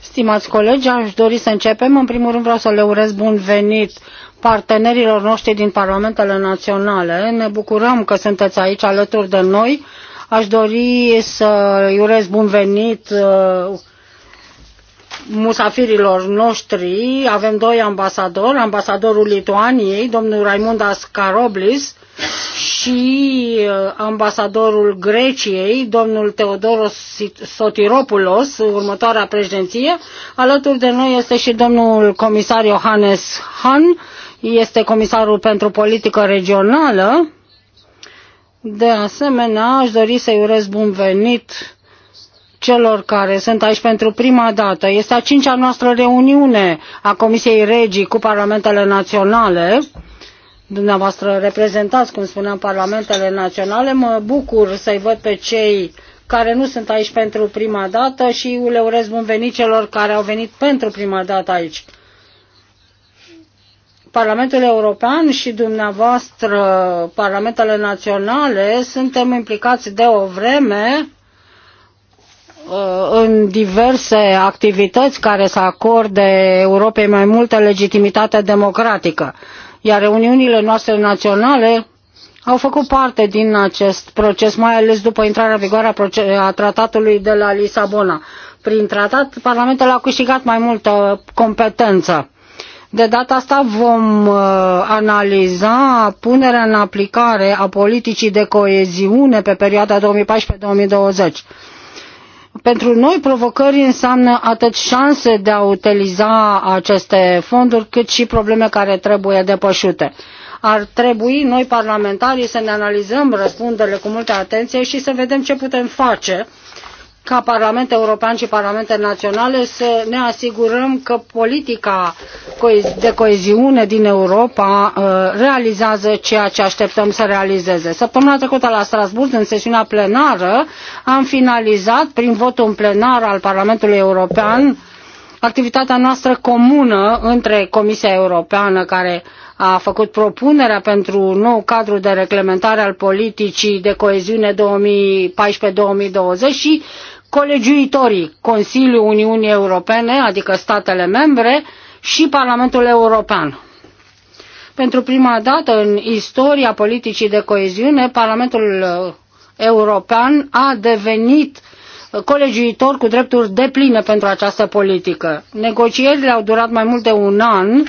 Stimați colegi, aș dori să începem. În primul rând vreau să le urez bun venit partenerilor noștri din parlamentele naționale. Ne bucurăm că sunteți aici alături de noi. Aș dori să îi urez bun venit uh, musafirilor noștri. Avem doi ambasadori, ambasadorul Lituaniei, domnul Raimund Karoblis și uh, ambasadorul Greciei, domnul Teodoros Sotiropoulos, următoarea președinție. Alături de noi este și domnul comisar Johannes Hahn, este comisarul pentru politică regională. De asemenea, aș dori să-i urez bun venit celor care sunt aici pentru prima dată. Este a cincea noastră reuniune a Comisiei Regii cu Parlamentele Naționale dumneavoastră reprezentați, cum spuneam, parlamentele naționale. Mă bucur să-i văd pe cei care nu sunt aici pentru prima dată și le urez bun venit celor care au venit pentru prima dată aici. Parlamentul European și dumneavoastră, parlamentele naționale, suntem implicați de o vreme uh, în diverse activități care să acorde Europei mai multă legitimitate democratică iar reuniunile noastre naționale au făcut parte din acest proces, mai ales după intrarea în vigoare a tratatului de la Lisabona. Prin tratat, Parlamentul a câștigat mai multă competență. De data asta vom uh, analiza punerea în aplicare a politicii de coeziune pe perioada 2014-2020 pentru noi provocări înseamnă atât șanse de a utiliza aceste fonduri, cât și probleme care trebuie depășite. Ar trebui noi parlamentarii să ne analizăm răspunderile cu multă atenție și să vedem ce putem face uh, ca Parlament European și Parlamente Naționale să ne asigurăm că politica de coeziune din Europa uh, realizează ceea ce așteptăm să realizeze. Săptămâna trecută la Strasburg, în sesiunea plenară, am finalizat prin votul în plenar al Parlamentului European activitatea noastră comună între Comisia Europeană care a făcut propunerea pentru un nou cadru de reglementare al politicii de coeziune 2014-2020 și colegiuitorii Consiliul Uniunii Europene, adică statele membre, și Parlamentul European. Pentru prima dată în istoria politicii de coeziune, Parlamentul uh, European a devenit uh, colegiuitor cu drepturi depline pentru această politică. Negocierile au durat mai mult de un an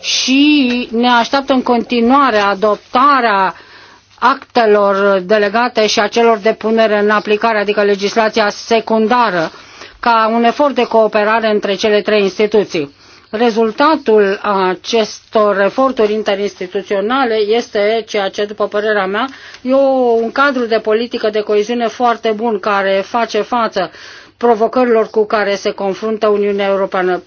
și ne așteaptă în continuare adoptarea actelor delegate și a celor de punere în aplicare, adică legislația secundară, ca un efort de cooperare între cele trei instituții. Rezultatul acestor eforturi interinstituționale este ceea ce, după părerea mea, e un cadru de politică de coeziune foarte bun care face față provocărilor cu care se confruntă Uniunea Europeană.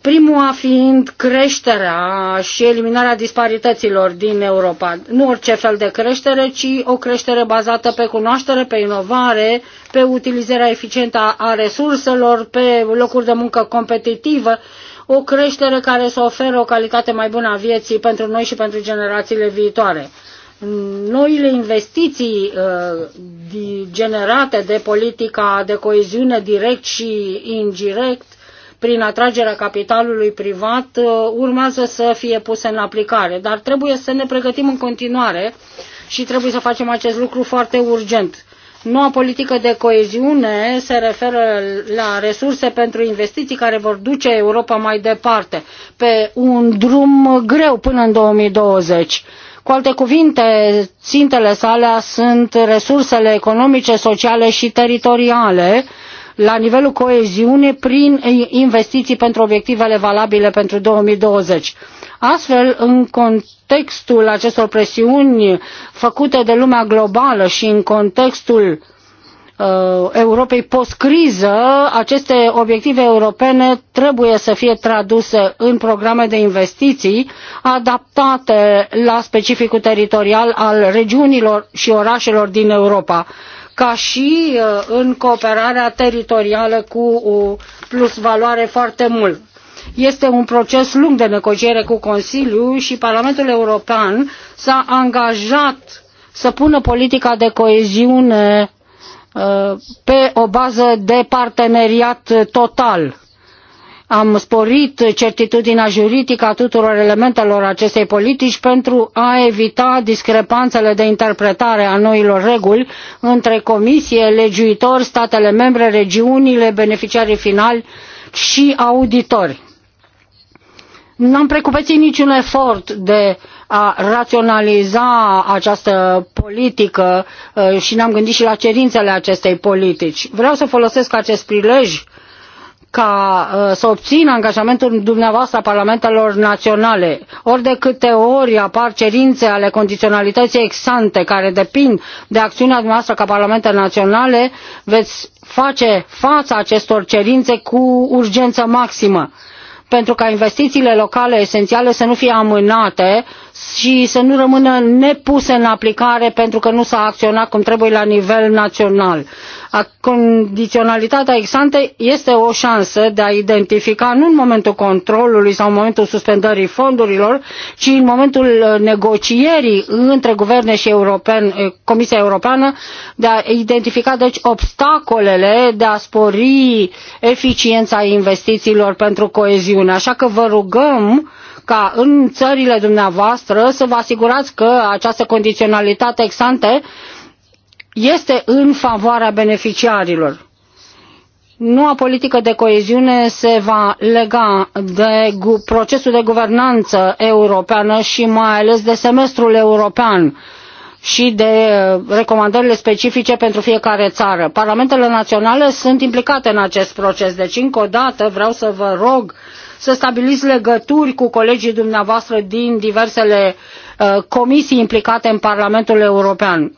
Primul a fiind creșterea și eliminarea disparităților din Europa. Nu orice fel de creștere, ci o creștere bazată pe cunoaștere, pe inovare, pe utilizarea eficientă a resurselor, pe locuri de muncă competitivă, o creștere care să oferă o calitate mai bună a vieții pentru noi și pentru generațiile viitoare. Noile investiții uh, generate de politica de coeziune direct și indirect prin atragerea capitalului privat uh, urmează să fie puse în aplicare. Dar trebuie să ne pregătim în continuare și trebuie să facem acest lucru foarte urgent. Noua politică de coeziune se referă la resurse pentru investiții care vor duce Europa mai departe, pe un drum greu până în 2020. Cu alte cuvinte, țintele sale sunt resursele economice, sociale și teritoriale, uh, la nivelul coeziune prin investiții pentru obiectivele valabile pentru 2020. Astfel, în contextul acestor presiuni făcute de lumea globală și în contextul uh, Europei post-criză, aceste obiective europene trebuie să fie traduse în programe de investiții adaptate la specificul teritorial al regiunilor și orașelor din Europa ca și uh, în cooperarea teritorială cu o uh, plusvaloare foarte mult. Este un proces lung de negociere cu Consiliul și Parlamentul European s-a angajat să pună politica de coeziune uh, pe o bază de parteneriat total am sporit certitudinea juridică a tuturor elementelor acestei politici pentru a evita discrepanțele de interpretare a noilor reguli între comisie, legiuitor statele membre, regiunile, beneficiarii finali și auditori. Nu am precupețit niciun efort de a raționaliza această politică uh, și ne-am gândit și la cerințele acestei politici. Vreau să folosesc acest prilej ca uh, să obțină angajamentul dumneavoastră a parlamentelor naționale. Ori de câte ori apar cerințe ale condiționalității exante care depind de acțiunea dumneavoastră ca parlamente naționale, veți face fața acestor cerințe cu urgență maximă pentru ca investițiile locale esențiale să nu fie amânate și să nu rămână nepuse în aplicare pentru că nu s-a acționat cum trebuie la nivel național. A Condiționalitatea exante este o șansă de a identifica nu în momentul controlului sau în momentul suspendării fondurilor, ci în momentul uh, negocierii între guverne și European, uh, Comisia Europeană de a identifica deci obstacolele de a spori eficiența investițiilor pentru coeziune. Așa că vă rugăm ca în țările dumneavoastră să vă asigurați că această condiționalitate ex ante este în favoarea beneficiarilor. Noua politică de coeziune se va lega de procesul de guvernanță europeană și mai ales de semestrul european și de uh, recomandările specifice pentru fiecare țară. Parlamentele naționale sunt implicate în acest proces, deci încă o dată vreau să vă rog să stabiliți legături cu colegii dumneavoastră din diversele uh, comisii implicate în Parlamentul European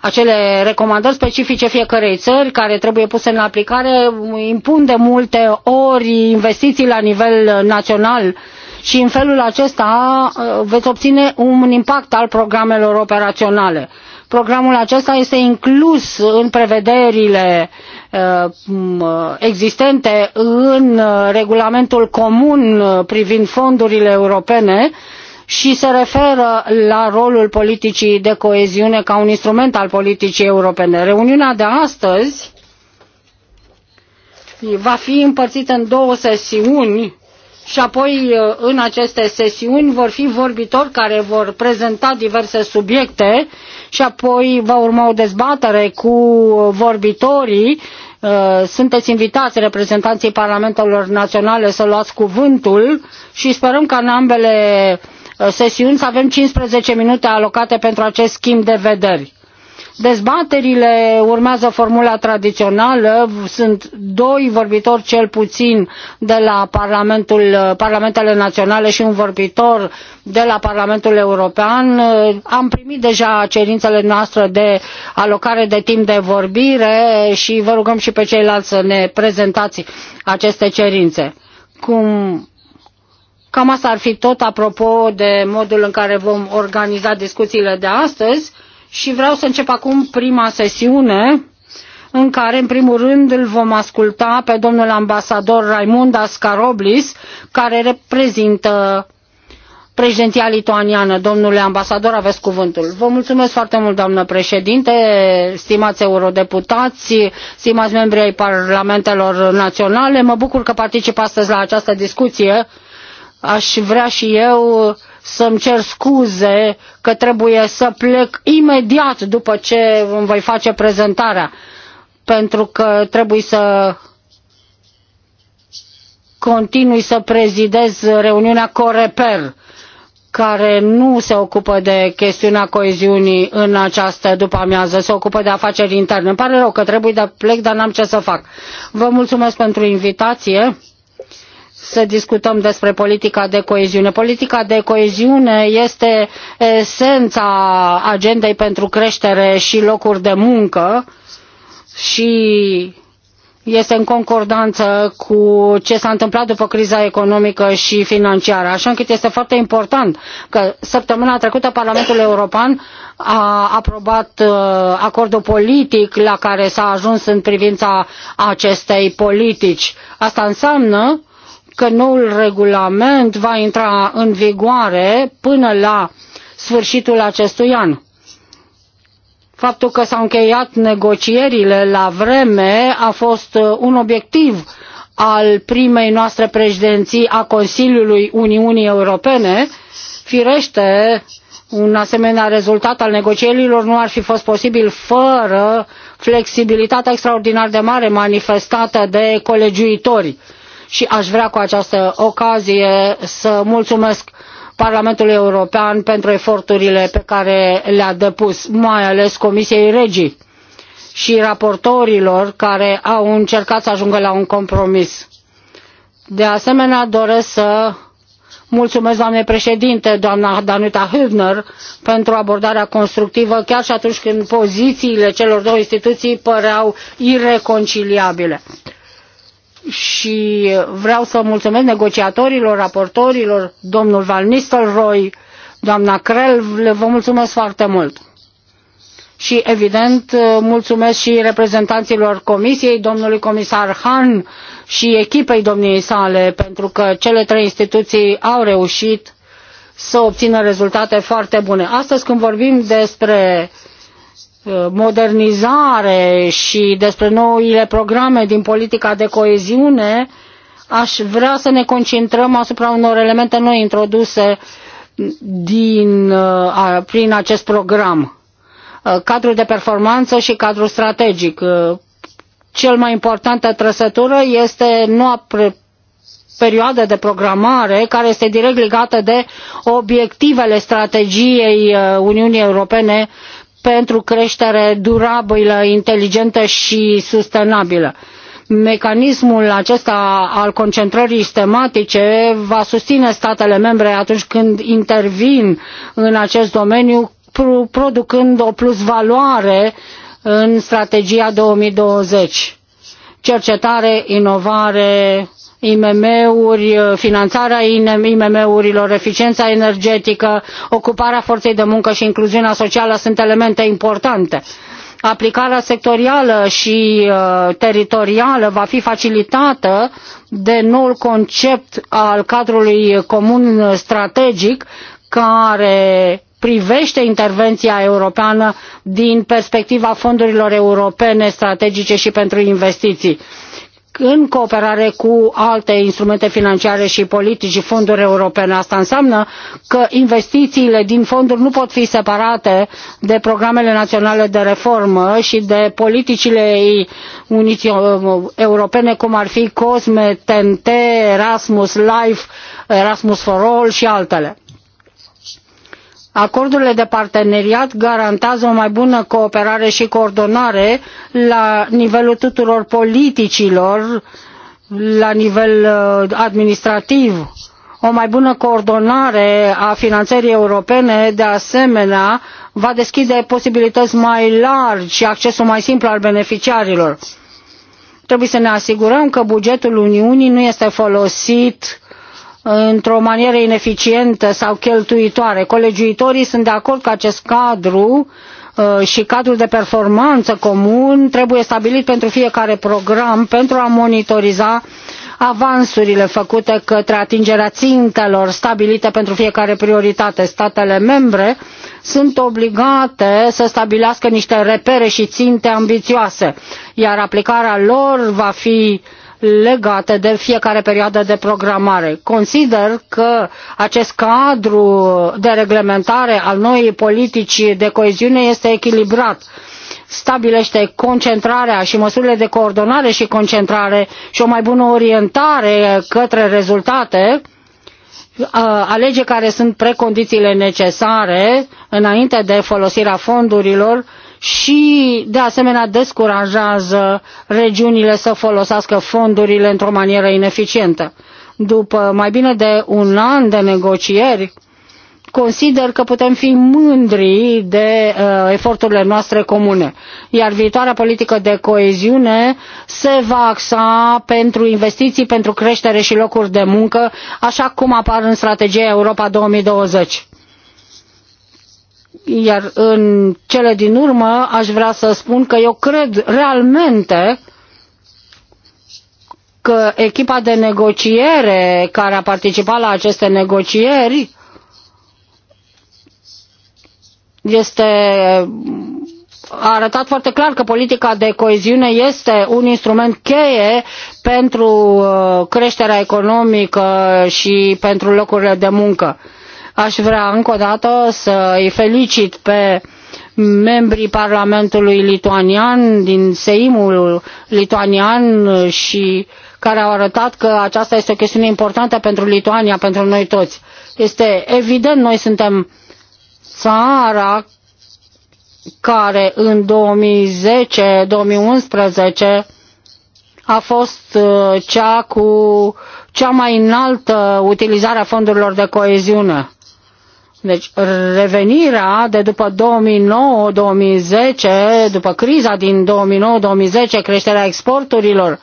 acele recomandări specifice fiecărei țări care trebuie puse în aplicare impun de multe ori investiții la nivel uh, național și în felul acesta uh, veți obține un impact al programelor operaționale. Programul acesta este inclus în prevederile uh, existente în uh, regulamentul comun privind fondurile europene și se referă la rolul politicii de coeziune ca un instrument al politicii europene. Reuniunea de astăzi va fi împărțită în două sesiuni și apoi uh, în aceste sesiuni vor fi vorbitori care vor prezenta diverse subiecte și apoi va urma o dezbatere cu vorbitorii. Uh, sunteți invitați reprezentanții parlamentelor naționale să luați cuvântul și sperăm ca în ambele uh, sesiuni să avem 15 minute alocate pentru acest schimb de vederi. Dezbaterile urmează formula tradițională, sunt doi vorbitori cel puțin de la Parlamentul, Parlamentele Naționale și un vorbitor de la Parlamentul European. Am primit deja cerințele noastre de alocare de timp de vorbire și vă rugăm și pe ceilalți să ne prezentați aceste cerințe. Cum Cam asta ar fi tot apropo de modul în care vom organiza discuțiile de astăzi și vreau să încep acum prima sesiune în care, în primul rând, îl vom asculta pe domnul ambasador Raimund Ascaroblis, care reprezintă președinția lituaniană. Domnule ambasador, aveți cuvântul. Vă mulțumesc foarte mult, doamnă președinte, stimați eurodeputați, stimați membri ai parlamentelor naționale. Mă bucur că particip astăzi la această discuție. Aș vrea și eu să-mi cer scuze că trebuie să plec imediat după ce îmi voi face prezentarea, pentru că trebuie să continui să prezidez reuniunea Coreper care nu se ocupă de chestiunea coeziunii în această după-amiază, se ocupă de afaceri interne. Îmi pare rău că trebuie să plec, dar n-am ce să fac. Vă mulțumesc pentru invitație să discutăm despre politica de coeziune. Politica de coeziune este esența agendei pentru creștere și locuri de muncă și este în concordanță cu ce s-a întâmplat după criza economică și financiară, așa încât este foarte important că săptămâna trecută Parlamentul European a aprobat uh, acordul politic la care s-a ajuns în privința acestei politici. Asta înseamnă că noul regulament va intra în vigoare până la sfârșitul acestui an. Faptul că s-au încheiat negocierile la vreme a fost uh, un obiectiv al primei noastre președinții a Consiliului Uniunii Europene. Firește, un asemenea rezultat al negocierilor nu ar fi fost posibil fără flexibilitatea extraordinar de mare manifestată de colegiuitori și aș vrea cu această ocazie să mulțumesc Parlamentului European pentru eforturile pe care le-a depus, mai ales Comisiei Regii și raportorilor care au încercat să ajungă la un compromis. De asemenea, doresc să mulțumesc, doamne președinte, doamna Danuta Hübner, pentru abordarea constructivă, chiar și atunci când pozițiile celor două instituții păreau ireconciliabile și vreau să mulțumesc negociatorilor, raportorilor, domnul Val Nistelrooy, doamna Crel, le vă mulțumesc foarte mult. Și evident mulțumesc și reprezentanților comisiei, domnului comisar Han și echipei domniei sale, pentru că cele trei instituții au reușit să obțină rezultate foarte bune. Astăzi când vorbim despre modernizare și despre noile programe din politica de coeziune, aș vrea să ne concentrăm asupra unor elemente noi introduse din, prin acest program. Cadrul de performanță și cadrul strategic. Cel mai importantă trăsătură este noua perioadă de programare care este direct legată de obiectivele strategiei Uniunii Europene pentru creștere durabilă, inteligentă și sustenabilă mecanismul acesta al concentrării sistematice va susține statele membre atunci când intervin în acest domeniu, producând o plusvaloare în strategia 2020. Cercetare, inovare, IMM-uri, uh, finanțarea IMM-urilor, eficiența energetică, ocuparea forței de muncă și incluziunea socială sunt elemente importante aplicarea sectorială și uh, teritorială va fi facilitată de noul concept al cadrului comun strategic care privește intervenția europeană din perspectiva fondurilor europene strategice și pentru investiții în cooperare cu alte instrumente financiare și politici, fonduri europene. Asta înseamnă că investițiile din fonduri nu pot fi separate de programele naționale de reformă și de politicile uniții europene, cum ar fi COSME, TNT, Erasmus Life, Erasmus for All și altele. Acordurile de parteneriat garantează o mai bună cooperare și coordonare la nivelul tuturor politicilor, la nivel uh, administrativ. O mai bună coordonare a finanțării europene, de asemenea, va deschide posibilități mai largi și accesul mai simplu al beneficiarilor. Trebuie să ne asigurăm că bugetul Uniunii nu este folosit într-o manieră ineficientă sau cheltuitoare. Colegiuitorii sunt de acord că acest cadru uh, și cadrul de performanță comun trebuie stabilit pentru fiecare program pentru a monitoriza avansurile făcute către atingerea țintelor stabilite pentru fiecare prioritate. Statele membre sunt obligate să stabilească niște repere și ținte ambițioase, iar aplicarea lor va fi uh, legate de fiecare perioadă de programare. Consider că acest cadru de reglementare al noii politici de coeziune este echilibrat stabilește concentrarea și măsurile de coordonare și concentrare și o mai bună orientare către rezultate, alege care sunt precondițiile necesare înainte de folosirea fondurilor și, de asemenea, descurajează regiunile să folosească fondurile într-o manieră ineficientă. După mai bine de un an de negocieri, consider că putem fi mândri de uh, eforturile noastre comune. Iar viitoarea politică de coeziune se va axa pentru investiții, pentru creștere și locuri de muncă, așa cum apar în strategia Europa 2020 iar în cele din urmă aș vrea să spun că eu cred realmente că echipa de negociere care a participat la aceste negocieri este a arătat foarte clar că politica de coeziune este un instrument cheie pentru uh, creșterea economică și pentru locurile de muncă. Aș vrea încă o dată să îi felicit pe membrii Parlamentului lituanian, din Seimul lituanian și care au arătat că aceasta este o chestiune importantă pentru Lituania, pentru noi toți. Este evident, noi suntem țara care în 2010-2011 a fost uh, cea cu cea mai înaltă utilizare a fondurilor de coeziune. Deci revenirea de după 2009-2010, după criza din 2009-2010, creșterea exporturilor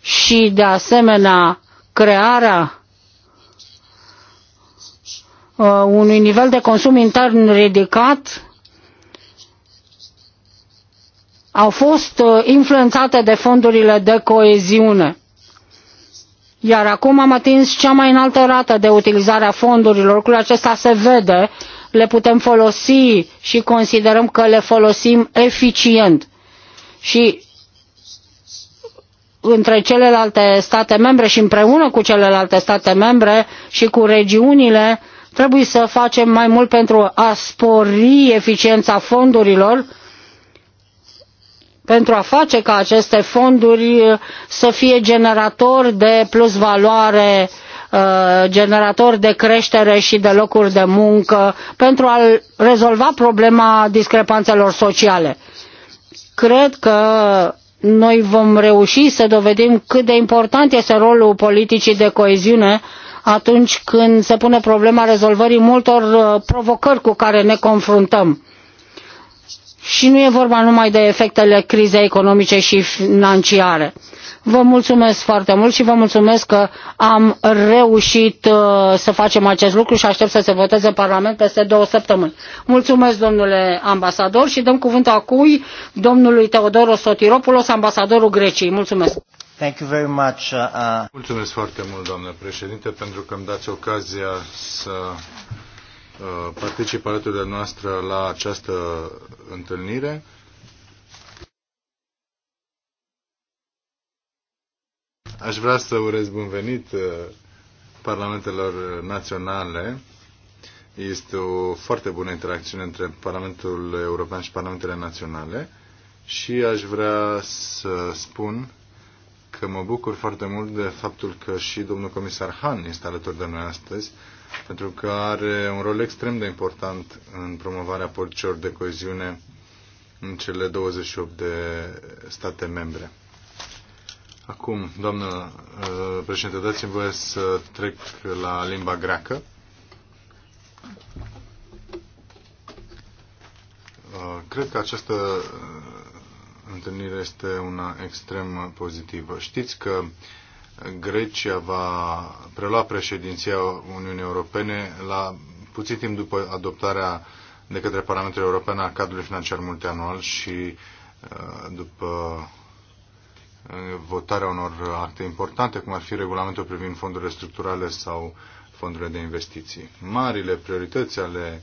și de asemenea crearea uh, unui nivel de consum intern ridicat au fost uh, influențate de fondurile de coeziune iar acum am atins cea mai înaltă rată de utilizare a fondurilor. Lucrul acesta se vede, le putem folosi și considerăm că le folosim eficient. Și între celelalte state membre și împreună cu celelalte state membre și cu regiunile, trebuie să facem mai mult pentru a spori eficiența fondurilor pentru a face ca aceste fonduri uh, să fie generatori de plus valoare, uh, generatori de creștere și de locuri de muncă, pentru a rezolva problema discrepanțelor sociale. Cred că noi vom reuși să dovedim cât de important este rolul politicii de coeziune atunci când se pune problema rezolvării multor uh, provocări cu care ne confruntăm și nu e vorba numai de efectele crizei economice și financiare. Vă mulțumesc foarte mult și vă mulțumesc că am reușit uh, să facem acest lucru și aștept să se voteze în Parlament peste două săptămâni. Mulțumesc, domnule ambasador, și dăm cuvântul acui domnului Teodoros Sotiropoulos, ambasadorul Greciei. Mulțumesc! Thank you very much, uh, uh... Mulțumesc foarte mult, doamnă președinte, pentru că îmi dați ocazia să Uh, participă alături de noastră la această întâlnire. Aș vrea să urez bun venit uh, parlamentelor naționale. Este o foarte bună interacțiune între Parlamentul European și Parlamentele Naționale și aș vrea să spun că mă bucur foarte mult de faptul că și domnul comisar Han este alături de noi astăzi pentru că are un rol extrem de important în promovarea politicilor de coeziune în cele 28 de state membre. Acum, doamnă uh, președinte, dați-mi voie să trec la limba greacă. Uh, cred că această uh, întâlnire este una extrem pozitivă. Știți că uh, Grecia va prelua președinția Uniunii Europene la puțin timp după adoptarea de către Parlamentul European a cadrului financiar multianual și uh, după uh, votarea unor acte importante, cum ar fi regulamentul privind fondurile structurale sau fondurile de investiții. Marile priorități ale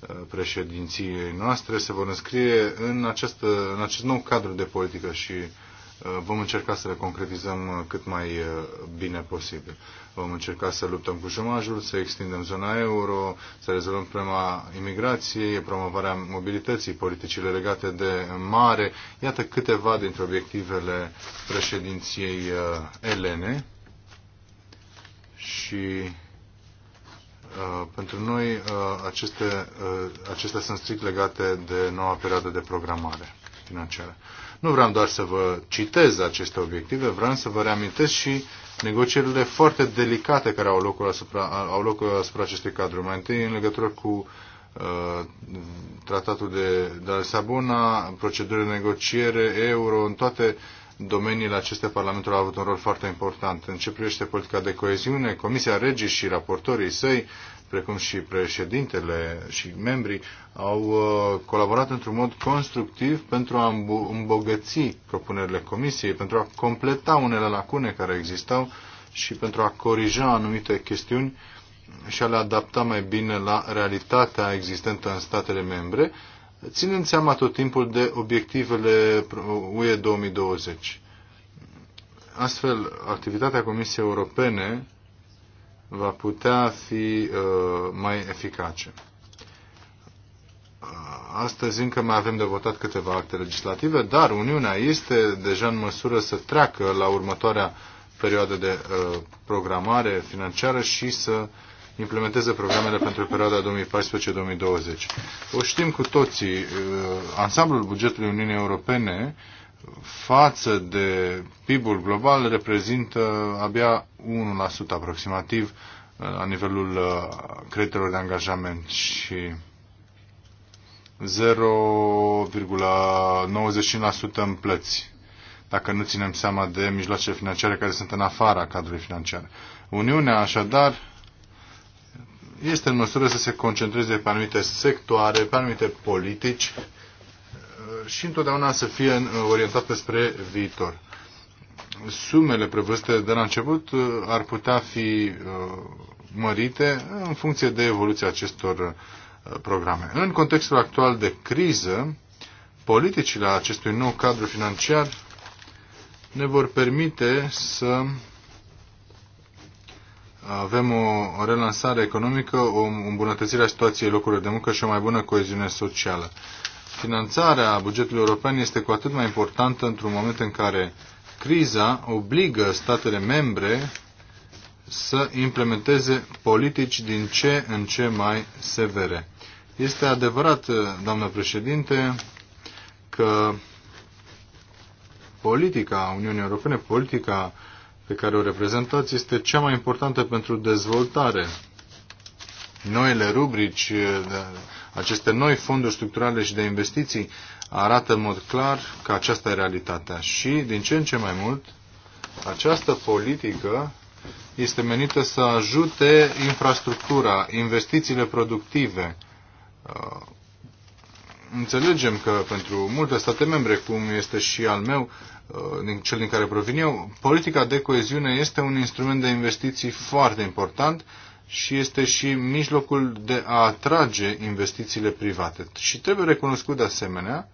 uh, președinției noastre se vor înscrie în, această, în acest nou cadru de politică și Eh, vom încerca să le concretizăm eh, cât mai eh, bine posibil. Vom încerca să luptăm cu șomajul, să extindem zona euro, să rezolvăm problema imigrației, promovarea mobilității, politicile legate de mare. Iată câteva dintre obiectivele președinției elene. Și pentru noi aceste, acestea sunt strict legate de noua perioadă de programare financiară. Nu vreau doar să vă citez aceste obiective, vreau să vă reamintesc și negocierile foarte delicate care au loc asupra, au loc asupra acestui cadru. Mai întâi în legătură cu uh, tratatul de, de Lisabona, procedurile de negociere, euro, în toate domeniile acestea Parlamentul a avut un rol foarte important. În ce privește politica de coeziune, Comisia Regii și raportorii săi precum și președintele și membrii, au uh, colaborat într-un mod constructiv pentru a îmbogăți propunerile comisiei, pentru a completa unele lacune care existau și pentru a corija anumite chestiuni și a le adapta mai bine la realitatea existentă în statele membre, ținând seama tot timpul de obiectivele UE 2020. Astfel, activitatea Comisiei Europene va putea fi uh, mai eficace. Uh, astăzi încă mai avem de votat câteva acte legislative, dar Uniunea este deja în măsură să treacă la următoarea perioadă de uh, programare financiară și să implementeze programele pentru perioada 2014-2020. O știm cu toții, ansamblul bugetului Uniunii Europene față de PIB-ul global reprezintă abia 1% aproximativ uh, la nivelul uh, creditelor de angajament și 0,95% în plăți, dacă nu ținem seama de mijloace financiare care sunt în afara cadrului financiar. Uniunea, așadar, este în măsură să se concentreze pe anumite sectoare, pe anumite politici și întotdeauna să fie uh, orientată spre viitor. Sumele prevăzute de la început uh, ar putea fi uh, mărite în funcție de evoluția acestor programe. În contextul actual de criză, politicile acestui nou cadru financiar ne vor permite să avem o relansare economică, o îmbunătățire a situației locurilor de muncă și o mai bună coeziune socială finanțarea bugetului european este cu atât mai importantă într-un moment în care criza obligă statele membre să implementeze politici din ce în ce mai severe. Este adevărat, doamnă președinte, că politica Uniunii Europene, politica pe care o reprezentați, este cea mai importantă pentru dezvoltare. Noile rubrici aceste noi fonduri structurale și de investiții arată în mod clar că aceasta e realitatea și, din ce în ce mai mult, această politică este menită să ajute infrastructura, investițiile productive. Uh, înțelegem că pentru multe state membre, cum este și al meu, uh, din cel din care provin eu, politica de coeziune este un instrument de investiții foarte important și este și mijlocul de a atrage investițiile private. Și trebuie recunoscut de asemenea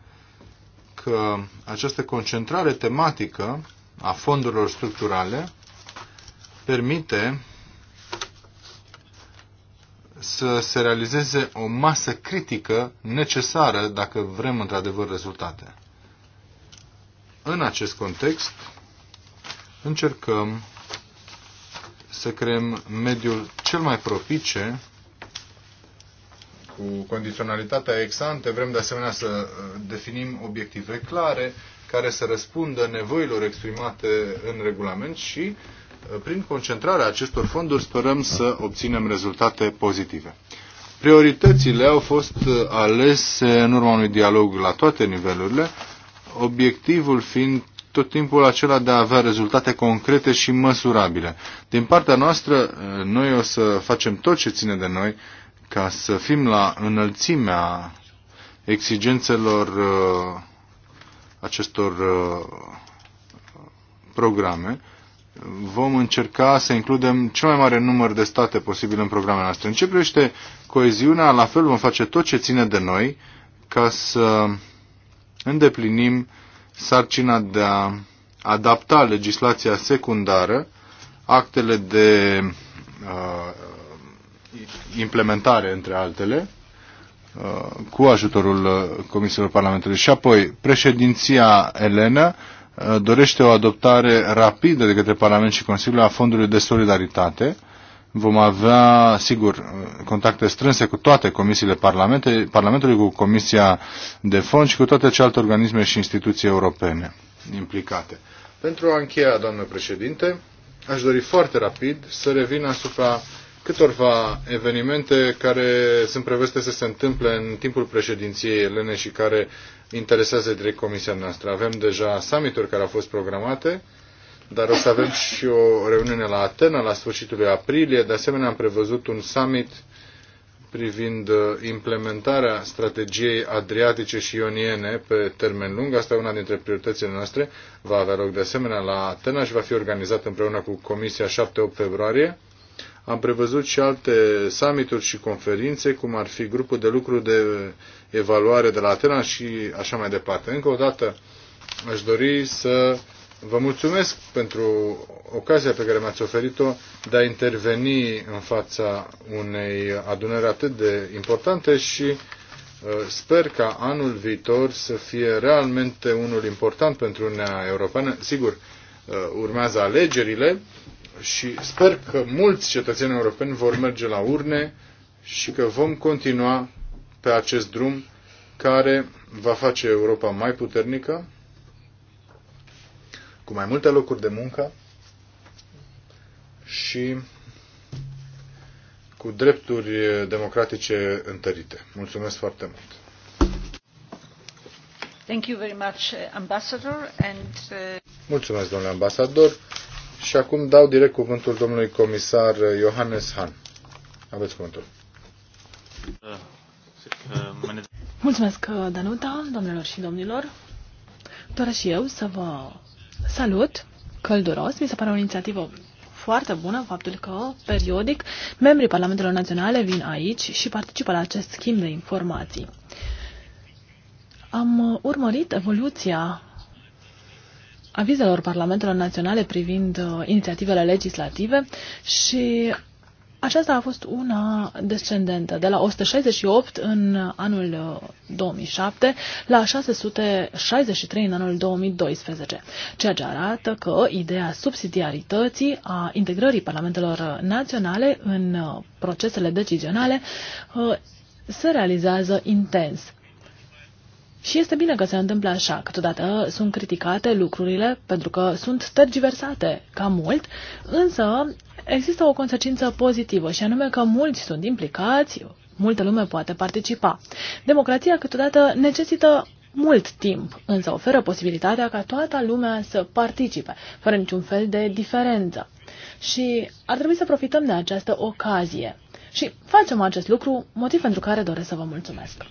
că această concentrare tematică a fondurilor structurale permite să se realizeze o masă critică necesară dacă vrem într-adevăr rezultate. În acest context, încercăm să creăm mediul cel mai propice cu condiționalitatea ex-ante, vrem de asemenea să uh, definim obiective clare care să răspundă nevoilor exprimate în regulament și uh, prin concentrarea acestor fonduri sperăm să obținem rezultate pozitive. Prioritățile au fost uh, alese în urma unui dialog la toate nivelurile, obiectivul fiind tot timpul acela de a avea rezultate concrete și măsurabile. Din partea noastră, noi o să facem tot ce ține de noi ca să fim la înălțimea exigențelor uh, acestor uh, programe. Vom încerca să includem cel mai mare număr de state posibil în programele noastre. În ce privește coeziunea, la fel vom face tot ce ține de noi ca să îndeplinim uh, sarcina de a adapta legislația secundară, actele de uh, implementare, între altele, uh, cu ajutorul uh, Comisiilor Parlamentului. Și apoi, președinția Elena uh, dorește o adoptare rapidă de către Parlament și Consiliul a Fondului de Solidaritate, uh, Vom avea, sigur, contacte strânse cu toate comisiile Parlamentului, cu Comisia de Fond și cu toate celelalte organisme și instituții europene implicate. Pentru a încheia, doamnă președinte, aș dori foarte rapid să revin asupra câtorva evenimente care sunt preveste să se întâmple în timpul președinției elene și care interesează direct comisia noastră. Avem deja summituri care au fost programate dar o să avem și o reuniune la Atena la sfârșitul lui aprilie. De asemenea, am prevăzut un summit privind uh, implementarea strategiei adriatice și ioniene pe termen lung. Asta e una dintre prioritățile noastre. Va avea loc de asemenea la Atena și va fi organizat împreună cu Comisia 7-8 februarie. Am prevăzut și alte summituri și conferințe, cum ar fi grupul de lucru de evaluare de la Atena și așa mai departe. Încă o dată aș dori să Vă mulțumesc pentru ocazia pe care mi-ați oferit-o de a interveni în fața unei adunări atât de importante și uh, sper ca anul viitor să fie realmente unul important pentru Uniunea Europeană. Sigur, uh, urmează alegerile și sper că mulți cetățeni europeni vor merge la urne și că vom continua pe acest drum care va face Europa mai puternică, cu mai multe locuri de muncă și cu drepturi democratice întărite. Mulțumesc foarte mult! Thank you very much, uh, Ambassador. And, uh... Mulțumesc, domnule ambasador. Și acum dau direct cuvântul domnului comisar Johannes Hahn. Aveți cuvântul. Mulțumesc, Danuta, domnilor și domnilor. doar și eu să vă salut călduros. Mi se pare o inițiativă foarte bună faptul că, periodic, membrii Parlamentelor Naționale vin aici și participă la acest schimb de informații. Am uh, urmărit evoluția avizelor Parlamentelor Naționale privind uh, inițiativele legislative și aceasta a fost una descendentă, de la 168 în anul 2007 uh, la 663 în anul 2012, ceea ce arată că ideea subsidiarității a integrării parlamentelor naționale în uh, procesele decizionale uh, se realizează intens. Și este bine că se întâmplă așa. Câteodată sunt criticate lucrurile pentru că sunt tergiversate ca mult, însă există o consecință pozitivă și anume că mulți sunt implicați, multă lume poate participa. Democrația câteodată necesită mult timp, însă oferă posibilitatea ca toată lumea să participe, fără niciun fel de diferență. Și ar trebui să profităm de această ocazie. Și facem acest lucru, motiv pentru care doresc să vă mulțumesc.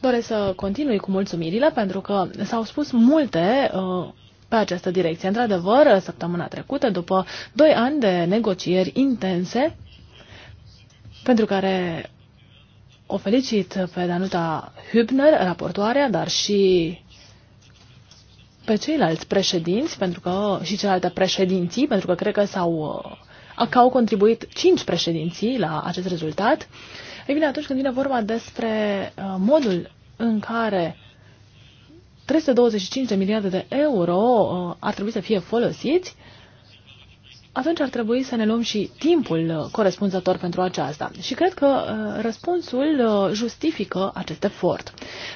Doresc să continui cu mulțumirile pentru că s-au spus multe uh, pe această direcție. Într-adevăr, săptămâna trecută, după doi ani de negocieri intense, pentru care o felicit pe Danuta Hübner, raportoarea, dar și pe ceilalți președinți pentru că, și celelalte președinții, pentru că cred că, s-au, uh, că au contribuit cinci președinții la acest rezultat. Ei bine, atunci când vine vorba despre uh, modul în care 325 de miliarde de euro uh, ar trebui să fie folosiți, atunci ar trebui să ne luăm și timpul uh, corespunzător pentru aceasta. Și cred că uh, răspunsul justifică acest efort.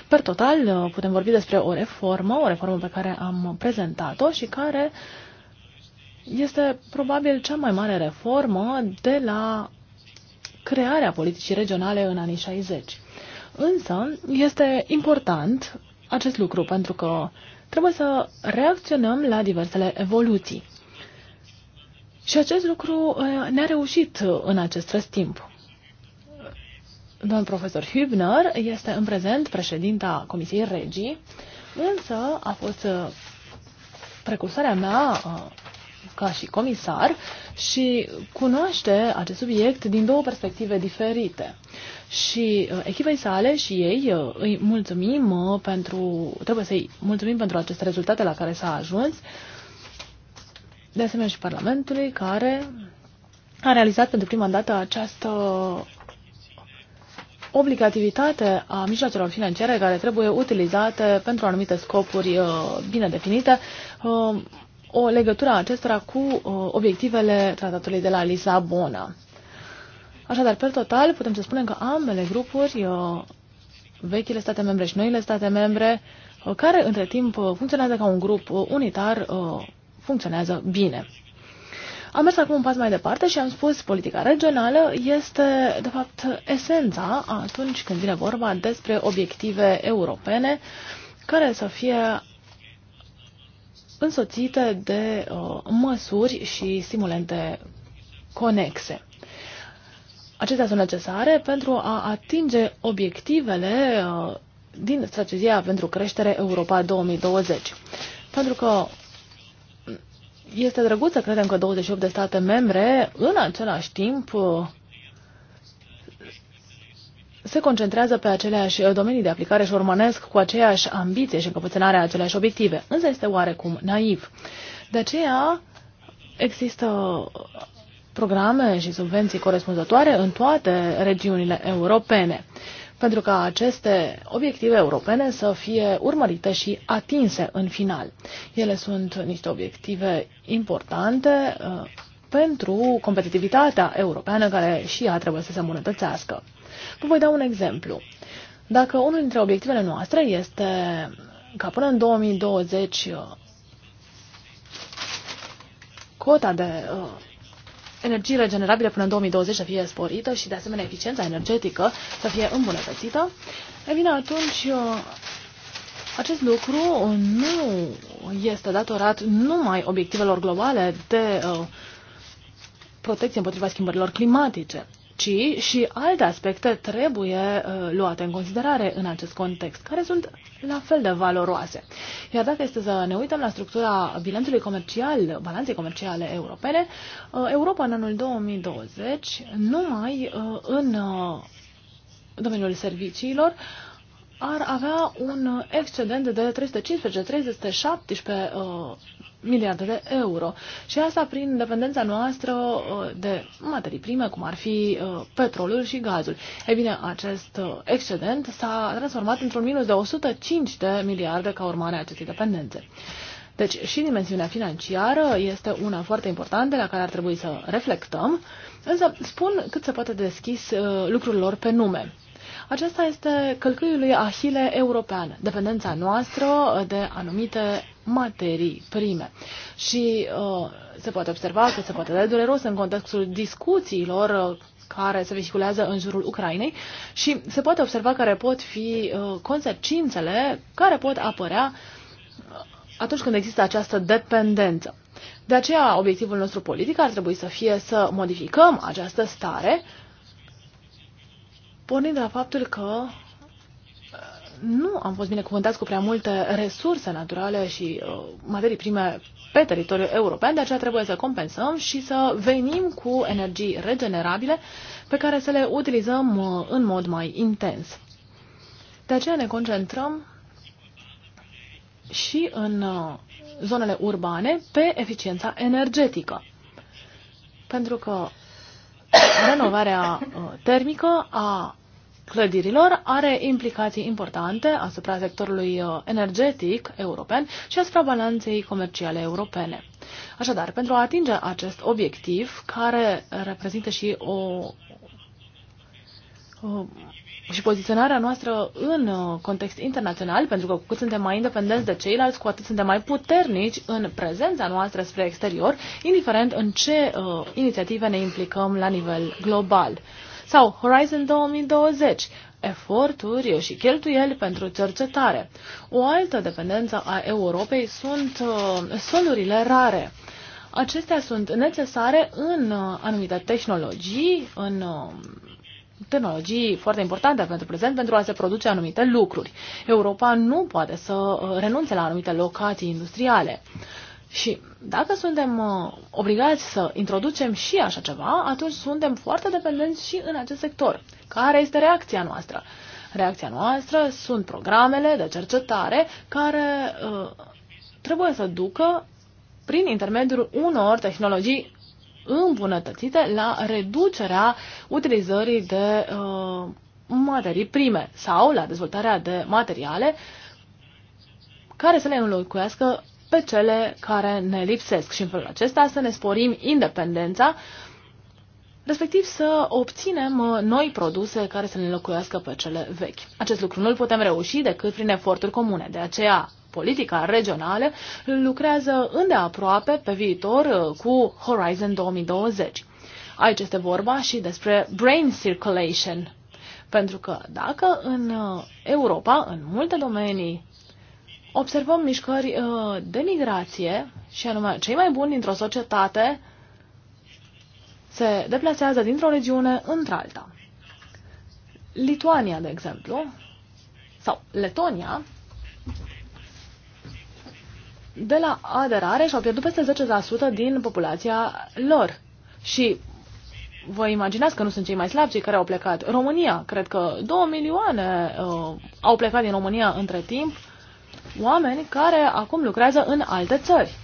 Per total, putem vorbi despre o reformă, o reformă pe care am prezentat-o și care este probabil cea mai mare reformă de la crearea politicii regionale în anii 60. Însă, este important acest lucru, pentru că trebuie să reacționăm la diversele evoluții. Și acest lucru uh, ne-a reușit în acest timp. Domn profesor Hübner este în prezent președinta Comisiei Regii, însă a fost uh, precursoarea mea uh, ca și comisar și cunoaște acest subiect din două perspective diferite. Și uh, echipei sale și ei uh, îi mulțumim uh, pentru, trebuie să-i mulțumim pentru aceste rezultate la care s-a ajuns, de asemenea și Parlamentului care a realizat pentru prima dată această obligativitate a mijloacelor financiare care trebuie utilizate pentru anumite scopuri bine definite o legătură a acestora cu uh, obiectivele tratatului de la Lisabona. Așadar, pe total, putem să spunem că ambele grupuri, uh, vechile state membre și noile state membre, uh, care între timp funcționează ca un grup unitar, funcționează bine. Am mers acum un pas mai departe și am spus politica regională este, de fapt, esența atunci când vine vorba despre obiective europene care să fie însoțite de uh, măsuri și stimulente conexe. Acestea sunt necesare pentru a atinge obiectivele uh, din strategia pentru creștere Europa 2020. Pentru că este drăguț să credem că 28 de state membre în același timp uh, se concentrează pe aceleași uh, domenii de aplicare și urmănesc cu aceeași ambiție și încăpățânarea aceleași obiective, însă este oarecum naiv. De aceea există programe și subvenții corespunzătoare în toate regiunile europene, pentru ca aceste obiective europene să fie urmărite și atinse în final. Ele sunt niște obiective importante uh, pentru competitivitatea europeană care și ea trebuie să se îmbunătățească. Vă voi da un exemplu. Dacă unul dintre obiectivele noastre este ca până în 2020 uh, cota de uh, energie regenerabilă până în 2020 să fie sporită și de asemenea eficiența energetică să fie îmbunătățită, e bine atunci uh, acest lucru nu este datorat numai obiectivelor globale de uh, protecție împotriva schimbărilor climatice ci și alte aspecte trebuie uh, luate în considerare în acest context, care sunt la fel de valoroase. Iar dacă este să ne uităm la structura bilanțului comercial, balanței comerciale europene, uh, Europa în anul 2020, numai uh, în uh, domeniul serviciilor, ar avea un excedent de 315-317 miliarde de euro. Și asta prin dependența noastră uh, de materii prime, cum ar fi uh, petrolul și gazul. Ei bine, acest uh, excedent s-a transformat într-un minus de 105 de miliarde ca urmare a acestei dependențe. Deci și dimensiunea financiară este una foarte importantă la care ar trebui să reflectăm, însă spun cât se poate deschis lucrurilor pe nume. Aceasta este călcâiul lui Ahile european, dependența noastră de anumite materii prime. Și uh, se poate observa că se poate da dureros în contextul discuțiilor uh, care se vehiculează în jurul Ucrainei și se poate observa care pot fi uh, consecințele care pot apărea uh, atunci când există această dependență. De aceea, obiectivul nostru politic ar trebui să fie să modificăm această stare pornind de la faptul că uh, nu am fost binecuvântați cu prea multe resurse naturale și uh, materii prime pe teritoriul european, de aceea trebuie să compensăm și să venim cu energii regenerabile pe care să le utilizăm uh, în mod mai intens. De aceea ne concentrăm și în uh, zonele urbane pe eficiența energetică. Pentru că renovarea uh, termică a clădirilor are implicații importante asupra sectorului uh, energetic european și asupra balanței comerciale europene. Așadar, pentru a atinge acest obiectiv, care reprezintă și o, o și poziționarea noastră în uh, context internațional, pentru că cu cât suntem mai independenți de ceilalți, cu atât suntem mai puternici în prezența noastră spre exterior, indiferent în ce uh, inițiative ne implicăm la nivel global. Sau Horizon 2020, eforturi și cheltuieli pentru cercetare. O altă dependență a Europei sunt uh, solurile rare. Acestea sunt necesare în uh, anumite tehnologii, în uh, tehnologii foarte importante pentru prezent pentru a se produce anumite lucruri. Europa nu poate să uh, renunțe la anumite locații industriale. Și dacă suntem uh, obligați să introducem și așa ceva, atunci suntem foarte dependenți și în acest sector. Care este reacția noastră? Reacția noastră sunt programele de cercetare care uh, trebuie să ducă prin intermediul unor tehnologii îmbunătățite la reducerea utilizării de uh, materii prime sau la dezvoltarea de materiale care să le înlocuiască pe cele care ne lipsesc și în felul acesta să ne sporim independența, respectiv să obținem uh, noi produse care să ne înlocuiască pe cele vechi. Acest lucru nu îl putem reuși decât prin eforturi comune. De aceea politica regională lucrează îndeaproape pe viitor uh, cu Horizon 2020. Aici este vorba și despre brain circulation. Pentru că dacă în uh, Europa, în multe domenii, observăm mișcări uh, de migrație, și anume cei mai buni dintr-o societate se deplasează dintr-o regiune într-alta. Lituania, de exemplu, sau Letonia, de la aderare și-au pierdut peste 10% din populația lor. Și vă imaginați că nu sunt cei mai slabi cei care au plecat. România, cred că 2 milioane uh, au plecat din România între timp, oameni care acum lucrează în alte țări.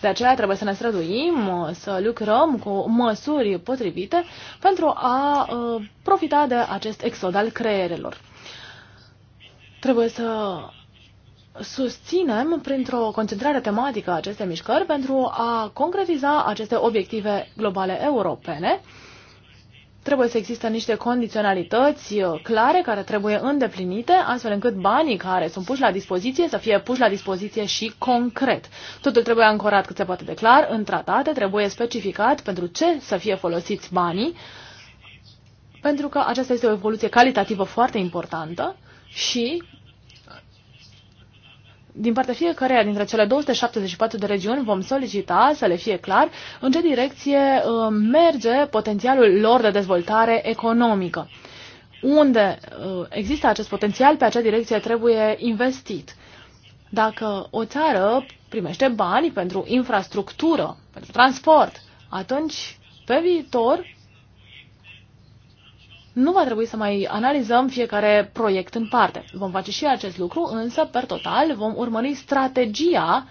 De aceea trebuie să ne străduim, uh, să lucrăm cu măsuri potrivite pentru a uh, profita de acest exod al creierelor. Trebuie să susținem printr-o concentrare tematică aceste mișcări pentru a concretiza aceste obiective globale europene. Trebuie să există niște condiționalități uh, clare care trebuie îndeplinite, astfel încât banii care sunt puși la dispoziție să fie puși la dispoziție și concret. Totul trebuie ancorat cât se poate de clar în tratate, trebuie specificat pentru ce să fie folosiți banii, pentru că aceasta este o evoluție calitativă foarte importantă și din partea fiecăreia dintre cele 274 de regiuni vom solicita să le fie clar în ce direcție um, merge potențialul lor de dezvoltare economică. Unde uh, există acest potențial, pe acea direcție trebuie investit. Dacă o țară primește bani pentru infrastructură, pentru transport, atunci pe viitor nu va trebui să mai analizăm fiecare proiect în parte. Vom face și acest lucru, însă, per total, vom urmări strategia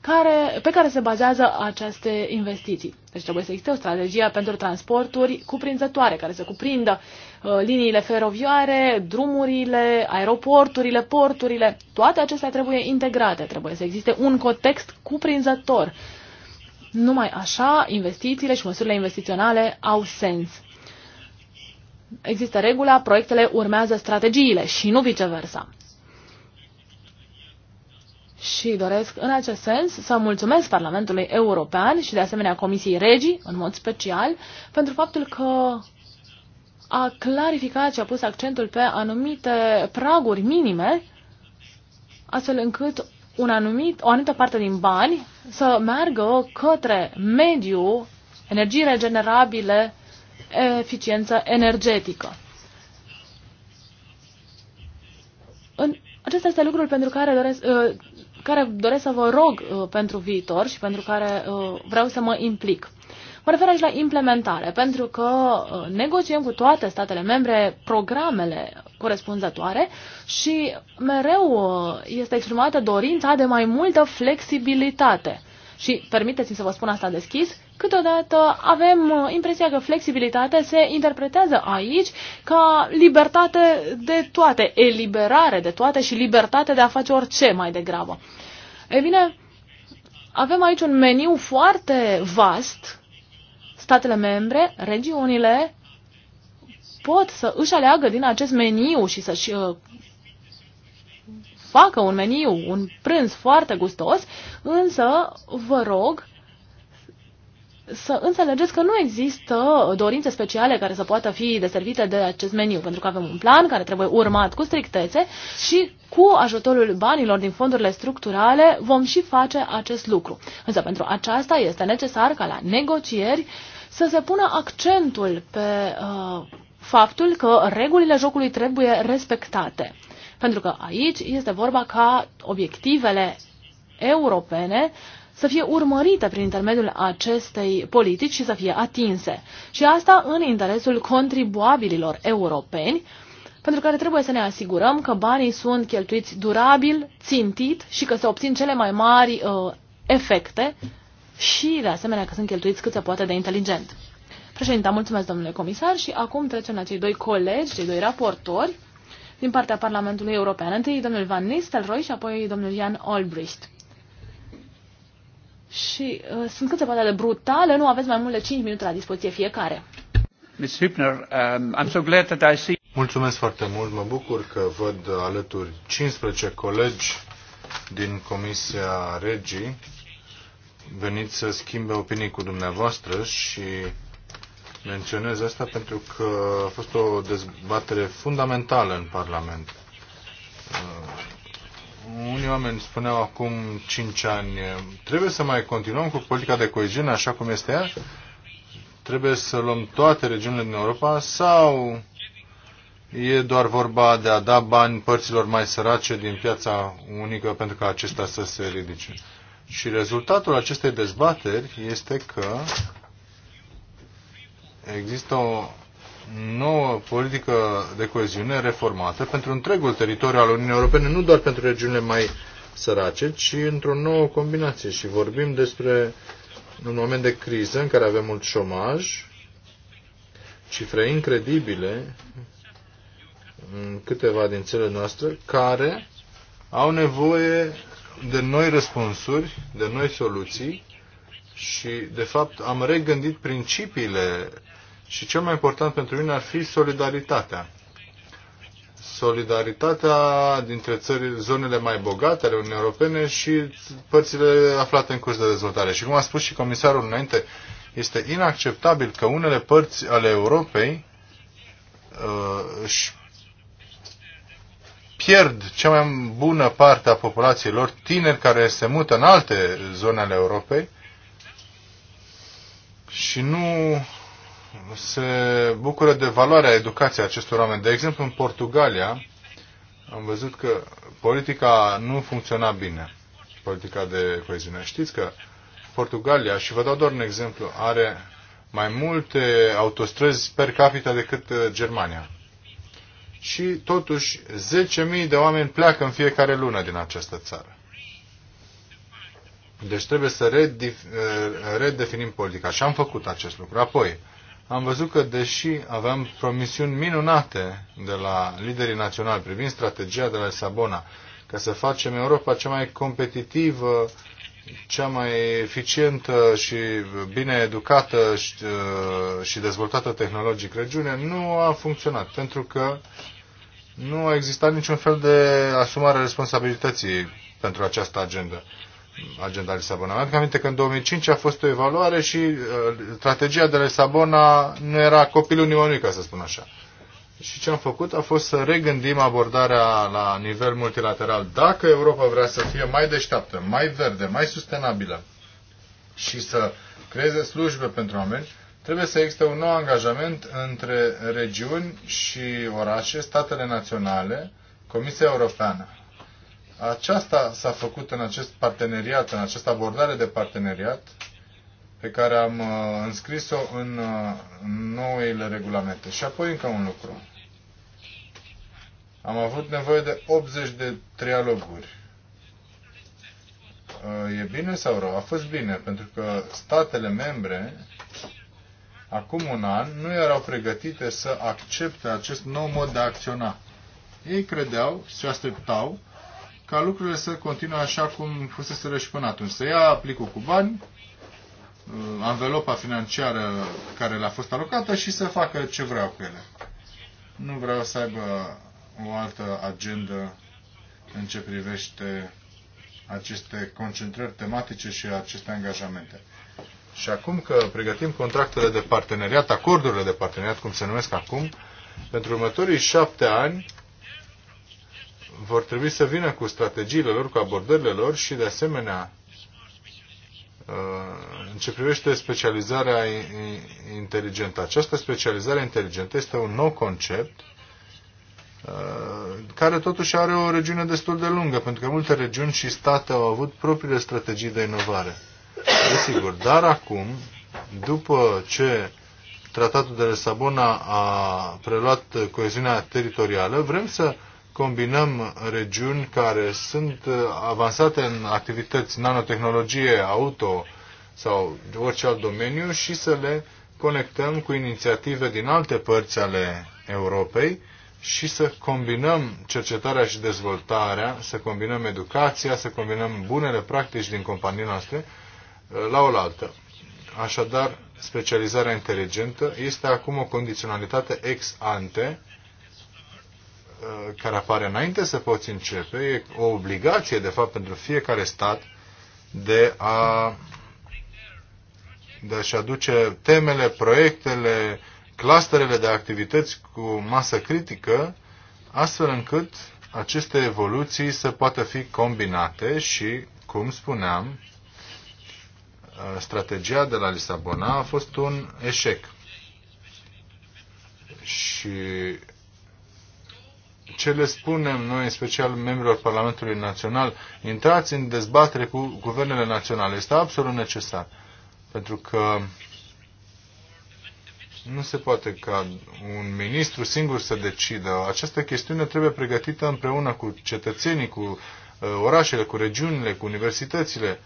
care, pe care se bazează aceste investiții. Deci trebuie să existe o strategie pentru transporturi cuprinzătoare, care să cuprindă uh, liniile feroviare, drumurile, aeroporturile, porturile. Toate acestea trebuie integrate, trebuie să existe un context cuprinzător. Numai așa, investițiile și măsurile investiționale au sens există regula, proiectele urmează strategiile și nu viceversa. Și doresc în acest sens să mulțumesc Parlamentului European și de asemenea Comisiei Regii, în mod special, pentru faptul că a clarificat și a pus accentul pe anumite praguri minime, astfel încât un anumit, o anumită parte din bani să meargă către mediu, energii regenerabile eficiență energetică. În, acesta este lucrul pentru care doresc, uh, care doresc să vă rog uh, pentru viitor și pentru care uh, vreau să mă implic. Mă refer aici la implementare, pentru că uh, negociem cu toate statele membre programele corespunzătoare și mereu uh, este exprimată dorința de mai multă flexibilitate. Și permiteți-mi să vă spun asta deschis, câteodată avem uh, impresia că flexibilitatea se interpretează aici ca libertate de toate, eliberare de toate și libertate de a face orice mai degrabă. Ei bine, avem aici un meniu foarte vast. Statele membre, regiunile pot să își aleagă din acest meniu și să-și uh, facă un meniu, un prânz foarte gustos, însă vă rog să înțelegeți că nu există dorințe speciale care să poată fi deservite de acest meniu, pentru că avem un plan care trebuie urmat cu strictețe și cu ajutorul banilor din fondurile structurale vom și face acest lucru. Însă pentru aceasta este necesar ca la negocieri să se pună accentul pe uh, faptul că regulile jocului trebuie respectate. Pentru că aici este vorba ca obiectivele europene să fie urmărite prin intermediul acestei politici și să fie atinse. Și asta în interesul contribuabililor europeni, pentru care trebuie să ne asigurăm că banii sunt cheltuiți durabil, țintit și că se obțin cele mai mari uh, efecte și, de asemenea, că sunt cheltuiți cât se poate de inteligent. Președinte, mulțumesc, domnule comisar, și acum trecem la cei doi colegi, cei doi raportori din partea Parlamentului European. Întâi domnul Van Nistelrooy și apoi domnul Jan Olbricht. Și uh, sunt cât se poate de brutale, nu aveți mai mult de 5 minute la dispoziție fiecare. Ms. Hübner, um, I'm so glad that I see... Mulțumesc foarte mult, mă bucur că văd alături 15 colegi din Comisia Regii venit să schimbe opinii cu dumneavoastră și menționez asta pentru că a fost o dezbatere fundamentală în Parlament. Uh, unii oameni spuneau acum 5 ani, trebuie să mai continuăm cu politica de coeziune așa cum este ea? Trebuie să luăm toate regiunile din Europa sau e doar vorba de a da bani părților mai sărace din piața unică pentru ca acesta să se ridice? Și rezultatul acestei dezbateri este că există o nouă politică de coeziune reformată pentru întregul teritoriu al Uniunii Europene, nu doar pentru regiunile mai sărace, ci într-o nouă combinație. Și vorbim despre un moment de criză în care avem mult șomaj, cifre incredibile în câteva din țările noastre, care au nevoie de noi răspunsuri, de noi soluții și, de fapt, am regândit principiile și cel mai important pentru mine ar fi solidaritatea. Solidaritatea dintre țări, zonele mai bogate ale Uniunii Europene și părțile aflate în curs de dezvoltare. Și cum a spus și comisarul înainte, este inacceptabil că unele părți ale Europei uh, își pierd cea mai bună parte a populației lor, tineri care se mută în alte zone ale Europei și nu se bucură de valoarea educației acestor oameni. De exemplu, în Portugalia am văzut că politica nu funcționa bine, politica de coeziune. Știți că Portugalia, și vă dau doar un exemplu, are mai multe autostrăzi per capita decât uh, Germania. Și totuși 10.000 de oameni pleacă în fiecare lună din această țară. Deci trebuie să uh, redefinim politica și am făcut acest lucru. Apoi, am văzut că, deși aveam promisiuni minunate de la liderii naționali privind strategia de la Lisabona, ca să facem Europa cea mai competitivă, cea mai eficientă și bine educată și uh, dezvoltată tehnologic regiune, nu a funcționat, pentru că nu a existat niciun fel de asumare responsabilității pentru această agendă agenda Lisabona. Mi-aduc aminte că în 2005 a fost o evaluare și uh, strategia de Lisabona nu era copilul nimănui, ca să spun așa. Și ce am făcut a fost să regândim abordarea la nivel multilateral. Dacă Europa vrea să fie mai deșteaptă, mai verde, mai sustenabilă și să creeze slujbe pentru oameni, trebuie să existe un nou angajament între regiuni și orașe, statele naționale, Comisia Europeană. Aceasta s-a făcut în acest parteneriat, în această abordare de parteneriat pe care am uh, înscris-o uh, în noile regulamente. Și apoi încă un lucru. Am avut nevoie de 80 de trialoguri. Uh, e bine sau rău? A fost bine, pentru că statele membre, acum un an, nu erau pregătite să accepte acest nou mod de a acționa. Ei credeau și așteptau ca lucrurile să continue așa cum fuseseră și până atunci. Să ia plicul cu bani, uh, anvelopa financiară care le-a fost alocată și să facă ce vreau cu ele. Nu vreau să aibă o altă agendă în ce privește aceste concentrări tematice și aceste angajamente. Și acum că pregătim contractele de parteneriat, acordurile de parteneriat, cum se numesc acum, pentru următorii șapte ani, vor trebui să vină cu strategiile lor, cu abordările lor și, de asemenea, uh, în ce privește specializarea inteligentă. Această specializare inteligentă este un nou concept uh, care totuși are o regiune destul de lungă, pentru că multe regiuni și state au avut propriile strategii de inovare. Desigur, dar acum, după ce tratatul de Lisabona a preluat coeziunea teritorială, vrem să combinăm regiuni care sunt uh, avansate în activități nanotehnologie, auto sau orice alt domeniu și să le conectăm cu inițiative din alte părți ale Europei și să combinăm cercetarea și dezvoltarea, să combinăm educația, să combinăm bunele practici din companii noastre uh, la oaltă. Așadar, specializarea inteligentă este acum o condiționalitate ex ante Uh, care apare înainte să poți începe, e o obligație, de fapt, pentru fiecare stat de a de a-și aduce temele, proiectele, clusterele de activități cu masă critică, astfel încât aceste evoluții să poată fi combinate și, cum spuneam, uh, strategia de la Lisabona a fost un eșec. Și ce le spunem noi, în special membrilor Parlamentului Național, intrați în dezbatere cu guvernele naționale. Este absolut necesar. Pentru că nu se poate ca un ministru singur să decidă. Această chestiune trebuie pregătită împreună cu cetățenii, cu uh, orașele, cu regiunile, cu universitățile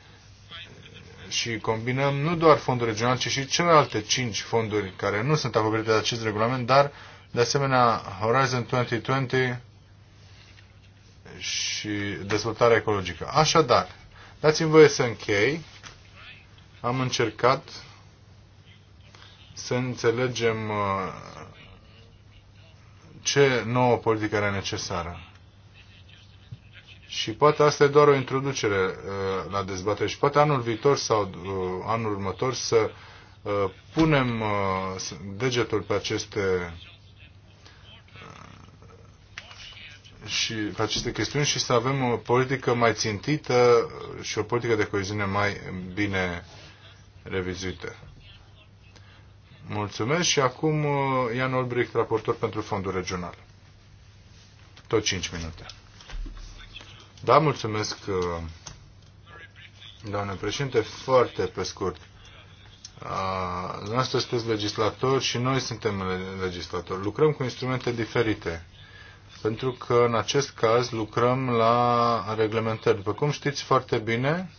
și combinăm nu doar fondul regional, ci și celelalte cinci fonduri care nu sunt acoperite de acest regulament, dar uh, de asemenea, Horizon 2020 și dezvoltarea ecologică. Așadar, dați-mi voie să închei. Am încercat să înțelegem uh, ce nouă politică era necesară. Și poate asta e doar o introducere uh, la dezbatere și poate anul viitor sau uh, anul următor să punem degetul pe aceste și pe aceste chestiuni și să avem o politică mai țintită și o politică de coeziune mai bine revizuită. Mulțumesc și acum uh, Ian Olbricht, raportor pentru Fondul Regional. Tot 5 minute. Da, mulțumesc, uh, doamnă președinte, foarte pe scurt. Uh, noi sunteți legislatori și noi suntem legislatori. Lucrăm cu instrumente diferite pentru că în acest caz lucrăm la reglementări. După cum știți foarte bine,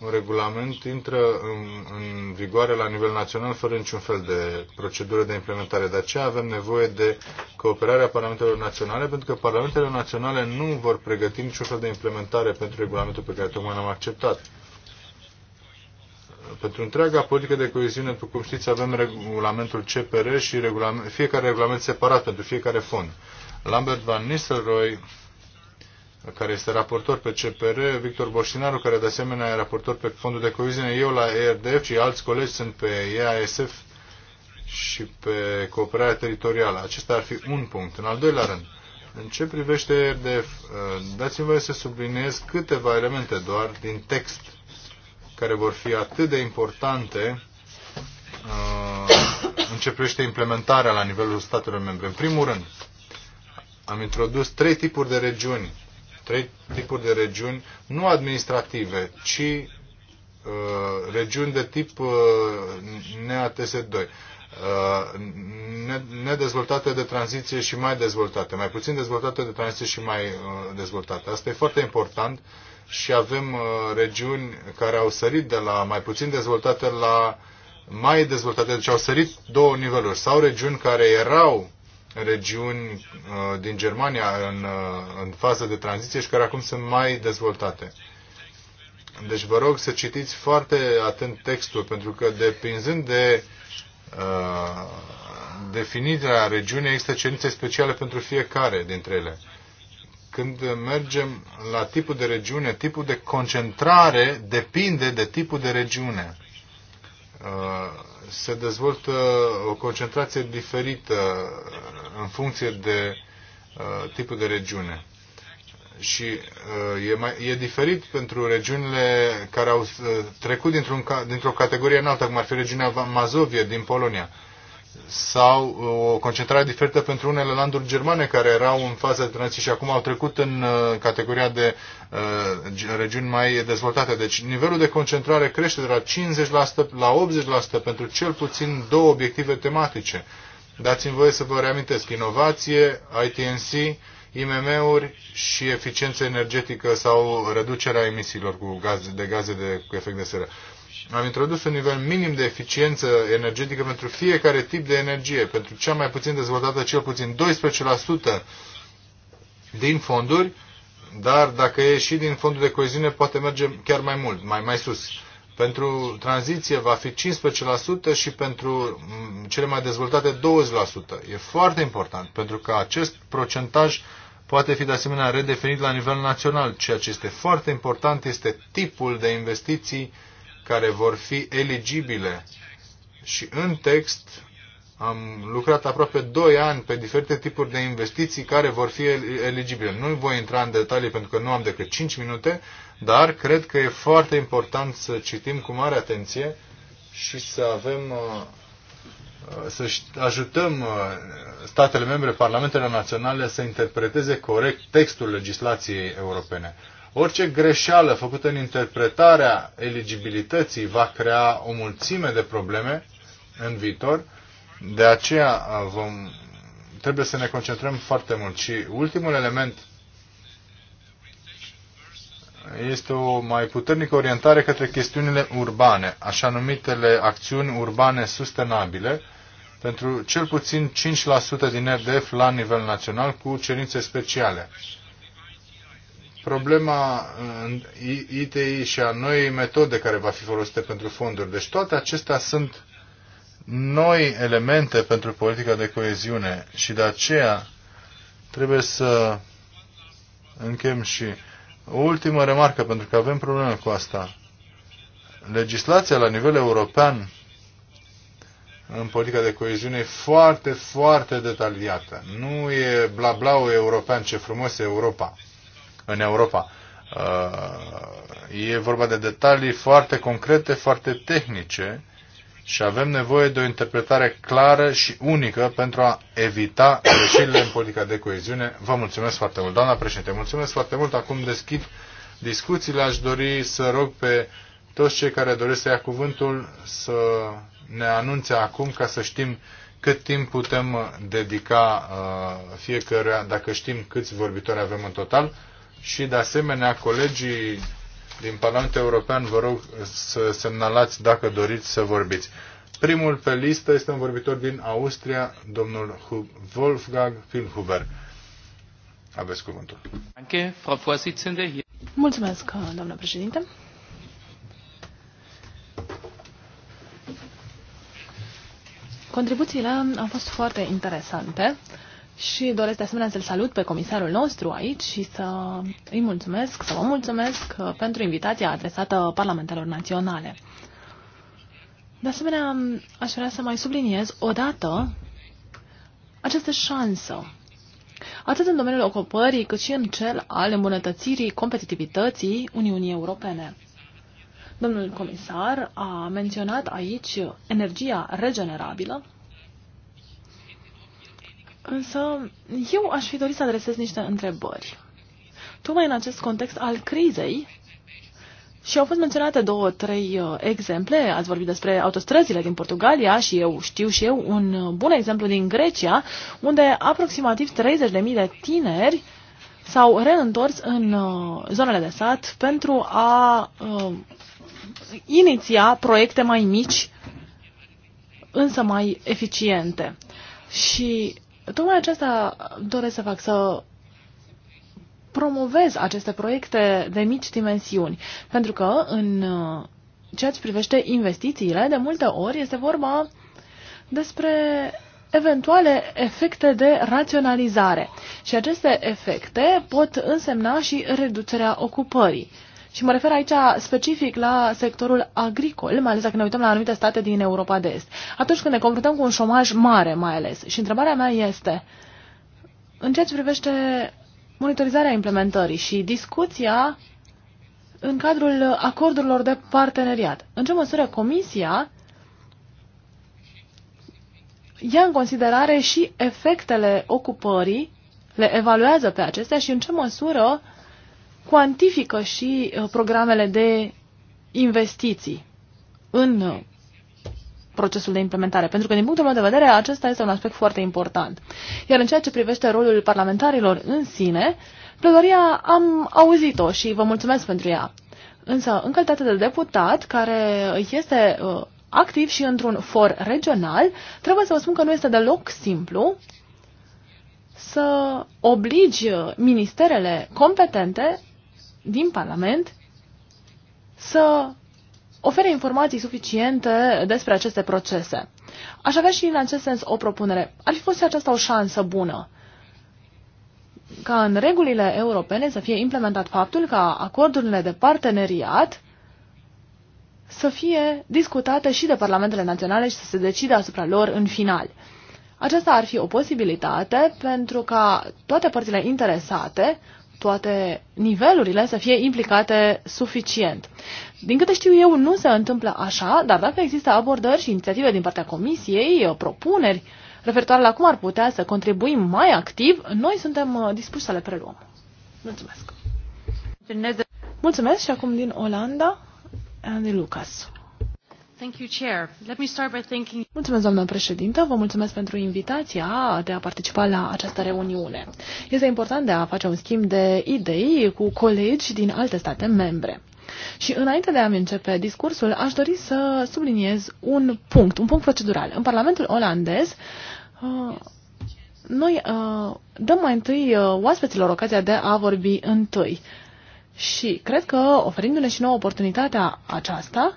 un regulament intră în, în vigoare la nivel național fără niciun fel de procedură de implementare. De aceea avem nevoie de cooperarea Parlamentelor Naționale, pentru că Parlamentele Naționale nu vor pregăti niciun fel de implementare pentru regulamentul pe care tocmai l-am acceptat. Pentru întreaga politică de coeziune, după cum știți, avem regulamentul CPR și regulament, fiecare regulament separat pentru fiecare fond. Lambert Van Nistelrooy, care este raportor pe CPR, Victor Boșinaru, care de asemenea e raportor pe Fondul de Coeziune, eu la ERDF și alți colegi sunt pe EASF și pe cooperarea teritorială. Acesta ar fi un punct. În al doilea rând, în ce privește ERDF, uh, dați-mi voie să subliniez câteva elemente doar din text care vor fi atât de importante uh, în ce privește implementarea la nivelul statelor membre. În primul rând, am introdus trei tipuri de regiuni, trei tipuri de regiuni nu administrative, ci uh, regiuni de tip uh, NATS2, uh, nedezvoltate de tranziție și mai dezvoltate, mai puțin dezvoltate de tranziție și mai uh, dezvoltate. Asta e foarte important și avem uh, regiuni care au sărit de la mai puțin dezvoltate la mai dezvoltate, deci au sărit două niveluri. Sau regiuni care erau regiuni uh, din Germania în, uh, în fază de tranziție și care acum sunt mai dezvoltate. Deci vă rog să citiți foarte atent textul, pentru că depinzând de uh, definirea regiunii, există cerințe speciale pentru fiecare dintre ele. Când mergem la tipul de regiune, tipul de concentrare depinde de tipul de regiune se dezvoltă o concentrație diferită în funcție de uh, tipul de regiune. Și uh, e, mai, e diferit pentru regiunile care au uh, trecut dintr-o dintr categorie înaltă, cum ar fi regiunea Mazovie din Polonia sau uh, o concentrare diferită pentru unele landuri germane care erau în fază de tranziție și acum au trecut în uh, categoria de uh, regiuni mai dezvoltate. Deci nivelul de concentrare crește de la 50% la 80% pentru cel puțin două obiective tematice. Dați-mi voie să vă reamintesc, inovație, ITNC, IMM-uri și eficiență energetică sau reducerea emisiilor cu gaze, de gaze de, cu efect de seră. Am introdus un nivel minim de eficiență energetică pentru fiecare tip de energie, pentru cea mai puțin dezvoltată cel puțin 12% din fonduri, dar dacă e și din fondul de coeziune poate merge chiar mai mult, mai, mai sus. Pentru tranziție va fi 15% și pentru mm, cele mai dezvoltate 20%. E foarte important pentru că acest procentaj poate fi de asemenea redefinit la nivel național. Ceea ce este foarte important este tipul de investiții uh, care vor fi eligibile. Și în text am lucrat aproape 2 ani pe diferite tipuri de investiții care vor fi eligibile. Nu voi intra în detalii pentru că nu am decât 5 minute, dar cred că e foarte important să citim cu mare atenție și să avem uh, uh, să ajutăm uh, statele membre, parlamentele naționale să interpreteze corect textul legislației europene. Orice greșeală făcută în interpretarea eligibilității va crea o mulțime de probleme în viitor. De aceea vom, trebuie să ne concentrăm foarte mult. Și ultimul element este o mai puternică orientare către chestiunile urbane, așa numitele acțiuni urbane sustenabile, pentru cel puțin 5% din RDF la nivel național cu cerințe speciale problema ITI și a noii metode care va fi folosite pentru fonduri. Deci toate acestea sunt noi elemente pentru politica de coeziune și de aceea trebuie să închem și o ultimă remarcă, pentru că avem probleme cu asta. Legislația la nivel european în politica de coeziune e foarte, foarte detaliată. Nu e bla bla european, ce frumos e Europa în Europa. Uh, e vorba de detalii foarte concrete, foarte tehnice și avem nevoie de o interpretare clară și unică pentru a evita greșelile în politica de coeziune. Vă mulțumesc foarte mult, doamna președinte. Mulțumesc foarte mult. Acum deschid discuțiile. Aș dori să rog pe toți cei care doresc să ia cuvântul să ne anunțe acum ca să știm cât timp putem dedica uh, fiecare, dacă știm câți vorbitori avem în total și de asemenea colegii din Parlamentul European vă rog să semnalați dacă doriți să vorbiți. Primul pe listă este un vorbitor din Austria, domnul Wolfgang Filhuber. Aveți cuvântul. Mulțumesc, doamnă președinte. Contribuțiile au fost foarte interesante și doresc de asemenea să-l salut pe comisarul nostru aici și să îi mulțumesc, să vă mulțumesc uh, pentru invitația adresată Parlamentelor Naționale. De asemenea, aș vrea să mai subliniez odată această șansă, atât în domeniul ocupării, cât și în cel al îmbunătățirii competitivității Uniunii Europene. Domnul comisar a menționat aici energia regenerabilă, Însă eu aș fi dorit să adresez niște întrebări. Tocmai în acest context al crizei, și au fost menționate două, trei uh, exemple. Ați vorbit despre autostrăzile din Portugalia și eu știu și eu un uh, bun exemplu din Grecia, unde aproximativ 30.000 de tineri s-au reîntors în uh, zonele de sat pentru a uh, iniția proiecte mai mici, însă mai eficiente. Și Tocmai aceasta doresc să fac, să promovez aceste proiecte de mici dimensiuni, pentru că în uh, ceea ce privește investițiile, de multe ori este vorba despre eventuale efecte de raționalizare. Și aceste efecte pot însemna și reducerea ocupării. Și mă refer aici specific la sectorul agricol, mai ales dacă ne uităm la anumite state din Europa de Est. Atunci când ne confruntăm cu un șomaj mare, mai ales. Și întrebarea mea este, în ceea ce privește monitorizarea implementării și discuția în cadrul acordurilor de parteneriat, în ce măsură Comisia ia în considerare și efectele ocupării, le evaluează pe acestea și în ce măsură uh, cuantifică și uh, programele de investiții în uh, procesul de implementare, pentru că din punctul meu de vedere acesta este un aspect foarte important. Iar în ceea ce privește rolul parlamentarilor în sine, plădoria am auzit-o și vă mulțumesc pentru ea. Însă, în calitate de deputat, care este uh, activ și într-un for regional, trebuie să vă spun că nu este deloc simplu să obligi uh, ministerele competente din Parlament să ofere informații suficiente despre aceste procese. Aș avea și în acest sens o propunere. Ar fi fost și aceasta o șansă bună ca în regulile europene să fie implementat faptul ca acordurile de parteneriat să fie discutate și de parlamentele naționale și să se decide asupra lor în final. Aceasta ar fi o posibilitate pentru ca toate părțile interesate toate nivelurile să fie implicate suficient. Din câte știu eu, nu se întâmplă așa, dar dacă există abordări și inițiative din partea Comisiei, uh, propuneri referitoare la cum ar putea să contribuim mai activ, noi suntem uh, dispuși să le preluăm. Mulțumesc! Mulțumesc și acum din Olanda, Andy Lucas. Mulțumesc, doamnă președintă. Vă mulțumesc pentru invitația de a participa la această reuniune. Este important de a face un schimb de idei cu colegi din alte state membre. Și înainte de a-mi începe discursul, aș dori să subliniez un punct, un punct procedural. În Parlamentul olandez, uh, noi uh, dăm mai întâi uh, oaspeților ocazia de a vorbi întâi. Și cred că, oferindu-ne și nouă oportunitatea aceasta,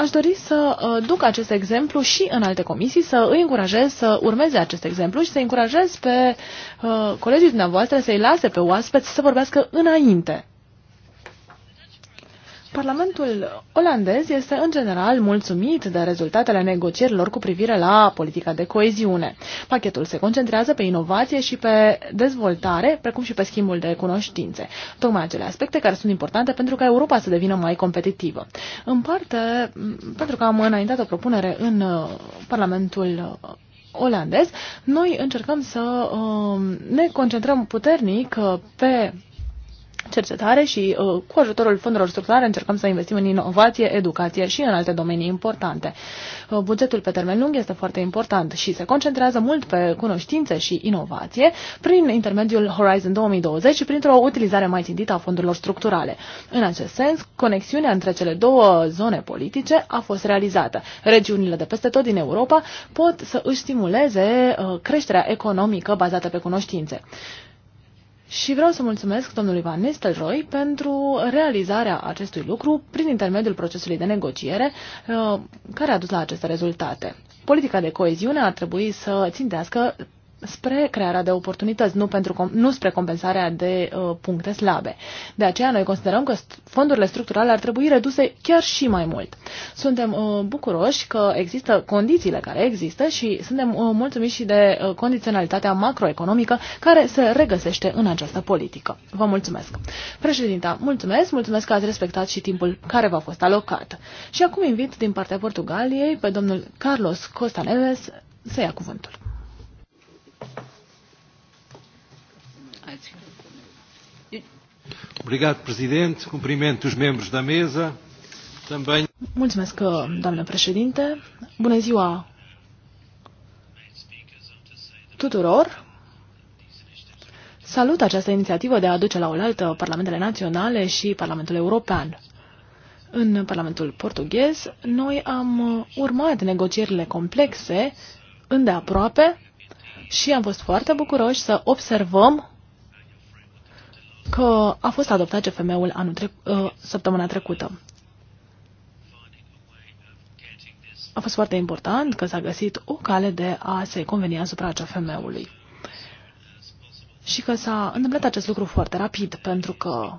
Aș dori să uh, duc acest exemplu și în alte comisii, să îi încurajez să urmeze acest exemplu și să încurajez pe uh, colegii dumneavoastră să-i lase pe oaspeți să vorbească înainte Parlamentul olandez este în general mulțumit de rezultatele negocierilor cu privire la politica de coeziune. Pachetul se concentrează pe inovație și pe dezvoltare, precum și pe schimbul de cunoștințe. Tocmai acele aspecte care sunt importante pentru ca Europa să devină mai competitivă. În parte, pentru că am înaintat o propunere în uh, Parlamentul uh, olandez, noi încercăm să uh, ne concentrăm puternic pe cercetare și uh, cu ajutorul fondurilor structurale încercăm să investim în inovație, educație și în alte domenii importante. Uh, bugetul pe termen lung este foarte important și se concentrează mult pe cunoștințe și inovație prin intermediul Horizon 2020 și printr-o utilizare mai țintită a fondurilor structurale. În acest sens, conexiunea între cele două zone politice a fost realizată. Regiunile de peste tot din Europa pot să își stimuleze uh, creșterea economică bazată pe cunoștințe. Și vreau să mulțumesc domnului Van Nistelrooy pentru realizarea acestui lucru prin intermediul procesului de negociere uh, care a dus la aceste rezultate. Politica de coeziune ar trebui să țintească spre crearea de oportunități, nu, pentru, nu spre compensarea de uh, puncte slabe. De aceea noi considerăm că fondurile structurale ar trebui reduse chiar și mai mult. Suntem uh, bucuroși că există condițiile care există și suntem uh, mulțumiți și de uh, condiționalitatea macroeconomică care se regăsește în această politică. Vă mulțumesc. Președinta, mulțumesc, mulțumesc că ați respectat și timpul care v-a fost alocat. Și acum invit din partea Portugaliei pe domnul Carlos Costaneves să ia cuvântul. Obrigado, Presidente. Cumprimento os membros da mesa. Também... Mulțumesc, doamnă președinte. Bună ziua tuturor. Salut această inițiativă de a aduce la oaltă Parlamentele Naționale și Parlamentul European. În Parlamentul portughez, noi am urmat negocierile complexe îndeaproape și am fost foarte bucuroși să observăm că a fost adoptat CFM-ul anul trec, ă, săptămâna trecută. A fost foarte important că s-a găsit o cale de a se conveni asupra CFM-ului. Și că s-a întâmplat acest lucru foarte rapid, pentru că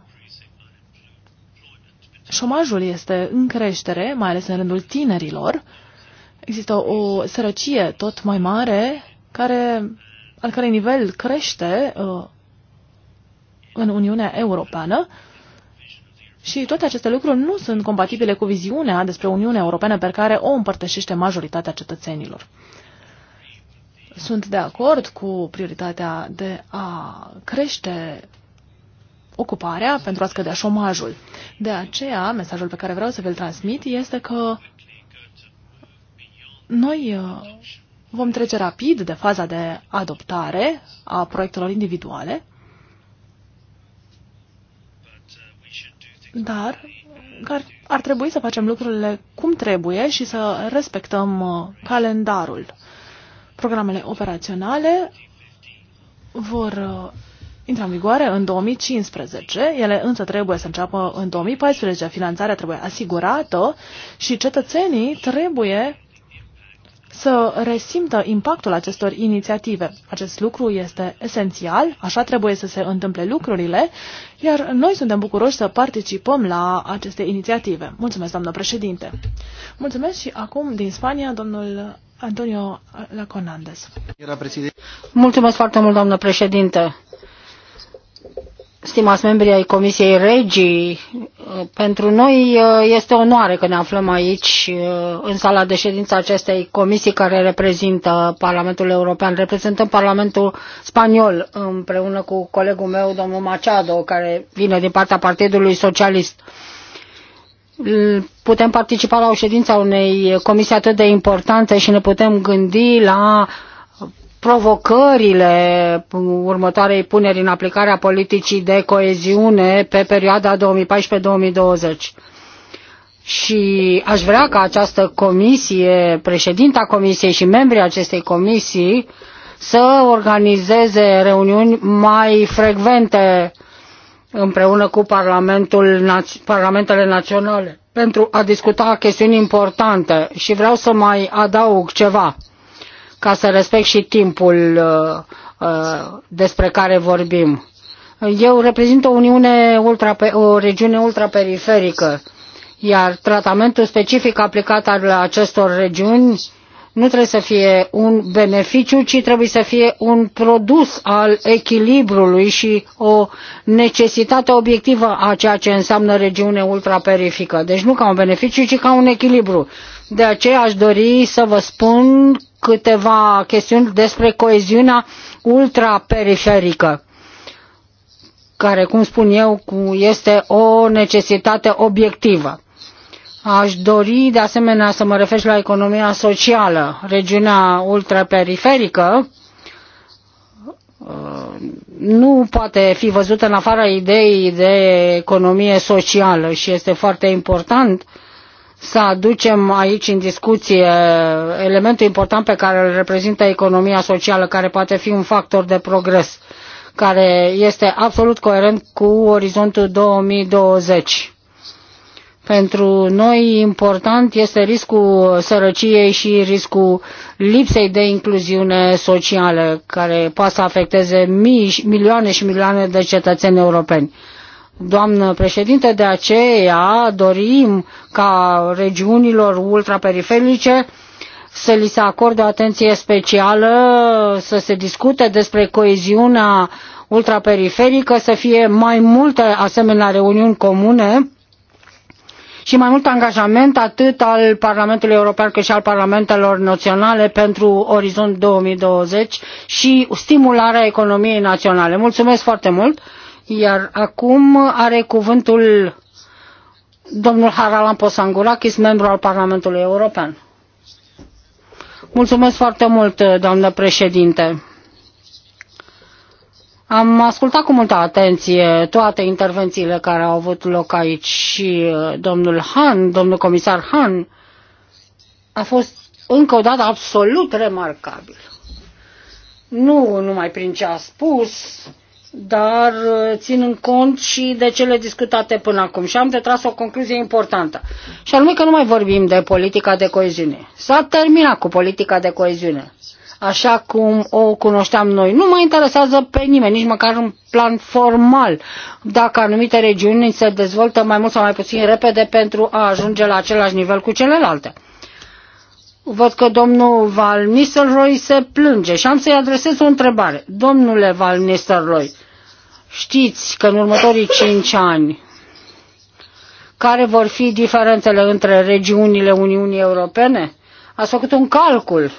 șomajul este în creștere, mai ales în rândul tinerilor. Există o sărăcie tot mai mare, care, al cărei nivel crește uh, în Uniunea Europeană și toate aceste lucruri nu sunt compatibile cu viziunea despre Uniunea Europeană pe care o împărtășește majoritatea cetățenilor. Sunt de acord cu prioritatea de a crește ocuparea pentru a scădea șomajul. De aceea, mesajul pe care vreau să vă l transmit este că noi uh, vom trece rapid de faza de adoptare a proiectelor individuale Dar ar, ar trebui să facem lucrurile cum trebuie și să respectăm uh, calendarul. Programele operaționale vor uh, intra în vigoare în 2015, ele însă trebuie să înceapă în 2014, finanțarea trebuie asigurată și cetățenii trebuie să resimtă impactul acestor inițiative. Acest lucru este esențial, așa trebuie să se întâmple lucrurile, iar noi suntem bucuroși să participăm la aceste inițiative. Mulțumesc, doamnă președinte! Mulțumesc și acum din Spania, domnul Antonio Laconandes. Mulțumesc foarte mult, doamnă președinte! stimați membri ai Comisiei Regii, pentru noi uh, este onoare că ne aflăm aici, uh, în sala de ședință acestei comisii care reprezintă Parlamentul European. Reprezentăm Parlamentul Spaniol împreună cu colegul meu, domnul Machado, care vine din partea Partidului Socialist putem participa la o ședință a unei comisii atât de importante și ne putem gândi la provocările următoarei puneri în aplicare a politicii de coeziune pe perioada 2014-2020. Și aș vrea ca această comisie, președinta comisiei și membrii acestei comisii să organizeze reuniuni mai frecvente împreună cu Parlamentul, Parlamentele Naționale pentru a discuta chestiuni importante. Și vreau să mai adaug ceva ca să respect și timpul uh, uh, despre care vorbim. Eu reprezint o, uniune ultra, o regiune ultraperiferică, iar tratamentul specific aplicat al acestor regiuni nu trebuie să fie un beneficiu, ci trebuie să fie un produs al echilibrului și o necesitate obiectivă a ceea ce înseamnă regiune ultraperifică. Deci nu ca un beneficiu, ci ca un echilibru. De aceea aș dori să vă spun câteva chestiuni despre coeziunea ultraperiferică care, cum spun eu, este o necesitate obiectivă. Aș dori, de asemenea, să mă refer și la economia socială. Regiunea ultraperiferică uh, nu poate fi văzută în afara ideii de economie socială și este foarte important să aducem aici în discuție elementul important pe care îl reprezintă economia socială, care poate fi un factor de progres, care este absolut coerent cu orizontul 2020. Pentru noi important este riscul sărăciei și riscul lipsei de incluziune socială, care poate să afecteze mii, milioane și milioane de cetățeni europeni. Doamnă președinte, de aceea dorim ca regiunilor ultraperiferice să li se acorde o atenție specială, să se discute despre coeziunea ultraperiferică, să fie mai multe asemenea reuniuni comune și mai mult angajament atât al Parlamentului European cât și al Parlamentelor Naționale pentru Orizont 2020 și stimularea economiei naționale. Mulțumesc foarte mult! Iar acum are cuvântul domnul Haralan Posangurakis, membru al Parlamentului European. Mulțumesc foarte mult, doamnă președinte. Am ascultat cu multă atenție toate intervențiile care au avut loc aici și uh, domnul Han, domnul comisar Han, a fost încă o dată absolut remarcabil. Nu numai prin ce a spus, dar uh, ținând cont și de cele discutate până acum. Și am de tras o concluzie importantă. Și anume că nu mai vorbim de politica de coeziune. S-a terminat cu politica de coeziune. Așa cum o cunoșteam noi. Nu mă interesează pe nimeni, nici măcar în plan formal, dacă anumite regiuni se dezvoltă mai mult sau mai puțin repede pentru a ajunge la același nivel cu celelalte. Văd că domnul Val Nistelrooy se plânge și am să-i adresez o întrebare. Domnule Val Nistelrooy, știți că în următorii cinci ani care vor fi diferențele între regiunile Uniunii Europene? Ați făcut un calcul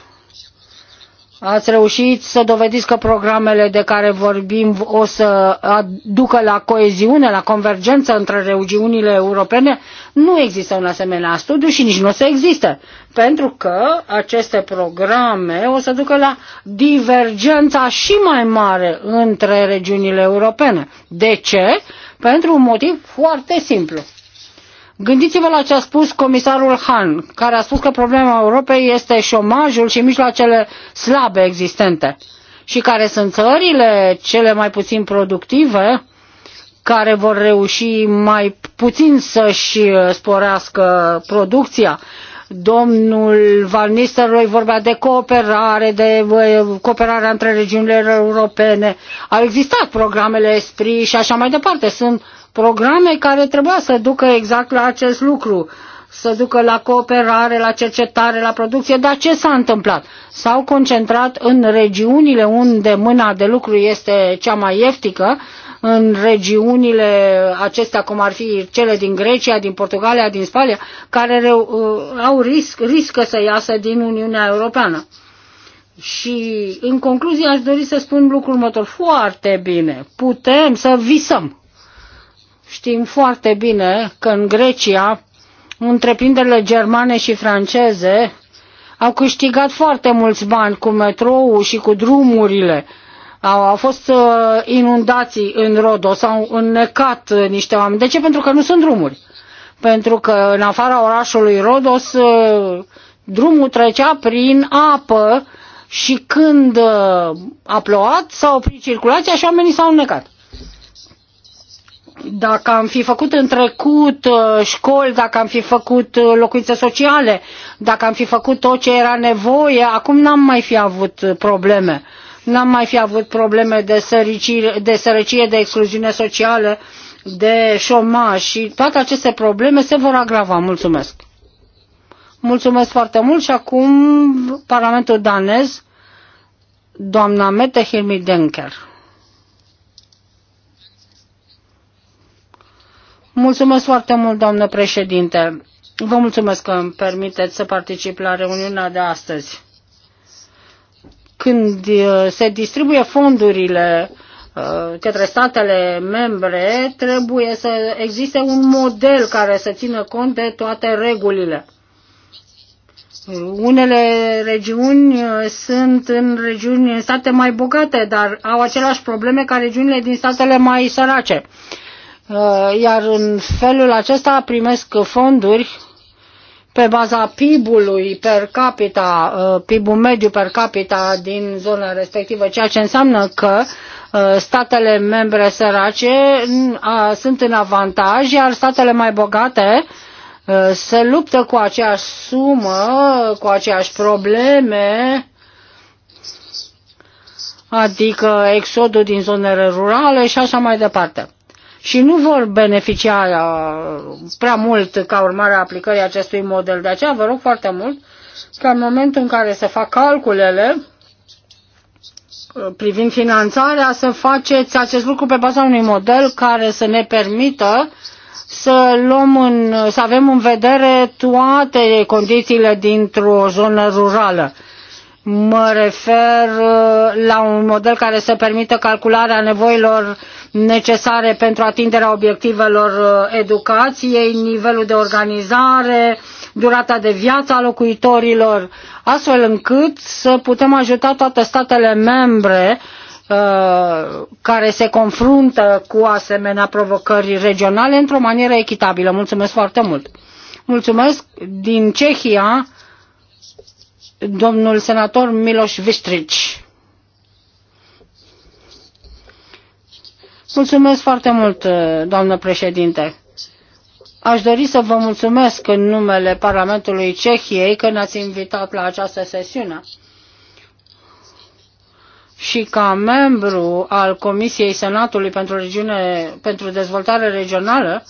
Ați reușit să dovediți că programele de care vorbim o să aducă la coeziune, la convergență între regiunile europene? Nu există un asemenea studiu și nici nu o să existe, pentru că aceste programe o să ducă la divergența și mai mare între regiunile europene. De ce? Pentru un motiv foarte simplu. Gândiți-vă la ce a spus comisarul Han, care a spus că problema Europei este șomajul și mijloacele slabe existente și care sunt țările cele mai puțin productive, care vor reuși mai puțin să-și uh, sporească producția. Domnul Van Nistelrooy vorbea de cooperare, de uh, cooperarea între regiunile europene. Au existat programele SPRI și așa mai departe. Sunt programe care trebuia să ducă exact la acest lucru, să ducă la cooperare, la cercetare, la producție, dar ce s-a întâmplat? S-au concentrat în regiunile unde mâna de lucru este cea mai ieftică, în regiunile acestea, cum ar fi cele din Grecia, din Portugalia, din Spania, care uh, au risc, riscă să iasă din Uniunea Europeană. Și în concluzie aș dori să spun lucrul următor. Foarte bine, putem să visăm. Știm foarte bine că în Grecia întreprinderile germane și franceze au câștigat foarte mulți bani cu metrou și cu drumurile. Au, au fost uh, inundații în Rodos, s-au înnecat uh, niște oameni. De ce? Pentru că nu sunt drumuri. Pentru că în afara orașului Rodos uh, drumul trecea prin apă și când uh, a plouat s-a oprit circulația și oamenii s-au înnecat dacă am fi făcut în trecut uh, școli, dacă am fi făcut uh, locuințe sociale, dacă am fi făcut tot ce era nevoie, acum n-am mai fi avut probleme. N-am mai fi avut probleme de, săricire, de sărăcie, de excluziune socială, de șomaj și toate aceste probleme se vor agrava. Mulțumesc! Mulțumesc foarte mult și acum Parlamentul danez, doamna Mette Hilmi Denker. Mulțumesc foarte mult, domnule președinte. Vă mulțumesc că îmi permiteți să particip la reuniunea de astăzi. Când uh, se distribuie fondurile uh, către statele membre, trebuie să existe un model care să țină cont de toate regulile. Unele regiuni uh, sunt în regiuni în state mai bogate, dar au aceleași probleme ca regiunile din statele mai sărace. Uh, iar în felul acesta primesc fonduri pe baza PIB-ului per capita, uh, PIB-ul mediu per capita din zona respectivă, ceea ce înseamnă că uh, statele membre sărace sunt în avantaj, iar statele mai bogate se luptă cu aceeași sumă, cu aceeași probleme, adică exodul din zonele rurale și așa mai departe și nu vor beneficia uh, prea mult ca urmare a aplicării acestui model. De aceea vă rog foarte mult ca în momentul în care se fac calculele uh, privind finanțarea să faceți acest lucru pe baza unui model care să ne permită să luăm în, să avem în vedere toate condițiile dintr-o zonă rurală Mă refer uh, la un model care să permită calcularea nevoilor necesare pentru atingerea obiectivelor uh, educației, nivelul de organizare, durata de viață a locuitorilor, astfel încât să putem ajuta toate statele membre uh, care se confruntă cu asemenea provocări regionale într-o manieră echitabilă. Mulțumesc foarte mult! Mulțumesc din Cehia, domnul senator Miloș Vistrici. Mulțumesc foarte mult, doamnă președinte. Aș dori să vă mulțumesc în numele Parlamentului Cehiei că ne-ați invitat la această sesiune. Și ca membru al Comisiei Senatului pentru, regiune, pentru Dezvoltare Regională,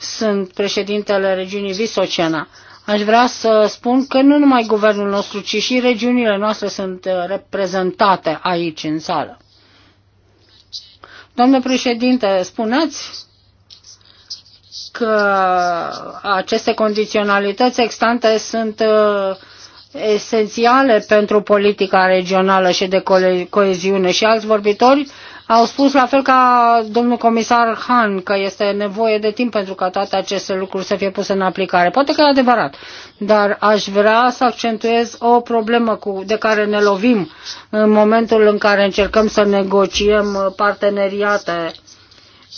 sunt președintele regiunii Visocena. Aș vrea să spun că nu numai guvernul nostru, ci și regiunile noastre sunt uh, reprezentate aici în sală. Domnule președinte, spuneți că aceste condiționalități extante sunt uh, esențiale pentru politica regională și de coeziune și alți vorbitori au spus la fel ca domnul comisar Han că este nevoie de timp pentru ca toate aceste lucruri să fie puse în aplicare. Poate că e adevărat, dar aș vrea să accentuez o problemă cu, de care ne lovim în momentul în care încercăm să negociem parteneriate.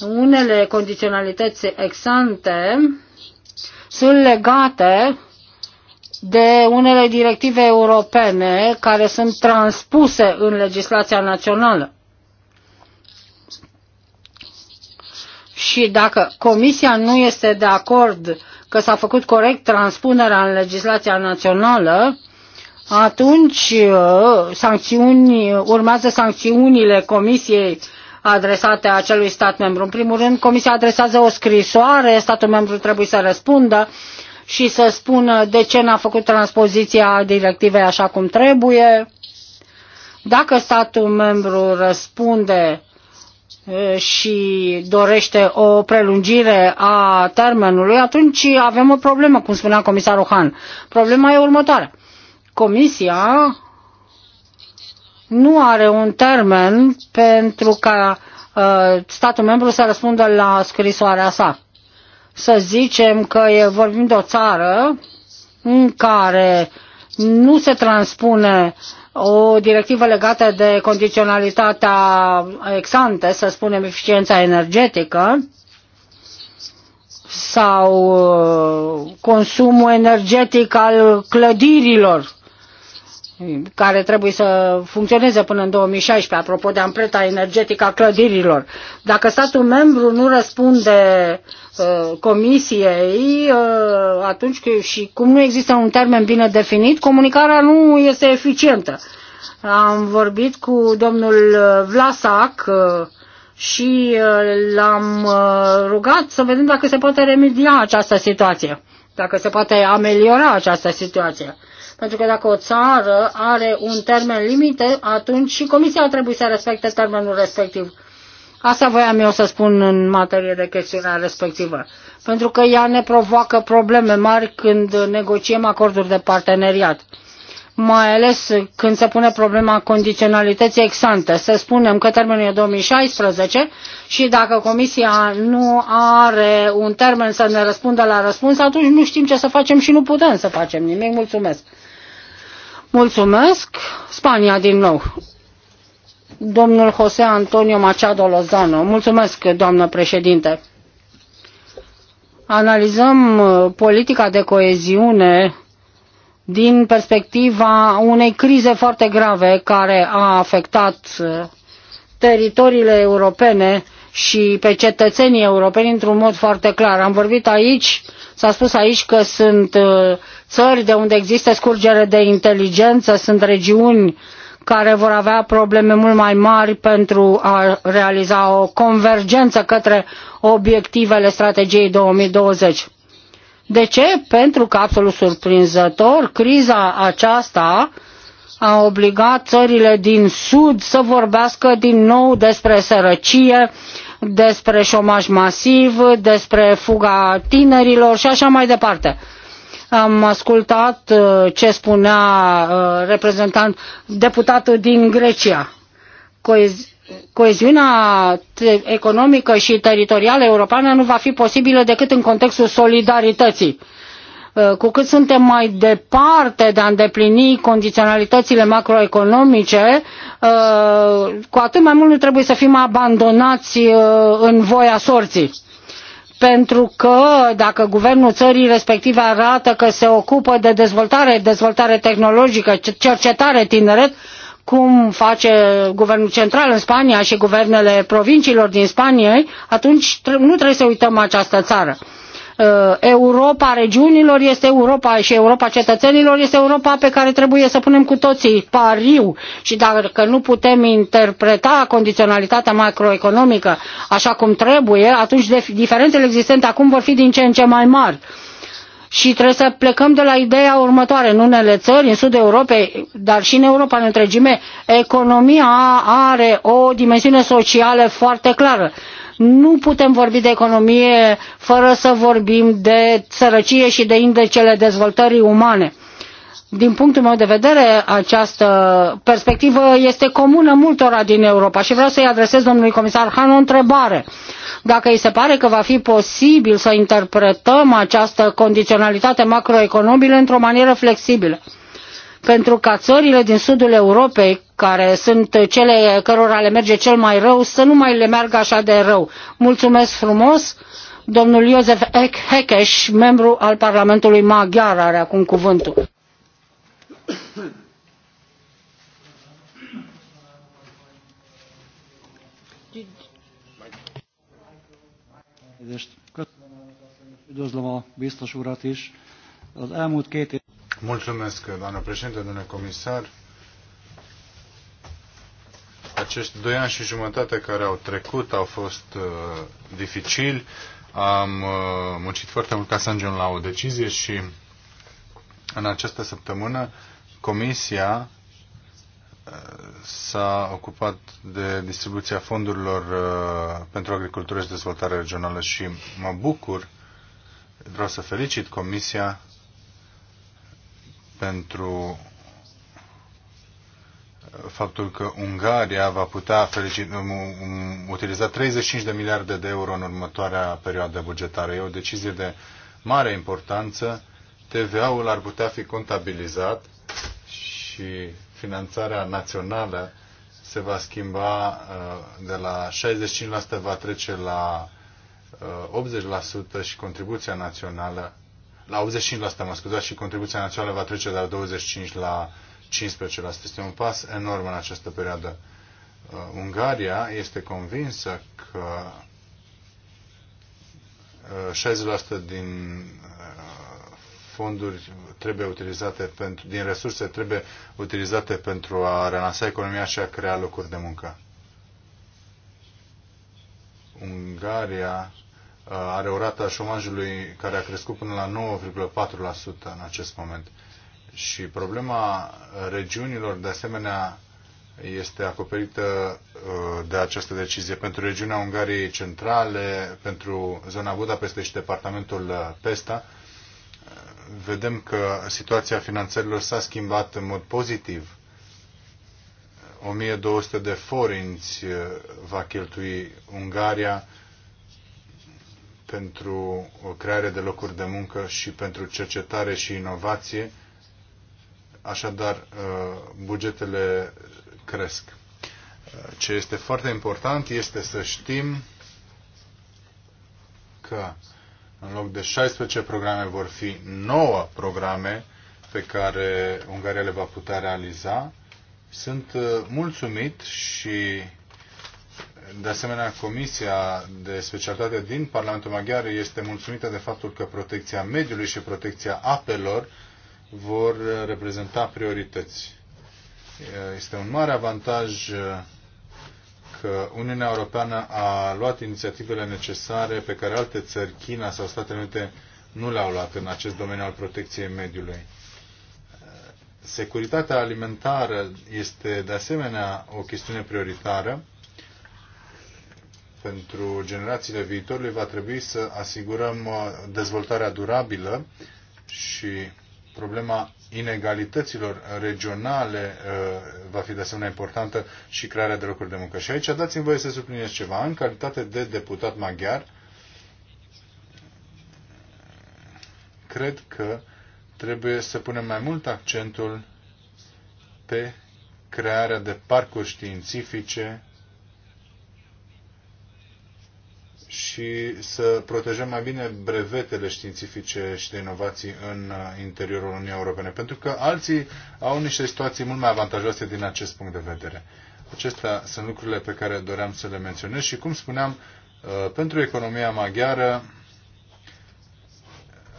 Unele condiționalități exante sunt legate de unele directive europene care sunt transpuse în legislația națională. și dacă Comisia nu este de acord că s-a făcut corect transpunerea în legislația națională, atunci uh, sancțiuni, urmează sancțiunile Comisiei adresate acelui stat membru. În primul rând, Comisia adresează o scrisoare, statul membru trebuie să răspundă și să spună de ce n-a făcut transpoziția directivei așa cum trebuie. Dacă statul membru răspunde Eh, și dorește o prelungire a termenului, atunci avem o problemă, cum spunea comisarul Han. Problema e următoarea. Comisia nu are un termen pentru ca uh, statul membru să răspundă la scrisoarea sa. Să zicem că e, vorbim de o țară în care nu se transpune uh, o directivă legată de condiționalitatea exante, să spunem eficiența energetică, sau uh, consumul energetic al clădirilor care trebuie să funcționeze până în 2016, apropo de ampreta energetică a clădirilor. Dacă statul membru nu răspunde uh, comisiei, uh, atunci și cum nu există un termen bine definit, comunicarea nu este eficientă. Am vorbit cu domnul Vlasac uh, și uh, l-am uh, rugat să vedem dacă se poate remedia această situație, dacă se poate ameliora această situație pentru că dacă o țară are un termen limite, atunci și Comisia trebuie să respecte termenul respectiv. Asta voiam eu să spun în materie de chestiunea respectivă. Pentru că ea ne provoacă probleme mari când negociem acorduri de parteneriat. Mai ales când se pune problema condiționalității exante. Să spunem că termenul e 2016 și dacă Comisia nu are un termen să ne răspundă la răspuns, atunci nu știm ce să facem și nu putem să facem nimic. Mulțumesc. Mulțumesc. Spania din nou. Domnul José Antonio Machado Lozano. Mulțumesc, doamnă președinte. Analizăm uh, politica de coeziune din perspectiva unei crize foarte grave care a afectat uh, teritoriile europene și pe cetățenii europeni într-un mod foarte clar. Am vorbit aici, s-a spus aici că sunt uh, țări de unde există scurgere de inteligență, sunt regiuni care vor avea probleme mult mai mari pentru a realiza o convergență către obiectivele strategiei 2020. De ce? Pentru că, absolut surprinzător, criza aceasta a obligat țările din Sud să vorbească din nou despre sărăcie, despre șomaj masiv, despre fuga tinerilor și așa mai departe. Am ascultat uh, ce spunea uh, reprezentant deputatul din Grecia. coeziunea economică și teritorială europeană nu va fi posibilă decât în contextul solidarității. Uh, cu cât suntem mai departe de a îndeplini condiționalitățile macroeconomice, cu atât mai mult nu trebuie să fim abandonați în voia sorții pentru că dacă guvernul țării respective arată că se ocupă de dezvoltare, dezvoltare tehnologică, cercetare, tineret, cum face guvernul central în Spania și guvernele provinciilor din Spania, atunci nu trebuie să uităm această țară. Uh, Europa regiunilor este Europa și Europa cetățenilor este Europa pe care trebuie să punem cu toții pariu și dacă nu putem interpreta condiționalitatea macroeconomică așa cum trebuie, atunci diferențele existente acum vor fi din ce în ce mai mari. Și trebuie să plecăm de la ideea următoare. În unele țări, în sudul Europei, dar și în Europa în întregime, economia are o dimensiune socială foarte clară nu putem vorbi de economie fără să vorbim de sărăcie și de indicele dezvoltării umane. Din punctul meu de vedere, această perspectivă este comună multora din Europa și vreau să-i adresez domnului comisar Han o întrebare. Dacă îi se pare că va fi posibil să interpretăm această condiționalitate macroeconomică într-o manieră flexibilă pentru ca țările din sudul Europei, care sunt cele cărora le merge cel mai rău, să nu mai le meargă așa de rău. Mulțumesc frumos! Domnul Iosef Hekes, membru al Parlamentului Maghiar, are acum cuvântul. Üdvözlöm a biztos urat is. Az elmúlt két év... Mulțumesc, doamnă președinte, domnule comisar. Acești doi ani și jumătate care au trecut au fost uh, dificili. Am uh, muncit foarte mult ca să ajungem la o decizie și în această săptămână Comisia uh, s-a ocupat de distribuția fondurilor uh, pentru agricultură și dezvoltare regională și mă bucur, vreau să felicit Comisia pentru faptul că Ungaria va putea felicit, um, um, utiliza 35 de miliarde de euro în următoarea perioadă bugetară. E o decizie de mare importanță. TVA-ul ar putea fi contabilizat și finanțarea națională se va schimba uh, de la 65% va trece la 80% uh, și contribuția națională la 85%, mă scuzați, și contribuția națională va trece de la 25 la 15%. Este un pas enorm în această perioadă. Uh, Ungaria este convinsă că uh, 60% din uh, fonduri trebuie utilizate pentru, din resurse trebuie utilizate pentru a relansa economia și a crea locuri de muncă. Ungaria Uh, are o rată a șomajului care a crescut până la 9,4% în acest moment. Și problema uh, regiunilor, de asemenea, este acoperită uh, de această decizie. Pentru regiunea Ungariei Centrale, pentru zona Budapeste și departamentul Pesta, vedem că situația finanțărilor s-a schimbat în mod pozitiv. 1200 de forinți va cheltui Ungaria pentru creare de locuri de muncă și pentru cercetare și inovație. Așadar, uh, bugetele cresc. Uh, ce este foarte important este să știm că în loc de 16 programe vor fi 9 programe pe care Ungaria le va putea realiza. Sunt uh, mulțumit și de asemenea, Comisia de Specialitate din Parlamentul Maghiar este mulțumită de faptul că protecția mediului și protecția apelor vor reprezenta priorități. Este un mare avantaj că Uniunea Europeană a luat inițiativele necesare pe care alte țări, China sau Statele Unite, nu le-au luat în acest domeniu al protecției mediului. Securitatea alimentară este de asemenea o chestiune prioritară pentru generațiile viitorului va trebui să asigurăm uh, dezvoltarea durabilă și problema inegalităților regionale uh, va fi de asemenea importantă și crearea de locuri de muncă. Și aici dați-mi voie să subliniez ceva. În calitate de deputat maghiar, cred că trebuie să punem mai mult accentul pe crearea de parcuri științifice și să protejăm mai bine brevetele științifice și de inovații în uh, interiorul Uniunii Europene, pentru că alții au niște situații mult mai avantajoase din acest punct de vedere. Acestea sunt lucrurile pe care doream să le menționez și, cum spuneam, uh, pentru economia maghiară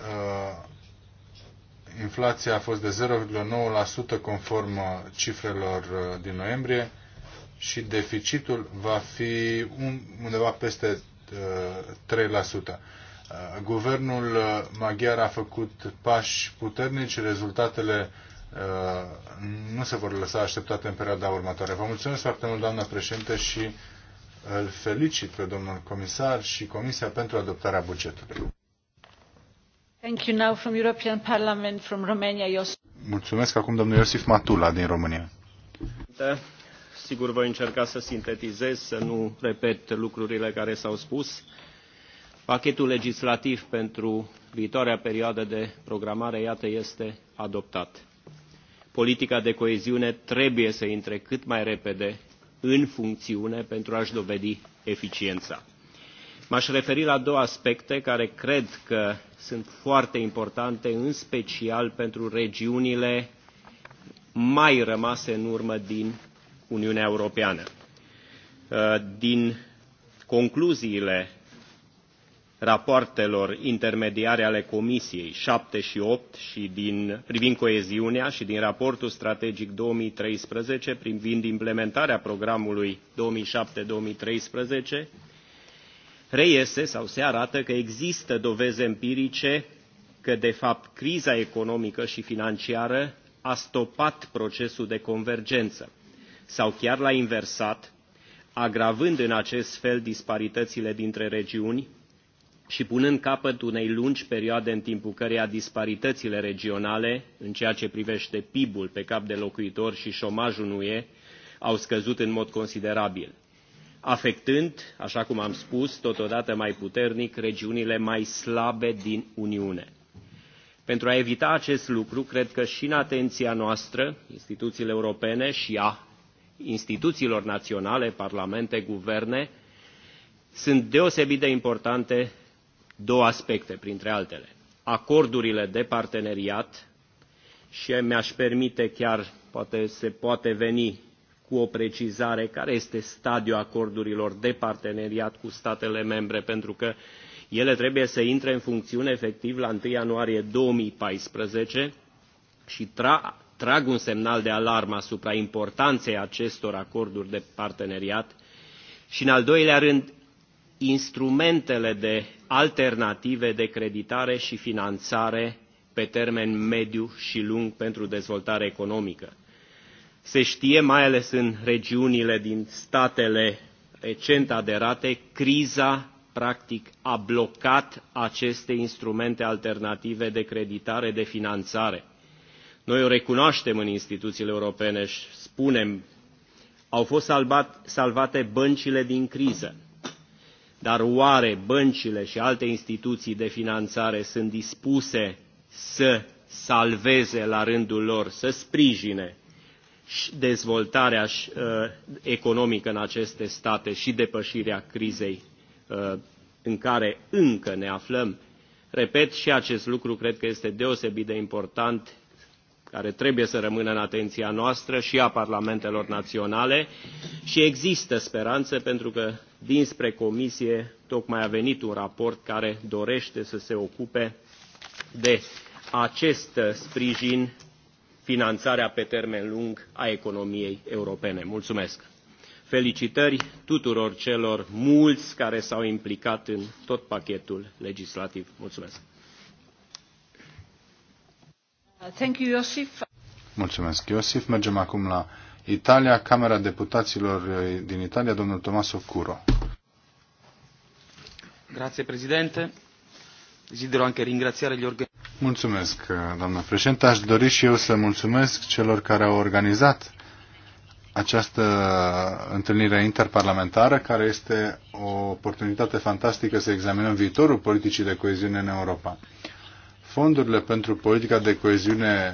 uh, inflația a fost de 0,9% conform cifrelor din noiembrie și deficitul va fi undeva peste 3%. Uh, guvernul uh, maghiar a făcut pași puternici, rezultatele uh, nu se vor lăsa așteptate în perioada următoare. Vă mulțumesc foarte mult, doamna președinte, și îl felicit pe domnul comisar și Comisia pentru adoptarea bugetului. Thank you now from European Parliament, from Romania, Mulțumesc acum domnul Iosif Matula din România. Da. Sigur, voi încerca să sintetizez, să nu repet lucrurile care s-au spus. Pachetul legislativ pentru viitoarea perioadă de programare, iată, este adoptat. Politica de coeziune trebuie să intre cât mai repede în funcțiune pentru a-și dovedi eficiența. M-aș referi la două aspecte care cred că sunt foarte importante, în special pentru regiunile mai rămase în urmă din Uniunea Europeană. Uh, din concluziile rapoartelor intermediare ale Comisiei 7 și 8 și din, privind coeziunea și din raportul strategic 2013 privind implementarea programului 2007-2013, reiese sau se arată că există dovezi empirice că, de fapt, criza economică și financiară a stopat procesul de convergență sau chiar la inversat, agravând în acest fel disparitățile dintre regiuni și punând capăt unei lungi perioade în timpul căreia disparitățile regionale, în ceea ce privește PIB-ul pe cap de locuitor și șomajul nu e, au scăzut în mod considerabil, afectând, așa cum am spus, totodată mai puternic regiunile mai slabe din Uniune. Pentru a evita acest lucru, cred că și în atenția noastră, instituțiile europene și a instituțiilor naționale, parlamente, guverne, sunt deosebit de importante două aspecte, printre altele. Acordurile de parteneriat și mi-aș permite chiar, poate se poate veni cu o precizare, care este stadiul acordurilor de parteneriat cu statele membre, pentru că ele trebuie să intre în funcțiune efectiv la 1 ianuarie 2014 și tra trag un semnal de alarmă asupra importanței acestor acorduri de parteneriat și, în al doilea rând, instrumentele de alternative de creditare și finanțare pe termen mediu și lung pentru dezvoltare economică. Se știe, mai ales în regiunile din statele recent aderate, criza practic a blocat aceste instrumente alternative de creditare, de finanțare noi o recunoaștem în instituțiile europene și spunem, au fost salvat, salvate băncile din criză. Dar oare băncile și alte instituții de finanțare sunt dispuse să salveze la rândul lor, să sprijine dezvoltarea uh, economică în aceste state și depășirea crizei uh, în care încă ne aflăm. Repet, și acest lucru cred că este deosebit de important care trebuie să rămână în atenția noastră și a parlamentelor naționale și există speranțe pentru că dinspre comisie tocmai a venit un raport care dorește să se ocupe de acest sprijin, finanțarea pe termen lung a economiei europene. Mulțumesc! Felicitări tuturor celor mulți care s-au implicat în tot pachetul legislativ. Mulțumesc! Thank you, Iosif. Mulțumesc, Iosif. Mergem acum la Italia, Camera Deputaților eh, din Italia, domnul Tomaso Curo. Grazie, Presidente. Desidero anche ringraziare gli organizzatori. Mulțumesc, eh, doamna președinte. Aș dori și eu să mulțumesc celor care au organizat această întâlnire interparlamentară, care este o oportunitate fantastică să examinăm viitorul politicii de coeziune în Europa. Fondurile pentru politica de coeziune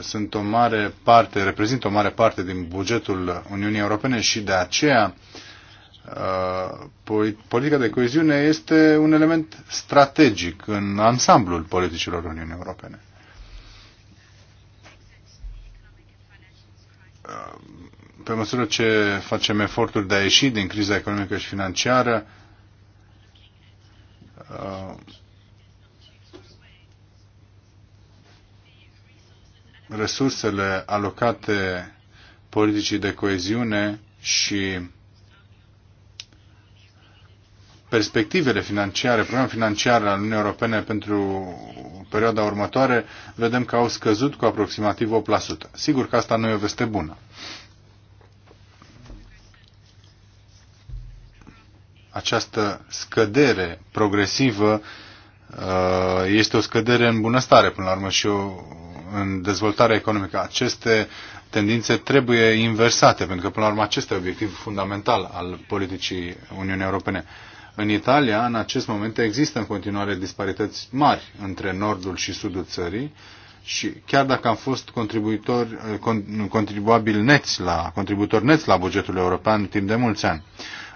sunt o mare parte, reprezintă o mare parte din bugetul Uniunii Europene și de aceea uh, politica de coeziune este un element strategic în ansamblul politicilor Uniunii Europene. Uh, pe măsură ce facem eforturi de a ieși din criza economică și financiară, uh, resursele alocate politicii de coeziune și perspectivele financiare, programul financiar al Uniunii Europene pentru perioada următoare, vedem că au scăzut cu aproximativ 8%. Sigur că asta nu e o veste bună. Această scădere progresivă uh, este o scădere în bunăstare, până la urmă, și o în dezvoltarea economică. Aceste tendințe trebuie inversate, pentru că, până la urmă, acesta e obiectivul fundamental al politicii Uniunii Europene. În Italia, în acest moment, există în continuare disparități mari între nordul și sudul țării și chiar dacă am fost contribuitori, contribuabili neți la, contributori neți la bugetul european timp de mulți ani,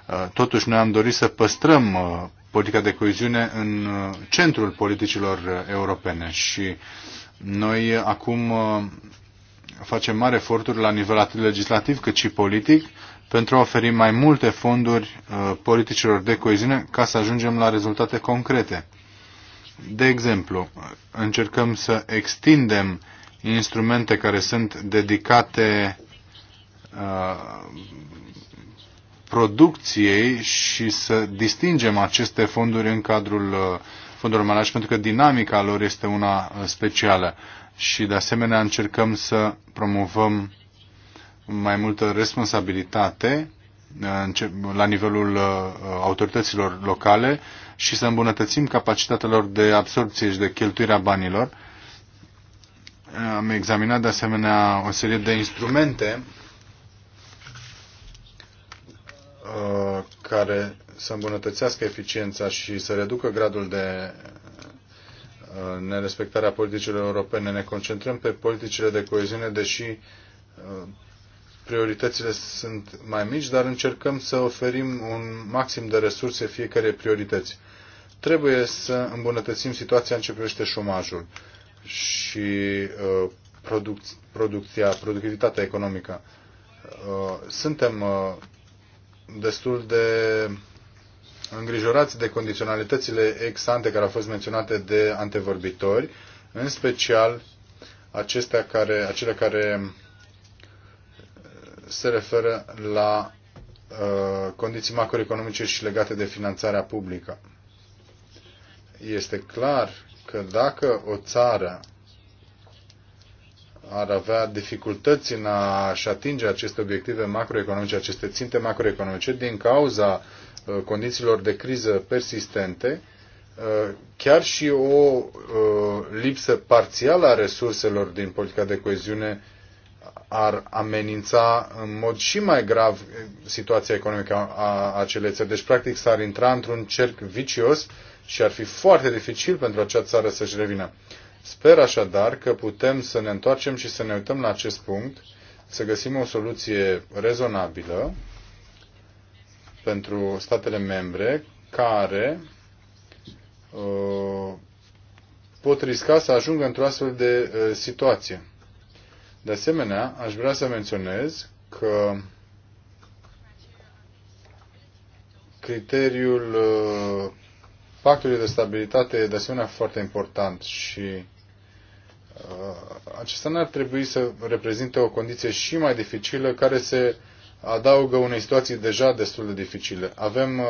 uh, totuși noi am dorit să păstrăm uh, politica de coeziune în uh, centrul politicilor europene și noi uh, acum uh, facem mari eforturi la nivel atât legislativ cât și politic pentru a oferi mai multe fonduri uh, politicilor de coeziune ca să ajungem la rezultate concrete. De exemplu, încercăm să extindem instrumente care sunt dedicate producției și să distingem aceste fonduri în cadrul fondurilor management, pentru că dinamica lor este una uh, specială și de asemenea încercăm să promovăm mai multă responsabilitate uh, la nivelul uh, autorităților locale și să îmbunătățim capacitatea lor de absorpție și de cheltuire a banilor. Am examinat de asemenea o serie de instrumente care să îmbunătățească eficiența și să reducă gradul de uh, nerespectarea politicilor europene. Ne concentrăm pe politicile de coeziune, deși uh, prioritățile sunt mai mici, dar încercăm să oferim un maxim de resurse fiecare priorități. Trebuie să îmbunătățim situația în ce privește șomajul și uh, producția, productivitatea economică. suntem destul de îngrijorați de condiționalitățile ex-ante care au fost menționate de antevorbitori, în special acestea care, acele care uh, se referă la uh, condiții macroeconomice și legate de finanțarea publică. Este clar că dacă o țară ar avea dificultăți în a-și atinge aceste obiective macroeconomice, aceste ținte macroeconomice, din cauza uh, condițiilor de criză persistente, uh, chiar și o uh, lipsă parțială a resurselor din politica de coeziune ar amenința în mod și mai grav situația economică a acelei țări. Deci, practic, s-ar intra într-un cerc vicios și ar fi foarte dificil pentru acea țară să-și revină. Sper așadar că putem să ne întoarcem și să ne uităm la acest punct, să găsim o soluție rezonabilă pentru statele membre care uh, pot risca să ajungă într-o astfel de uh, situație. De asemenea, aș vrea să menționez că criteriul uh, pactului de stabilitate e de asemenea foarte important și Uh, acesta n-ar trebui să reprezinte o condiție și mai dificilă care se adaugă unei situații deja destul de dificile. Avem uh,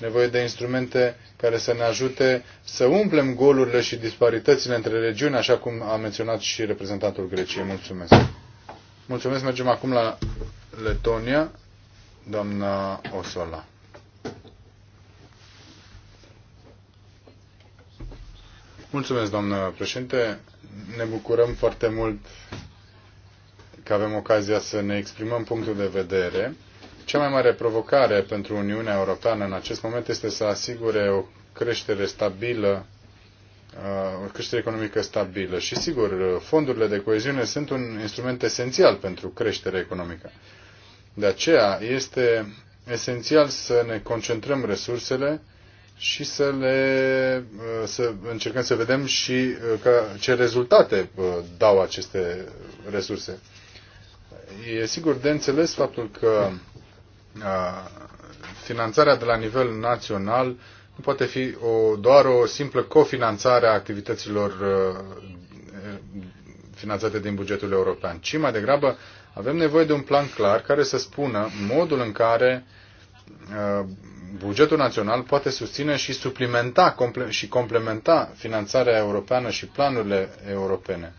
nevoie de instrumente care să ne ajute să umplem golurile și disparitățile între regiuni, așa cum a menționat și reprezentantul Greciei. Mulțumesc. Mulțumesc. Mergem acum la Letonia, doamna Osola. Mulțumesc, doamnă președinte. Ne bucurăm foarte mult că avem ocazia să ne exprimăm punctul de vedere. Cea mai mare provocare pentru Uniunea Europeană în acest moment este să asigure o creștere stabilă, uh, o creștere economică stabilă. Și sigur, fondurile de coeziune sunt un instrument esențial pentru creștere economică. De aceea este esențial să ne concentrăm resursele și să le uh, să încercăm să vedem și uh, că, ce rezultate uh, dau aceste resurse. E sigur de înțeles faptul că finanțarea de la nivel național nu poate fi o, doar o simplă cofinanțare a activităților finanțate din bugetul european, ci mai degrabă avem nevoie de un plan clar care să spună modul în care bugetul național poate susține și suplimenta comple- și complementa finanțarea europeană și planurile europene.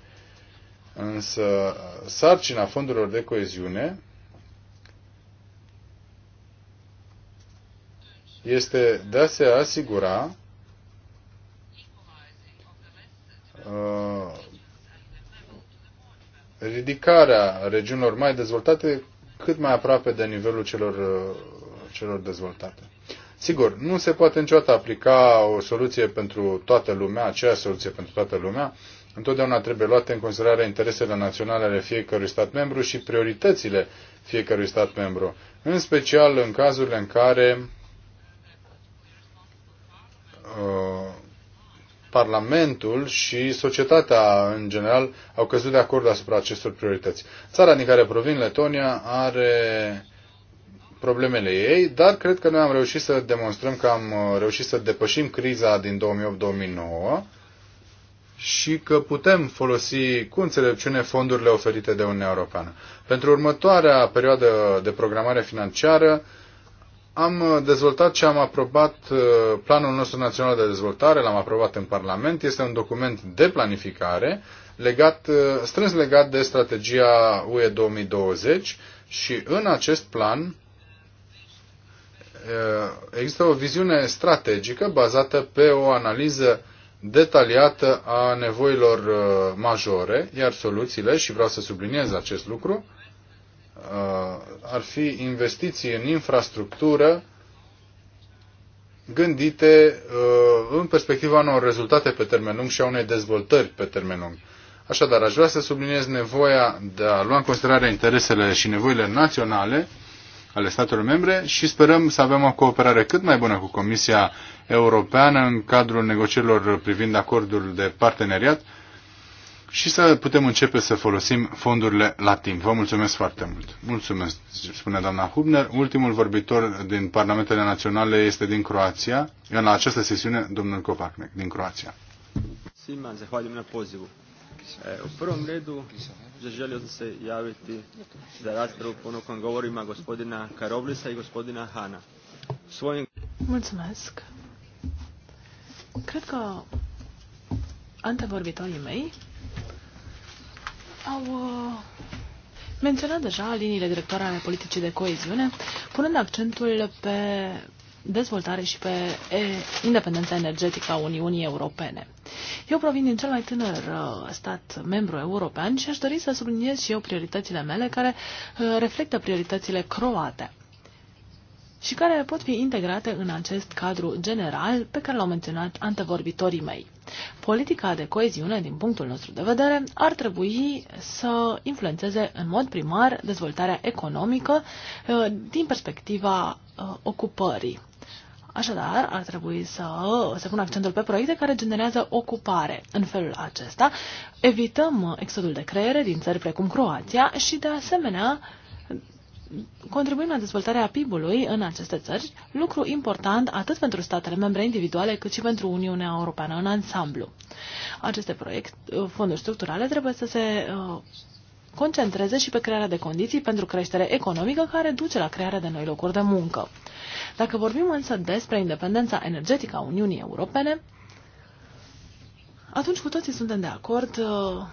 Însă sarcina fondurilor de coeziune este de a se asigura uh, ridicarea regiunilor mai dezvoltate cât mai aproape de nivelul celor, uh, celor dezvoltate. Sigur, nu se poate niciodată aplica o soluție pentru toată lumea, aceeași soluție pentru toată lumea. Întotdeauna trebuie luate în considerare interesele naționale ale fiecărui stat membru și prioritățile fiecărui stat membru, în special în cazurile în care uh, Parlamentul și societatea în general au căzut de acord asupra acestor priorități. Țara din care provin, Letonia, are problemele ei, dar cred că noi am reușit să demonstrăm că am uh, reușit să depășim criza din 2008-2009 și că putem folosi cu înțelepciune fondurile oferite de Uniunea Europeană. Pentru următoarea perioadă de programare financiară am uh, dezvoltat și am aprobat uh, planul nostru național de dezvoltare, l-am aprobat în Parlament, este un document de planificare legat, strâns legat de strategia UE 2020 și în acest plan Eh, există o viziune strategică bazată pe o analiză detaliată a nevoilor eh, majore, iar soluțiile, și vreau să subliniez acest lucru, eh, ar fi investiții în infrastructură gândite în perspectiva unor rezultate pe termen lung și a unei dezvoltări pe termen lung. Așadar, aș vrea să subliniez nevoia de a lua în considerare interesele și nevoile naționale ale statelor membre și sperăm să avem o cooperare cât mai bună cu Comisia Europeană în cadrul negocierilor privind acordul de parteneriat și să putem începe să folosim fondurile la timp. Vă mulțumesc foarte mult. Mulțumesc, spune doamna Hubner. Ultimul vorbitor din Parlamentele Naționale este din Croația. În această sesiune, domnul Kovacnec, din Croația. Svima, E, u prvom redu želio sam se javiti za raspravu ponukom govorima gospodina Karoblisa i gospodina Hana. Svojim... Mulțumesc. Cred că antevorbitorii mei au uh, menționat deja liniile directoare ale politicii de coeziune, punând accentul pe dezvoltare și pe independența energetică a Uniunii Europene. Eu provin din cel mai tânăr uh, stat membru european și aș dori să subliniez și eu prioritățile mele care uh, reflectă prioritățile croate și care pot fi integrate în acest cadru general pe care l-au menționat antevorbitorii mei. Politica de coeziune, din punctul nostru de vedere, ar trebui să influențeze în mod primar dezvoltarea economică uh, din perspectiva ocupării. Așadar, ar trebui să se pună accentul pe proiecte care generează ocupare. În felul acesta, evităm exodul de creiere din țări precum Croația și, de asemenea, contribuim la dezvoltarea PIB-ului în aceste țări, lucru important atât pentru statele membre individuale cât și pentru Uniunea Europeană în ansamblu. Aceste proiecte fonduri structurale trebuie să se uh, concentreze și pe crearea de condiții pentru creștere economică care duce la crearea de noi locuri de muncă. Dacă vorbim însă despre independența energetică a Uniunii Europene, atunci cu toții suntem de acord uh,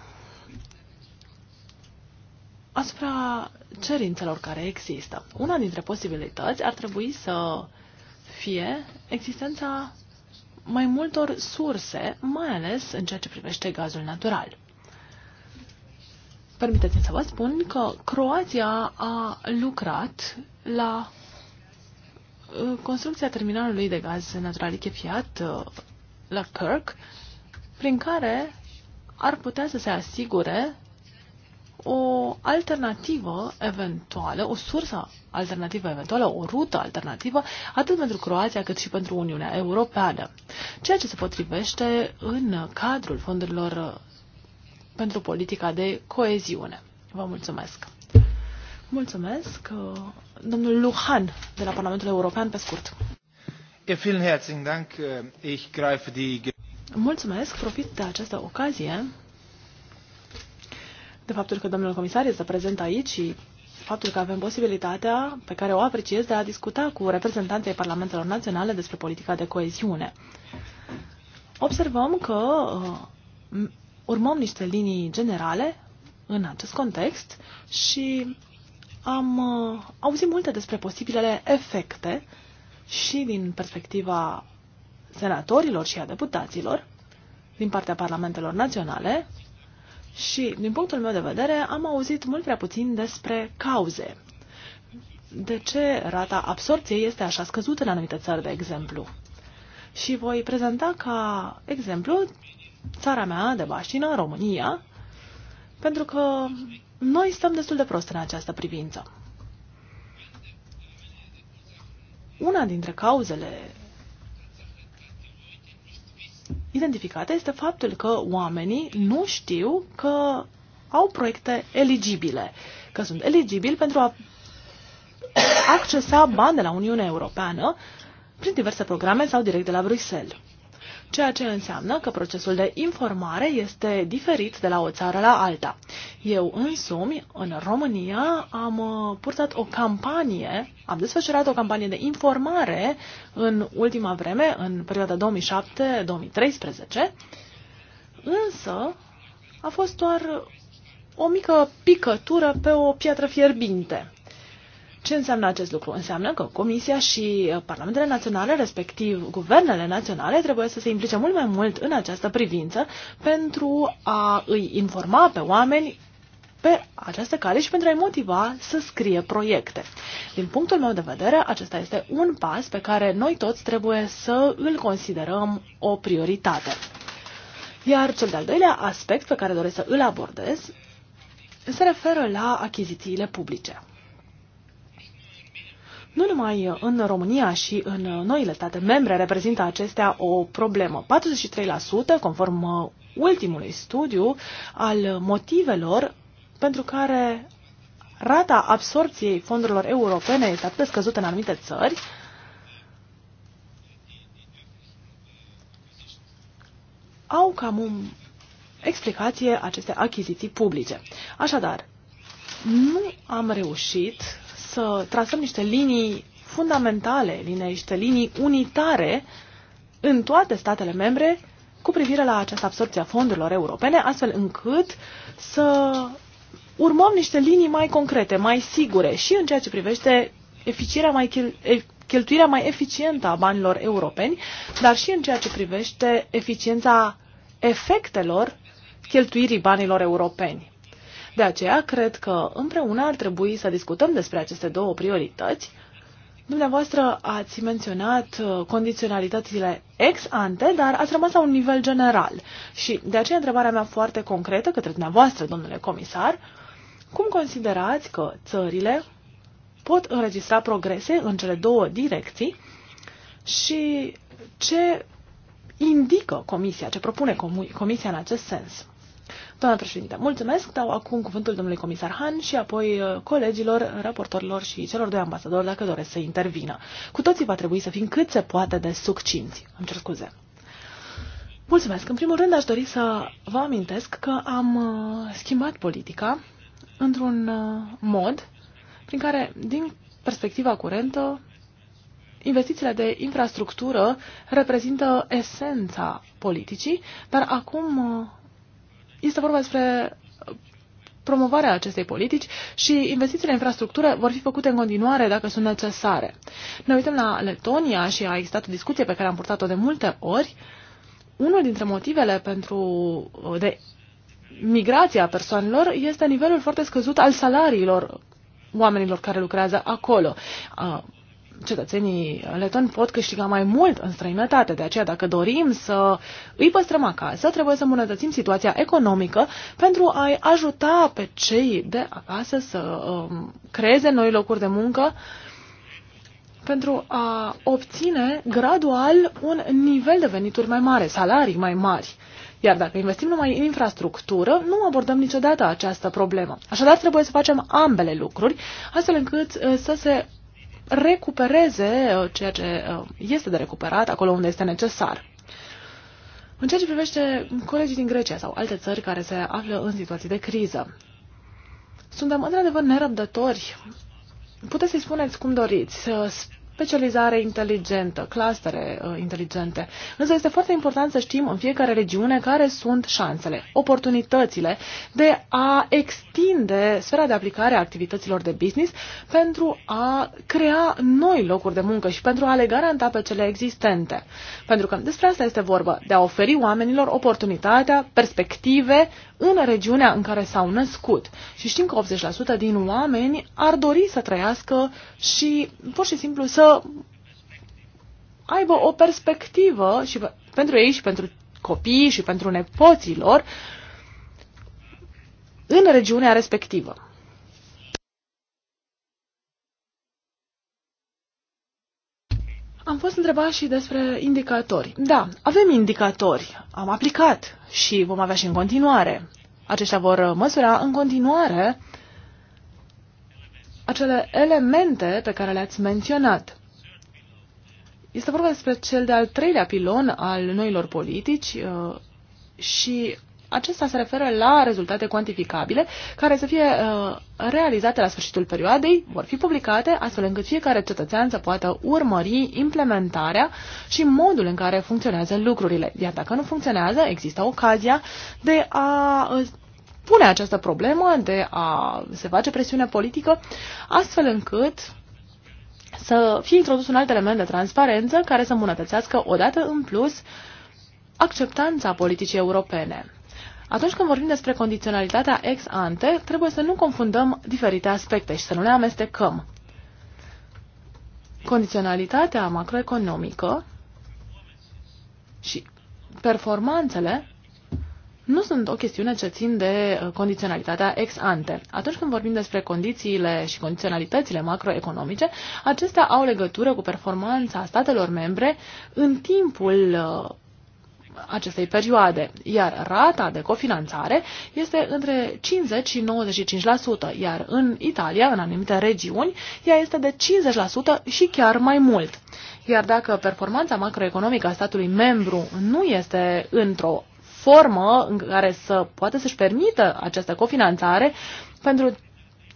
asupra cerințelor care există. Una dintre posibilități ar trebui să fie existența mai multor surse, mai ales în ceea ce privește gazul natural. Permiteți-mi să vă spun că Croația a lucrat la uh, construcția terminalului de gaz natural lichefiat uh, la Kirk, prin care ar putea să se asigure o alternativă eventuală, o sursă alternativă eventuală, o rută alternativă, atât pentru Croația cât și pentru Uniunea Europeană, ceea ce se potrivește în cadrul fondurilor pentru politica de coeziune. Vă mulțumesc! Mulțumesc, uh, domnul Luhan, de la Parlamentul European, pe scurt. Äh, mulțumesc, profit de această ocazie, de faptul că domnul comisar este prezent aici și faptul că avem posibilitatea, pe care o apreciez, de a discuta cu reprezentanții Parlamentelor Naționale despre politica de coeziune. Observăm că uh, urmăm niște linii generale în acest context și am uh, auzit multe despre posibilele efecte și din perspectiva senatorilor și a deputaților din partea parlamentelor naționale și, din punctul meu de vedere, am auzit mult prea puțin despre cauze. De ce rata absorției este așa scăzută în anumite țări, de exemplu? Și voi prezenta ca exemplu țara mea de baștină, România, pentru că noi stăm destul de prost în această privință. Una dintre cauzele identificate este faptul că oamenii nu știu că au proiecte eligibile, că sunt eligibili pentru a accesa bani de la Uniunea Europeană prin diverse programe sau direct de la Bruxelles ceea ce înseamnă că procesul de informare este diferit de la o țară la alta. Eu însumi, în România, am uh, purtat o campanie, am desfășurat o campanie de informare în ultima vreme, în perioada 2007-2013, însă a fost doar o mică picătură pe o piatră fierbinte. Ce înseamnă acest lucru? Înseamnă că Comisia și uh, Parlamentele Naționale, respectiv Guvernele Naționale, trebuie să se implice mult mai mult în această privință pentru a îi informa pe oameni pe această cale și pentru a-i motiva să scrie proiecte. Din punctul meu de vedere, acesta este un pas pe care noi toți trebuie să îl considerăm o prioritate. Iar cel de-al doilea aspect pe care doresc să îl abordez se referă la achizițiile publice. Nu numai în România și în noile state membre reprezintă acestea o problemă. 43%, conform uh, ultimului studiu, al motivelor pentru care rata absorpției fondurilor europene este atât de scăzută în anumite țări, au cam o explicație aceste achiziții publice. Așadar, nu am reușit să trasăm niște linii fundamentale, niște linii unitare în toate statele membre cu privire la această absorpție a fondurilor europene, astfel încât să urmăm niște linii mai concrete, mai sigure și în ceea ce privește eficirea mai cheltuirea mai eficientă a banilor europeni, dar și în ceea ce privește eficiența efectelor cheltuirii banilor europeni. De aceea, cred că împreună ar trebui să discutăm despre aceste două priorități. Dumneavoastră ați menționat uh, condiționalitățile ex ante, dar ați rămas la un nivel general. Și de aceea întrebarea mea foarte concretă către dumneavoastră, domnule comisar, cum considerați că țările pot înregistra progrese în cele două direcții și ce indică Comisia, ce propune Comisia în acest sens? Doamna președinte, mulțumesc. Dau acum cuvântul domnului comisar Han și apoi uh, colegilor, raportorilor și celor doi ambasadori dacă doresc să intervină. Cu toții va trebui să fim cât se poate de succinți. Îmi cer scuze. Mulțumesc. În primul rând aș dori să vă amintesc că am uh, schimbat politica într-un uh, mod prin care, din perspectiva curentă, investițiile de infrastructură reprezintă esența politicii, dar acum este vorba despre uh, promovarea acestei politici și investițiile în infrastructură vor fi făcute în continuare dacă sunt necesare. Ne uităm la Letonia și a existat o discuție pe care am purtat-o de multe ori. Unul dintre motivele pentru uh, de migrația persoanelor este nivelul foarte scăzut al salariilor oamenilor care lucrează acolo. Uh, cetățenii letoni pot câștiga mai mult în străinătate. De aceea, dacă dorim să îi păstrăm acasă, trebuie să îmbunătățim situația economică pentru a-i ajuta pe cei de acasă să um, creeze noi locuri de muncă pentru a obține gradual un nivel de venituri mai mare, salarii mai mari. Iar dacă investim numai în infrastructură, nu abordăm niciodată această problemă. Așadar, trebuie să facem ambele lucruri, astfel încât uh, să se recupereze uh, ceea ce uh, este de recuperat acolo unde este necesar. În ceea ce privește colegii din Grecia sau alte țări care se află în situații de criză, suntem într-adevăr nerăbdători. Puteți să-i spuneți cum doriți, specializare inteligentă, clustere uh, inteligente. Însă este foarte important să știm în fiecare regiune care sunt șansele, oportunitățile de a extinde sfera de aplicare a activităților de business pentru a crea noi locuri de muncă și pentru a le garanta pe cele existente. Pentru că despre asta este vorba, de a oferi oamenilor oportunitatea, perspective în regiunea în care s-au născut. Și știm că 80% din oameni ar dori să trăiască și pur și simplu să aibă o perspectivă și pentru ei și pentru copii și pentru nepoților în regiunea respectivă. Am fost întrebat și despre indicatori. Da, avem indicatori, am aplicat și vom avea și în continuare. Aceștia vor măsura în continuare acele elemente pe care le-ați menționat. Este vorba despre cel de-al treilea pilon al noilor politici uh, și acesta se referă la rezultate cuantificabile care să fie uh, realizate la sfârșitul perioadei, vor fi publicate astfel încât fiecare cetățean să poată urmări implementarea și modul în care funcționează lucrurile. Iar dacă nu funcționează, există ocazia de a uh, pune această problemă, de a se face presiune politică, astfel încât să fie introdus un alt element de transparență care să îmbunătățească odată în plus acceptanța politicii europene. Atunci când vorbim despre condiționalitatea ex ante, trebuie să nu confundăm diferite aspecte și să nu le amestecăm. Condiționalitatea macroeconomică și performanțele nu sunt o chestiune ce țin de uh, condiționalitatea ex ante. Atunci când vorbim despre condițiile și condiționalitățile macroeconomice, acestea au legătură cu performanța statelor membre în timpul uh, acestei perioade, iar rata de cofinanțare este între 50 și 95%, iar în Italia, în anumite regiuni, ea este de 50% și chiar mai mult. Iar dacă performanța macroeconomică a statului membru nu este într-o formă în care să poată să-și permită această cofinanțare, pentru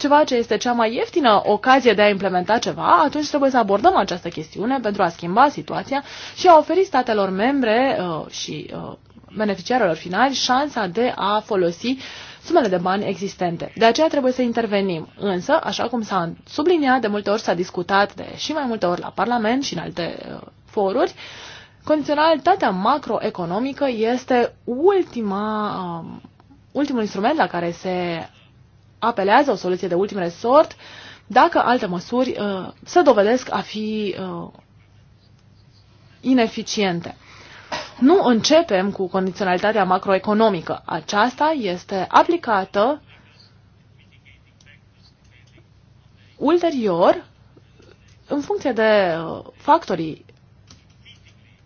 ceva ce este cea mai ieftină ocazie de a implementa ceva, atunci trebuie să abordăm această chestiune pentru a schimba situația și a oferi statelor membre uh, și uh, beneficiarilor finali șansa de a folosi sumele de bani existente. De aceea trebuie să intervenim. Însă, așa cum s-a subliniat, de multe ori s-a discutat de și mai multe ori la Parlament și în alte uh, foruri, condiționalitatea macroeconomică este ultima, uh, ultimul instrument la care se apelează o soluție de ultim resort dacă alte măsuri uh, se dovedesc a fi uh, ineficiente. Nu începem cu condiționalitatea macroeconomică. Aceasta este aplicată ulterior în funcție de uh, factorii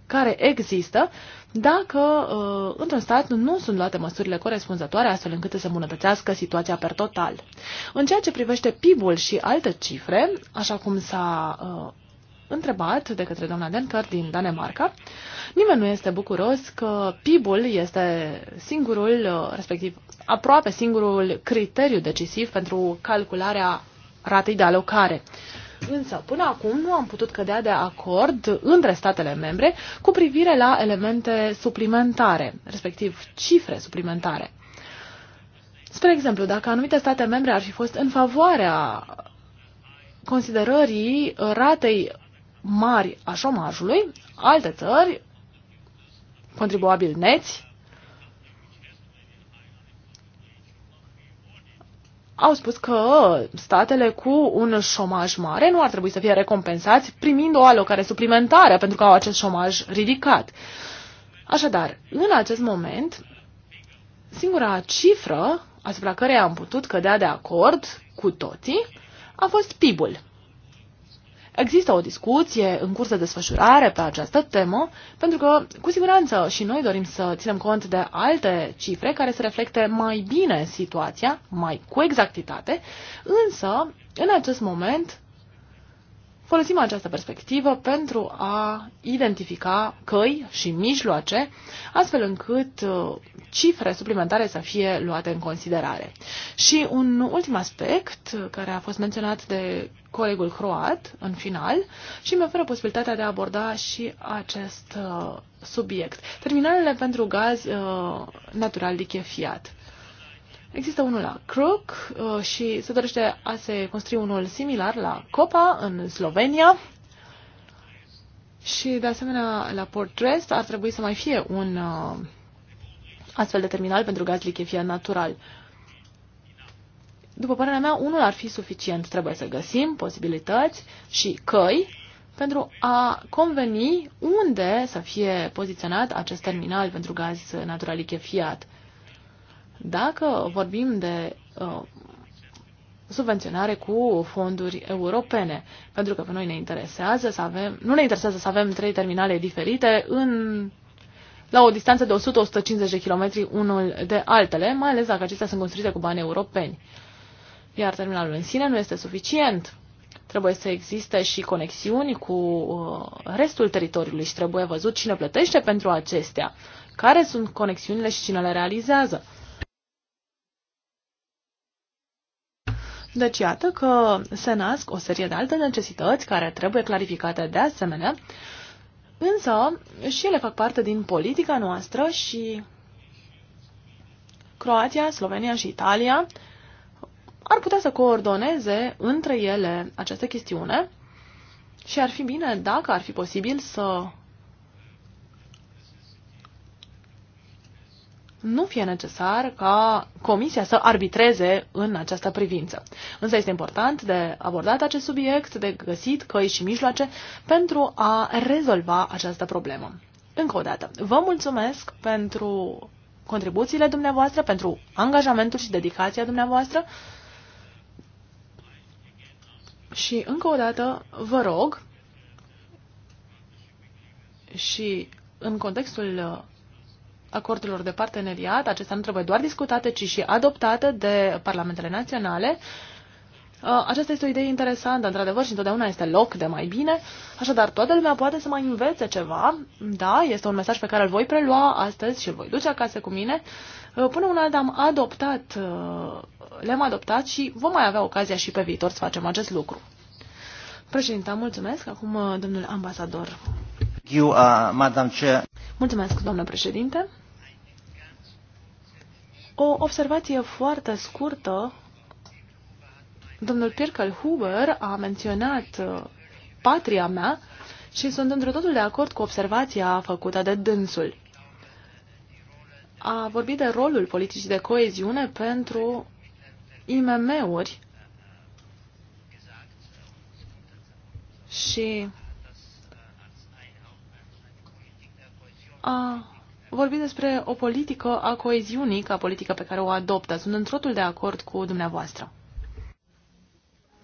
care există dacă uh, într-un stat nu sunt luate măsurile corespunzătoare astfel încât să se îmbunătățească situația per total. În ceea ce privește PIB-ul și alte cifre, așa cum s-a uh, întrebat de către doamna Denker din Danemarca, nimeni nu este bucuros că PIB-ul este singurul, uh, respectiv aproape singurul criteriu decisiv pentru calcularea ratei de alocare. Uh, Însă, până acum nu am putut cădea de acord între statele membre cu privire la elemente suplimentare, respectiv cifre suplimentare. Spre exemplu, dacă anumite state membre ar fi fost în favoarea considerării ratei mari a șomajului, alte țări, contribuabili neți, au spus că statele cu un șomaj mare nu ar trebui să fie recompensați primind o alocare suplimentară pentru că au acest șomaj ridicat. Așadar, în acest moment, singura cifră asupra care am putut cădea de acord cu toții a fost PIB-ul. Există o discuție în curs de desfășurare pe această temă, pentru că, cu siguranță, și noi dorim să ținem cont de alte cifre care să reflecte mai bine situația, mai cu exactitate, însă, în acest moment, folosim această perspectivă pentru a identifica căi și mijloace, astfel încât uh, cifre suplimentare să fie luate în considerare. Și un ultim aspect uh, care a fost menționat de colegul croat în final și mi oferă posibilitatea de a aborda și acest uh, subiect. Terminalele pentru gaz natural lichefiat. Există unul la Crook uh, și se dorește a se construi unul similar la Copa în Slovenia. Și de asemenea la Port Rest ar trebui să mai fie un uh, astfel de terminal pentru gaz lichefiat natural. După părerea mea, unul ar fi suficient. Trebuie să găsim posibilități și căi pentru a conveni unde să fie poziționat acest terminal pentru gaz natural lichefiat. Dacă vorbim de uh, subvenționare cu fonduri europene, pentru că pe noi ne interesează să avem, nu ne interesează să avem trei terminale diferite în, la o distanță de 100-150 de kilometri unul de altele, mai ales dacă acestea sunt construite cu bani europeni. Iar terminalul în sine nu este suficient. Trebuie să existe și conexiuni cu uh, restul teritoriului și trebuie văzut cine plătește pentru acestea, care sunt conexiunile și cine le realizează Deci iată că se nasc o serie de alte necesități care trebuie clarificate de asemenea, însă și ele fac parte din politica noastră și Croația, Slovenia și Italia ar putea să coordoneze între ele această chestiune și ar fi bine dacă ar fi posibil să nu fie necesar ca Comisia să arbitreze în această privință. Însă este important de abordat acest subiect, de găsit căi și mijloace pentru a rezolva această problemă. Încă o dată, vă mulțumesc pentru contribuțiile dumneavoastră, pentru angajamentul și dedicația dumneavoastră și încă o dată vă rog și în contextul acordurilor de parteneriat. Acestea nu trebuie doar discutate, ci și adoptate de parlamentele naționale. Uh, aceasta este o idee interesantă, într-adevăr, și întotdeauna este loc de mai bine. Așadar, toată lumea poate să mai învețe ceva. Da, este un mesaj pe care îl voi prelua astăzi și îl voi duce acasă cu mine. Uh, până una am adoptat, uh, le-am adoptat și vom mai avea ocazia și pe viitor să facem acest lucru. Președinte, mulțumesc. Acum, domnul ambasador. uh, Madam Chair. Mulțumesc, domnule președinte. O observație foarte scurtă. Domnul Pirkel Huber a menționat uh, patria mea și sunt într totul de acord cu observația făcută de dânsul. A vorbit de rolul politicii de coeziune pentru IMM-uri și a vorbit despre o politică a coeziunii ca politică pe care o adoptă. Sunt într totul de acord cu dumneavoastră.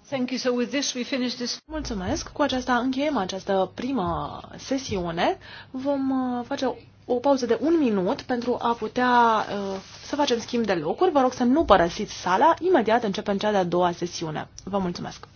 Thank you. So with this we finish this. Mulțumesc. Cu aceasta încheiem această primă sesiune. Vom uh, face o pauză de un minut pentru a putea uh, să facem schimb de locuri. Vă rog să nu părăsiți sala. Imediat începem cea de-a doua sesiune. Vă mulțumesc.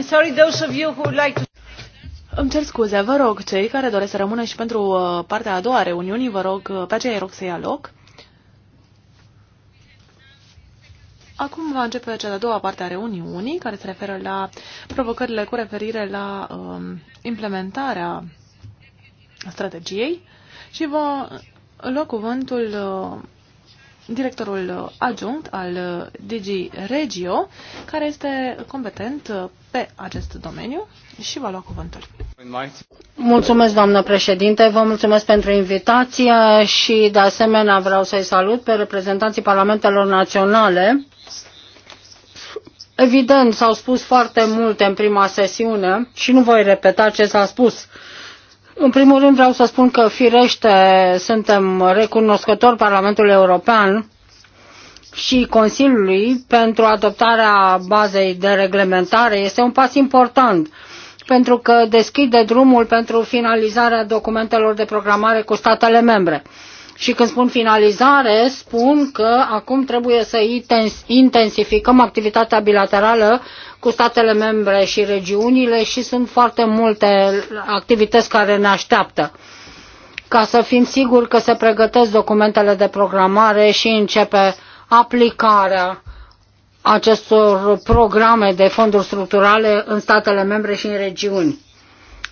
I'm sorry, those of you who would like to... Îmi cer scuze, vă rog, cei care doresc să rămână și pentru uh, partea a doua reuniunii, vă rog, uh, pe aceea rog să ia loc. Acum va începe cea de-a doua parte a reuniunii, care se referă la provocările cu referire la um, implementarea strategiei și vă lua cuvântul uh, directorul uh, adjunct al uh, DG Regio, care este competent uh, pe acest domeniu și va lua cuvântul. Mulțumesc, doamnă președinte, vă mulțumesc pentru invitație și, de asemenea, vreau să-i salut pe reprezentanții Parlamentelor Naționale. Evident, s-au spus foarte multe în prima sesiune și nu voi repeta ce s-a spus. În primul rând vreau să spun că firește suntem recunoscători Parlamentului European și Consiliului pentru adoptarea bazei de reglementare. Este un pas important pentru că deschide drumul pentru finalizarea documentelor de programare cu statele membre. Și când spun finalizare, spun că acum trebuie să intensificăm activitatea bilaterală cu statele membre și regiunile și sunt foarte multe activități care ne așteaptă ca să fim siguri că se pregătesc documentele de programare și începe aplicarea acestor programe de fonduri structurale în statele membre și în regiuni.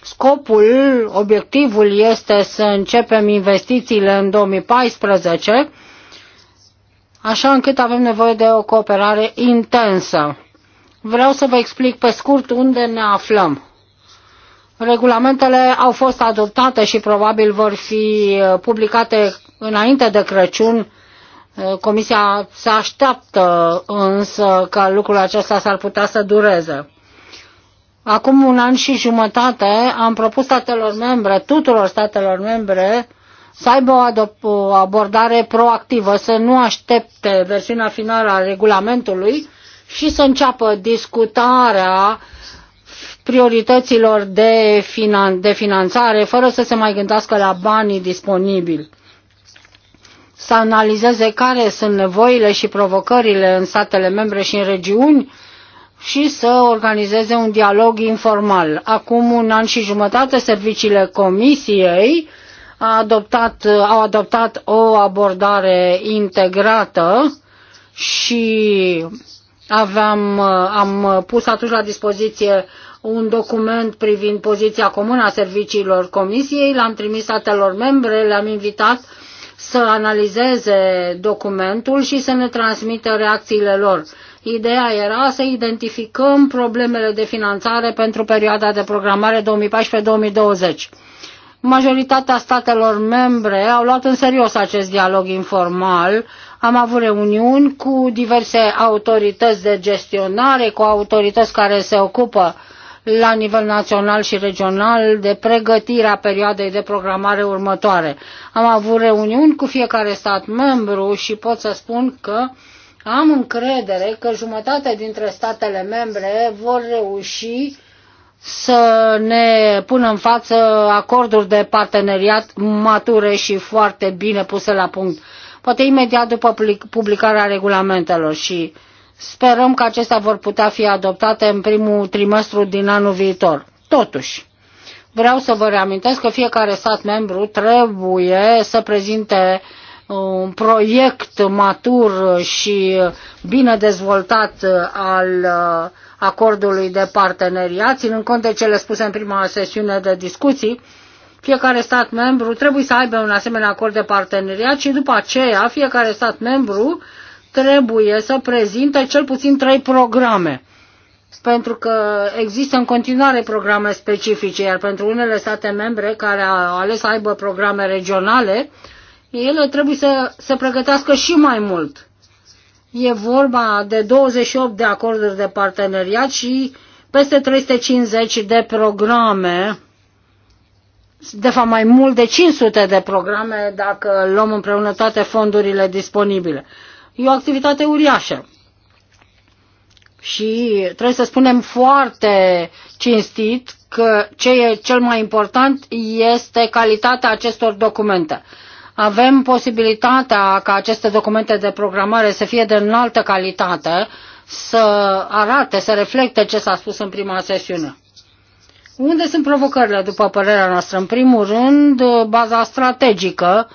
Scopul, obiectivul este să începem investițiile în 2014, așa încât avem nevoie de o cooperare intensă. Vreau să vă explic pe scurt unde ne aflăm. Regulamentele au fost adoptate și probabil vor fi uh, publicate înainte de Crăciun. Uh, Comisia se așteaptă însă că lucrul acesta s-ar putea să dureze. Acum un an și jumătate am propus statelor membre, tuturor statelor membre, să aibă o, abordare proactivă, să nu aștepte versiunea finală a regulamentului și să înceapă discutarea priorităților de, finan- de finanțare, fără să se mai gândească la banii disponibili. Să analizeze care sunt nevoile și provocările în statele membre și în regiuni, și să organizeze un dialog informal. Acum un an și jumătate, serviciile Comisiei a adoptat, au adoptat o abordare integrată și aveam, am pus atunci la dispoziție un document privind poziția comună a serviciilor Comisiei, l-am trimis statelor membre, le-am invitat să analizeze documentul și să ne transmită reacțiile lor. Ideea era să identificăm problemele de finanțare pentru perioada de programare 2014-2020. Majoritatea statelor membre au luat în serios acest dialog informal. Am avut reuniuni cu diverse autorități de gestionare, cu autorități care se ocupă la nivel național și regional de pregătirea perioadei de programare următoare. Am avut reuniuni cu fiecare stat membru și pot să spun că uh, am încredere că jumătate dintre statele membre vor reuși să ne pună în față acorduri de parteneriat mature și foarte bine puse la punct, poate imediat după publicarea regulamentelor și sperăm că acestea vor putea fi adoptate în primul trimestru din anul viitor. Totuși, vreau să vă reamintesc că fiecare stat membru trebuie să prezinte uh, un proiect matur și bine dezvoltat al acordului de parteneriat, ținând cont de cele spuse în prima sesiune de discuții, fiecare stat membru trebuie să aibă un asemenea acord de parteneriat și după aceea fiecare stat membru trebuie să prezinte cel puțin trei programe. Pentru că există în continuare programe specifice, iar pentru unele state membre care au ales să aibă programe regionale, uh, el trebuie să se pregătească și mai mult. E vorba de 28 de acorduri de parteneriat și peste 350 de programe, de fapt mai mult de 500 de programe dacă luăm împreună toate fondurile disponibile. E o activitate uriașă. Și trebuie să spunem foarte cinstit că ce e cel mai important este calitatea acestor documente avem posibilitatea ca aceste documente de programare să fie de înaltă calitate, să arate, să reflecte ce s-a spus în prima sesiune. Unde sunt provocările, după părerea noastră? În primul rând, baza strategică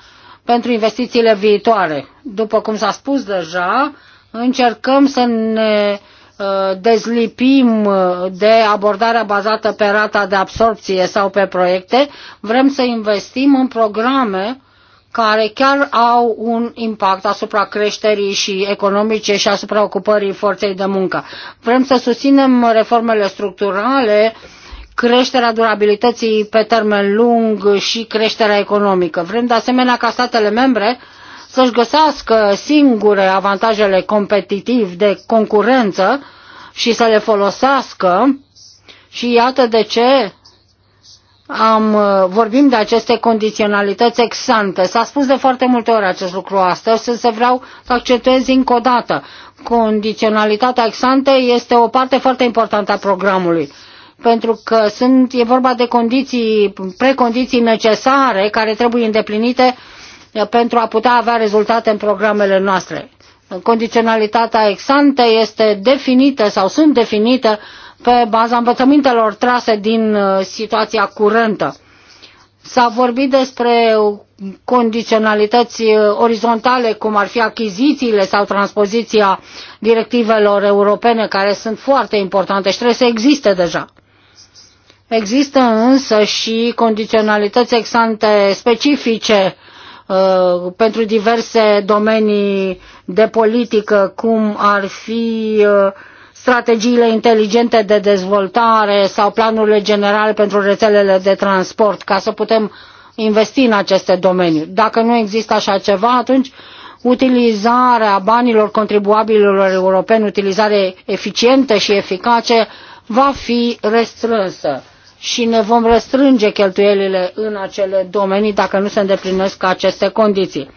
pentru investițiile viitoare. După cum s-a spus deja, încercăm să ne uh, dezlipim uh, de abordarea bazată pe rata de absorpție sau pe proiecte, vrem să investim în programe care chiar au un impact asupra creșterii și economice și asupra ocupării forței de muncă. Vrem să susținem reformele structurale, creșterea durabilității pe termen lung și creșterea economică. Vrem de asemenea ca statele membre să-și găsească singure avantajele competitiv de concurență și să le folosească și iată de ce am, uh, vorbim de aceste condiționalități exante. S-a spus de foarte multe ori acest lucru astăzi, să vreau să accentuez încă o dată. Condiționalitatea exante este o parte foarte importantă a programului pentru că sunt, e vorba de condiții, precondiții necesare care trebuie îndeplinite uh, pentru a putea avea rezultate în programele noastre. Condiționalitatea exante este definită sau sunt definite pe baza învățămintelor trase din uh, situația curentă. S-a vorbit despre condiționalități uh, orizontale, cum ar fi achizițiile sau transpoziția directivelor europene, care sunt foarte importante și trebuie să existe deja. Există însă și condiționalități exante specifice uh, pentru diverse domenii de politică, cum ar fi uh, strategiile inteligente de dezvoltare sau planurile generale pentru rețelele de transport ca să putem investi în aceste domenii. Dacă nu există așa ceva, atunci utilizarea banilor contribuabililor europeni, utilizare eficientă și eficace, va fi restrânsă și ne vom restrânge cheltuielile în acele domenii dacă nu se îndeplinesc aceste condiții.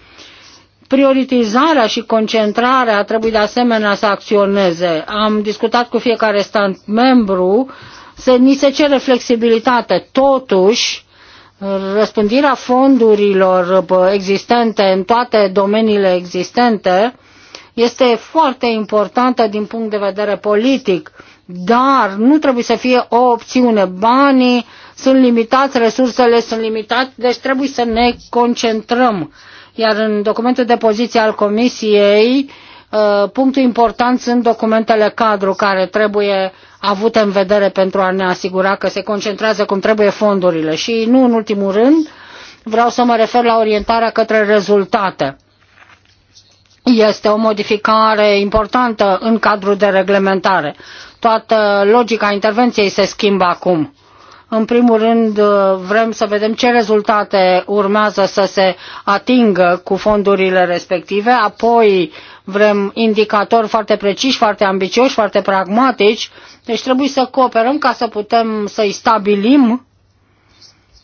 Prioritizarea și concentrarea trebuie de asemenea să acționeze. Am discutat cu fiecare stat membru, să ni se cere flexibilitate. Totuși, răspândirea fondurilor existente în toate domeniile existente este foarte importantă din punct de vedere politic, dar nu trebuie să fie o opțiune. Banii sunt limitați, resursele sunt limitate, deci trebuie să ne concentrăm iar în documentul de poziție al Comisiei, uh, punctul important sunt documentele cadru care trebuie avute în vedere pentru a ne asigura că se concentrează cum trebuie fondurile. Și nu în ultimul rând, vreau să mă refer la orientarea către rezultate. Este o modificare importantă în cadrul de reglementare. Toată logica intervenției se schimbă acum în primul rând, uh, vrem să vedem ce rezultate urmează să se atingă cu fondurile respective, apoi vrem indicatori foarte preciși, foarte ambicioși, foarte pragmatici, deci trebuie să cooperăm ca să putem să-i stabilim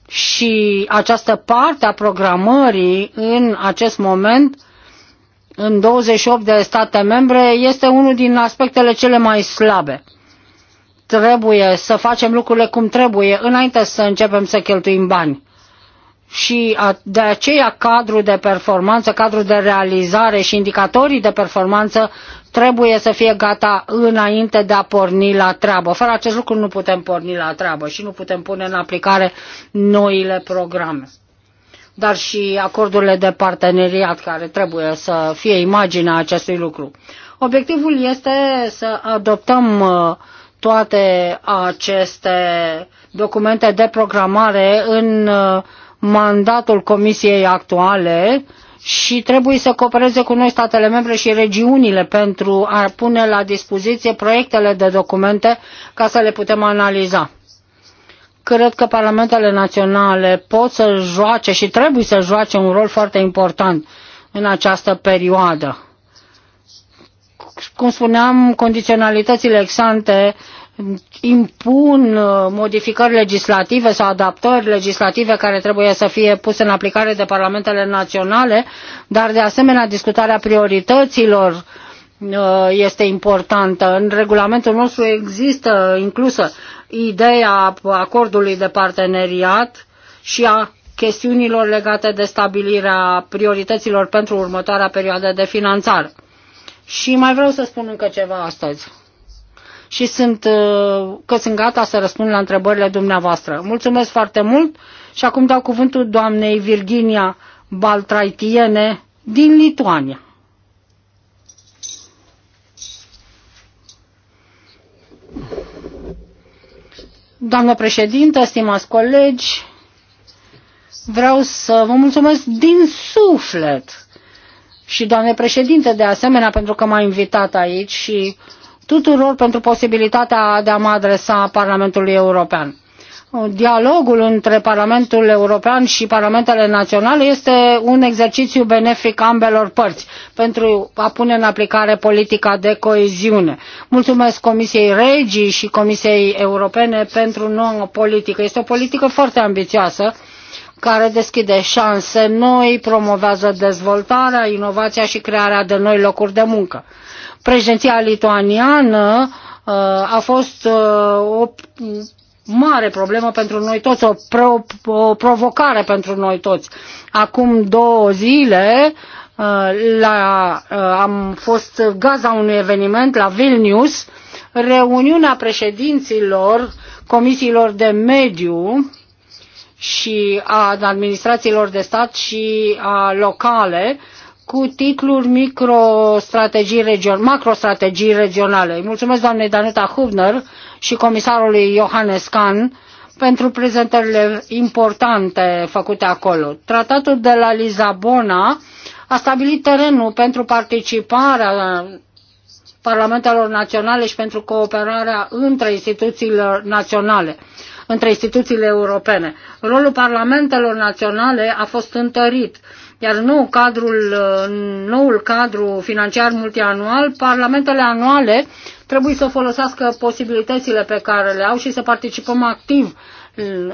și această parte a programării în acest moment în 28 de state membre este unul din aspectele cele mai slabe trebuie să facem lucrurile cum trebuie înainte să începem să cheltuim bani. Și de aceea cadrul de performanță, cadrul de realizare și indicatorii de performanță trebuie să fie gata înainte de a porni la treabă. Fără acest lucru nu putem porni la treabă și nu putem pune în aplicare noile programe. Dar și acordurile de parteneriat care trebuie să fie imaginea acestui lucru. Obiectivul este să adoptăm uh, toate aceste documente de programare în uh, mandatul comisiei actuale și trebuie să coopereze cu noi statele membre și regiunile pentru a pune la dispoziție proiectele de documente ca să le putem analiza. Cred că parlamentele naționale pot să joace și trebuie să joace un rol foarte important în această perioadă cum spuneam, condiționalitățile exante impun uh, modificări legislative sau adaptări legislative care trebuie să fie puse în aplicare de parlamentele naționale, dar de asemenea discutarea priorităților uh, este importantă. În regulamentul nostru există inclusă ideea acordului de parteneriat și a chestiunilor legate de stabilirea priorităților pentru următoarea perioadă de finanțare. Și mai vreau să spun încă ceva astăzi. Și sunt, uh, că sunt gata să răspund la întrebările dumneavoastră. Mulțumesc foarte mult și acum dau cuvântul doamnei Virginia Baltraitiene din Lituania. Doamnă președintă, stimați colegi, vreau să vă mulțumesc din suflet și doamne președinte de asemenea pentru că m-a invitat aici și tuturor pentru posibilitatea de a mă adresa Parlamentului European. Dialogul între Parlamentul European și Parlamentele Naționale este un exercițiu benefic ambelor părți pentru a pune în aplicare politica de coeziune. Mulțumesc Comisiei Regii și Comisiei Europene pentru nouă politică. Este o politică foarte ambițioasă care deschide șanse noi, promovează dezvoltarea, inovația și crearea de noi locuri de muncă. Președinția lituaniană uh, a fost uh, o mare problemă pentru noi toți, o, pro, o provocare pentru noi toți. Acum două zile uh, la, am fost gaza unui eveniment la Vilnius, reuniunea președinților comisiilor de mediu și a administrațiilor de stat și a locale cu titluri microstrategii region, macrostrategii regionale. mulțumesc doamnei Danuta Hubner și comisarului Johannes Kahn pentru prezentările importante făcute acolo. Tratatul de la Lisabona a stabilit terenul pentru participarea parlamentelor naționale și pentru cooperarea între instituțiile naționale între instituțiile europene. Rolul parlamentelor naționale a fost întărit, iar nou cadrul, noul cadru financiar multianual, parlamentele anuale trebuie să folosească posibilitățile pe care le au și să participăm activ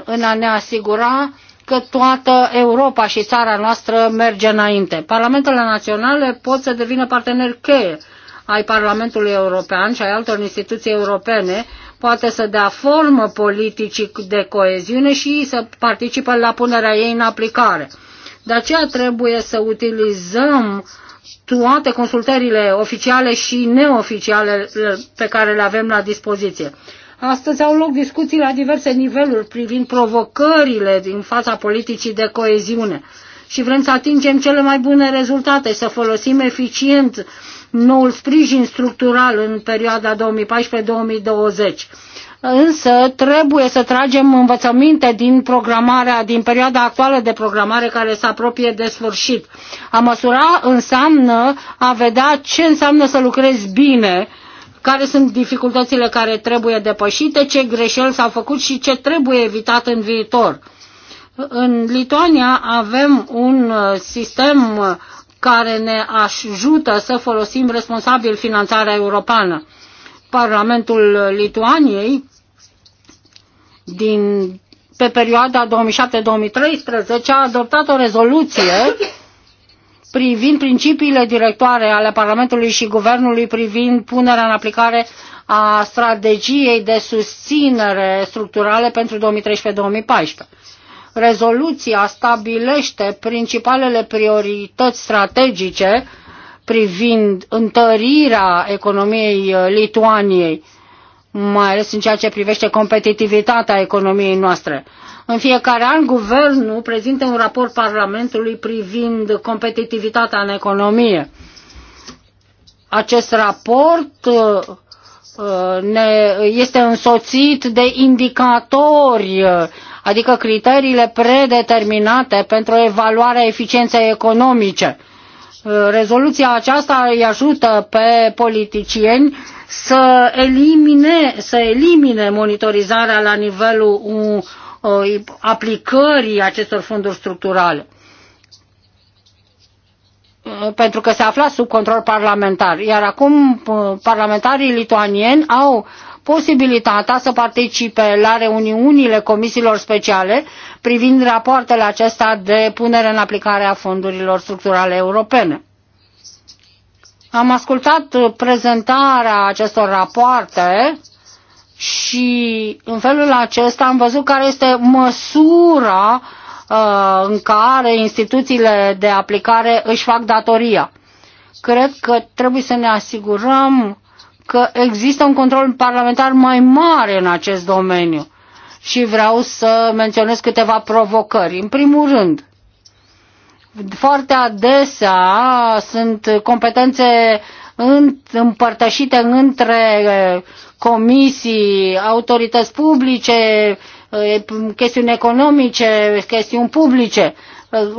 în a ne asigura că toată Europa și țara noastră merge înainte. Parlamentele naționale pot să devină parteneri cheie ai Parlamentului European și ai altor instituții europene poate să dea formă politicii de coeziune și să participe la punerea ei în aplicare. De aceea trebuie să utilizăm toate consultările oficiale și neoficiale pe care le avem la dispoziție. Astăzi au loc discuții la diverse niveluri privind provocările din fața politicii de coeziune și vrem să atingem cele mai bune rezultate, să folosim eficient noul sprijin structural în perioada 2014-2020. Însă trebuie să tragem învățăminte din programarea, din perioada actuală de programare care se apropie de sfârșit. A măsura înseamnă a vedea ce înseamnă să lucrezi bine, care sunt dificultățile care trebuie depășite, ce greșeli s-au făcut și ce trebuie evitat în viitor. În Lituania avem un uh, sistem uh, care ne ajută să folosim responsabil finanțarea europeană. Parlamentul Lituaniei din, pe perioada 2007-2013 a adoptat o rezoluție privind principiile directoare ale Parlamentului și Guvernului privind punerea în aplicare a strategiei de susținere structurale pentru 2013-2014. Rezoluția stabilește principalele priorități strategice privind întărirea economiei uh, Lituaniei, mai ales în ceea ce privește competitivitatea economiei noastre. În fiecare an, guvernul prezintă un raport Parlamentului privind competitivitatea în economie. Acest raport uh, uh, ne, este însoțit de indicatori adică criteriile predeterminate pentru evaluarea eficienței economice. Uh, rezoluția aceasta îi ajută pe politicieni să elimine, să elimine monitorizarea la nivelul uh, aplicării acestor fonduri structurale uh, pentru că se afla sub control parlamentar. Iar acum parlamentarii lituanieni au posibilitatea să participe la reuniunile comisiilor speciale privind rapoartele acestea de punere în aplicare a fondurilor structurale europene. Am ascultat prezentarea acestor rapoarte și în felul acesta am văzut care este măsura uh, în care instituțiile de aplicare își fac datoria. Cred că trebuie să ne asigurăm că există un control parlamentar mai mare în acest domeniu și vreau să menționez câteva provocări. În primul rând, foarte adesea sunt competențe împărtășite între comisii, autorități publice, chestiuni economice, chestiuni publice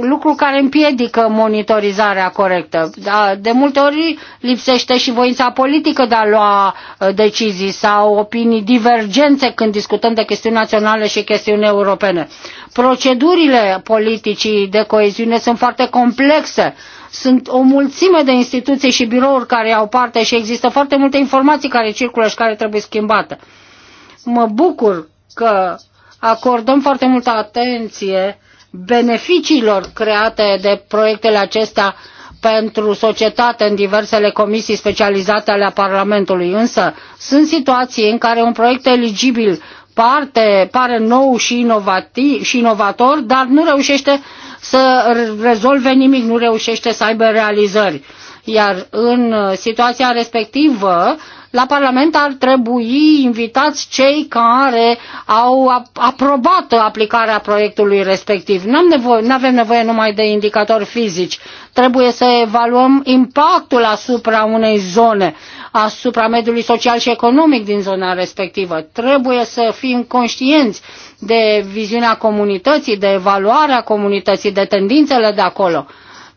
lucru care împiedică monitorizarea corectă. Da, de multe ori lipsește și voința politică de a lua uh, decizii sau opinii divergențe când discutăm de chestiuni naționale și chestiuni europene. Procedurile politicii de coeziune sunt foarte complexe. Sunt o mulțime de instituții și birouri care au parte și există foarte multe informații care circulă și care trebuie schimbate. Mă bucur că acordăm foarte multă atenție beneficiilor create de proiectele acestea pentru societate în diversele comisii specializate ale Parlamentului. Însă sunt situații în care un proiect eligibil parte, pare nou și, inovativ, și inovator, dar nu reușește să rezolve nimic, nu reușește să aibă realizări. Iar în situația respectivă, la Parlament ar trebui invitați cei care au aprobat aplicarea proiectului respectiv. Nu nevo avem nevoie numai de indicatori fizici. Trebuie să evaluăm impactul asupra unei zone, asupra mediului social și economic din zona respectivă. Trebuie să fim conștienți de viziunea comunității, de evaluarea comunității, de tendințele de acolo.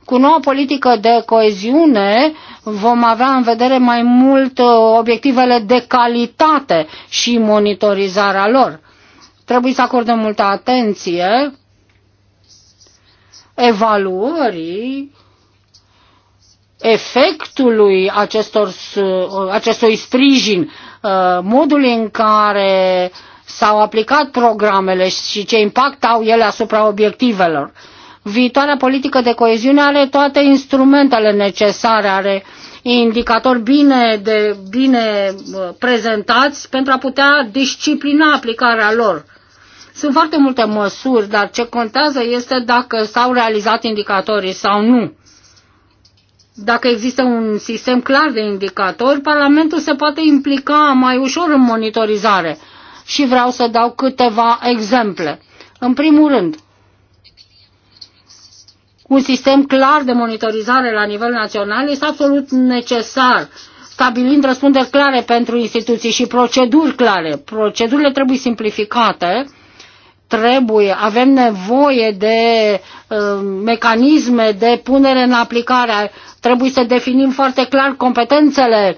Cu noua politică de coeziune vom avea în vedere mai mult uh, obiectivele de calitate și monitorizarea lor. Trebuie să acordăm multă atenție evaluării efectului acestor, uh, acestui sprijin, uh, modul în care s-au aplicat programele și ce impact au ele asupra obiectivelor viitoarea politică de coeziune are toate instrumentele necesare, are indicatori bine, de, bine uh, prezentați pentru a putea disciplina aplicarea lor. Sunt foarte multe măsuri, dar ce contează este dacă s-au realizat indicatorii sau nu. Dacă există un sistem clar de indicatori, Parlamentul se poate implica mai ușor în monitorizare. Și vreau să dau câteva exemple. În primul rând, un sistem clar de monitorizare la nivel național este absolut necesar, stabilind răspunderi clare pentru instituții și proceduri clare. Procedurile trebuie simplificate, trebuie, avem nevoie de uh, mecanisme de punere în aplicare, trebuie să definim foarte clar competențele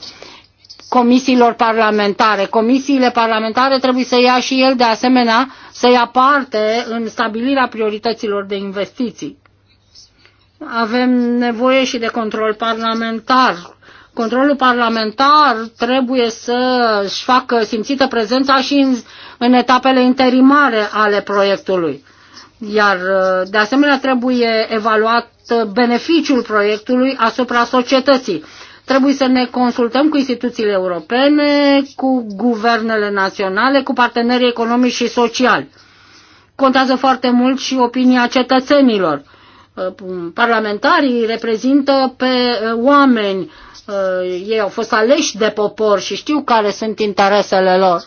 comisiilor parlamentare. Comisiile parlamentare trebuie să ia și el de asemenea, să ia parte în stabilirea priorităților de investiții. Avem nevoie și de control parlamentar. Controlul parlamentar trebuie să-și facă simțită prezența și în, în etapele interimare ale proiectului. Iar, uh, de asemenea, trebuie evaluat uh, beneficiul proiectului asupra societății. Trebuie să ne consultăm cu instituțiile europene, cu guvernele naționale, cu partenerii economici și sociali. Contează foarte mult și opinia cetățenilor Uh, parlamentarii reprezintă pe uh, oameni. Uh, ei au fost aleși de popor și știu care sunt interesele lor.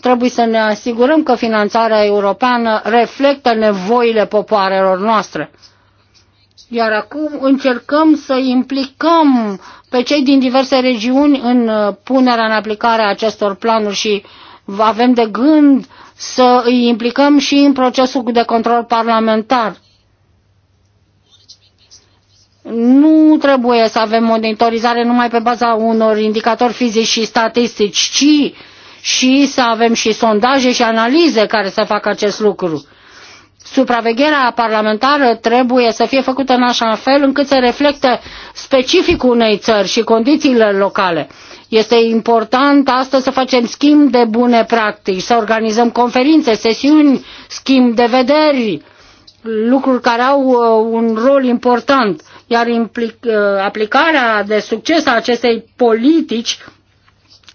Trebuie să ne asigurăm că finanțarea europeană reflectă nevoile popoarelor noastre. Iar acum încercăm să implicăm pe cei din diverse regiuni în punerea în aplicare a acestor planuri și avem de gând să îi implicăm și în procesul de control parlamentar nu trebuie să avem monitorizare numai pe baza unor indicatori fizici și statistici, ci și să avem și sondaje și analize care să facă acest lucru. Supravegherea parlamentară trebuie să fie făcută în așa fel încât să reflecte specificul unei țări și condițiile locale. Este important astăzi să facem schimb de bune practici, să organizăm conferințe, sesiuni, schimb de vederi, lucruri care au uh, un rol important iar implic, uh, aplicarea de succes a acestei politici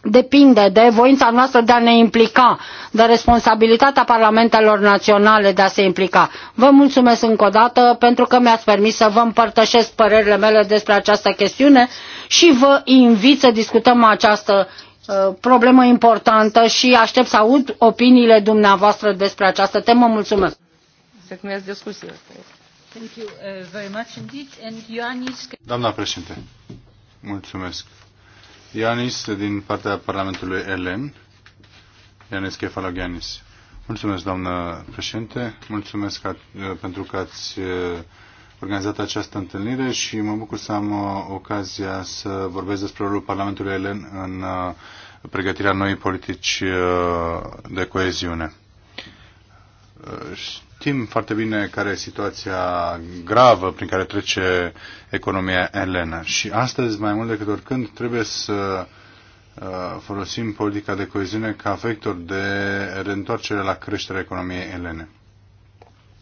depinde de voința noastră de a ne implica, de responsabilitatea parlamentelor naționale de a se implica. Vă mulțumesc încă o dată pentru că mi-ați permis să vă împărtășesc părerile mele despre această chestiune și vă invit să discutăm această uh, problemă importantă și aștept să aud opiniile dumneavoastră despre această temă. Mulțumesc! Să discuțiile. Uh, Doamna președinte, mulțumesc. Ioannis din partea Parlamentului Elen. Ioannis Kefalogianis. Mulțumesc, doamnă președinte. Mulțumesc că, uh, pentru că ați uh, organizat această întâlnire și mă bucur să am ocazia să vorbesc despre rolul Parlamentului Elen în pregătirea noii politici de coeziune. Știm foarte bine care e situația gravă prin care trece economia elenă și astăzi, mai mult decât oricând, trebuie să uh, folosim politica de coeziune ca vector de reîntoarcere la creșterea economiei elene.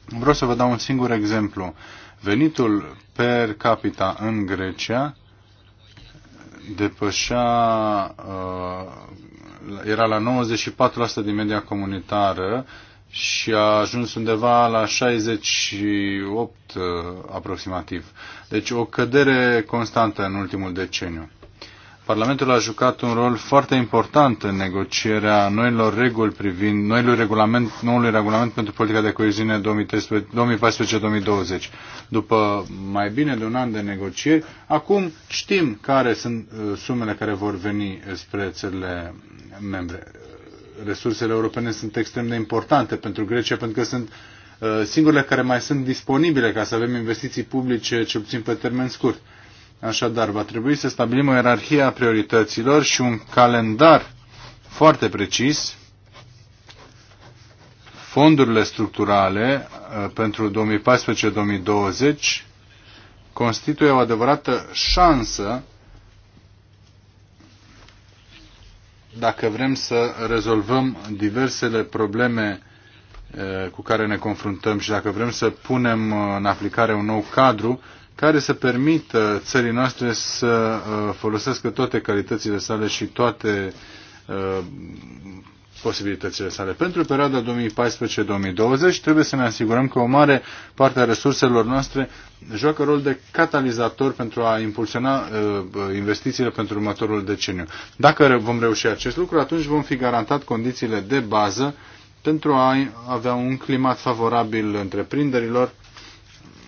Vreau să vă dau un singur exemplu. Venitul per capita în Grecia depășea, uh, era la 94% din media comunitară, și a ajuns undeva la 68 uh, aproximativ. Deci o cădere constantă în ultimul deceniu. Parlamentul a jucat un rol foarte important în negocierea noilor reguli privind noilor regulament, noului regulament pentru politica de coeziune 2014-2020. După mai bine de un an de negocieri, acum știm care sunt uh, sumele care vor veni spre țările membre resursele europene sunt extrem de importante pentru Grecia, pentru că sunt uh, singurele care mai sunt disponibile ca să avem investiții publice, cel puțin pe termen scurt. Așadar, va trebui să stabilim o ierarhie a priorităților și un calendar foarte precis. Fondurile structurale uh, pentru 2014-2020 constituie o adevărată șansă dacă vrem să rezolvăm diversele probleme cu care ne confruntăm și dacă vrem să punem în aplicare un nou cadru care să permită țării noastre să folosească toate calitățile sale și toate posibilitățile sale. Pentru perioada 2014-2020 trebuie să ne asigurăm că o mare parte a resurselor noastre joacă rol de catalizator pentru a impulsiona uh, investițiile pentru următorul deceniu. Dacă vom reuși acest lucru, atunci vom fi garantat condițiile de bază pentru a avea un climat favorabil întreprinderilor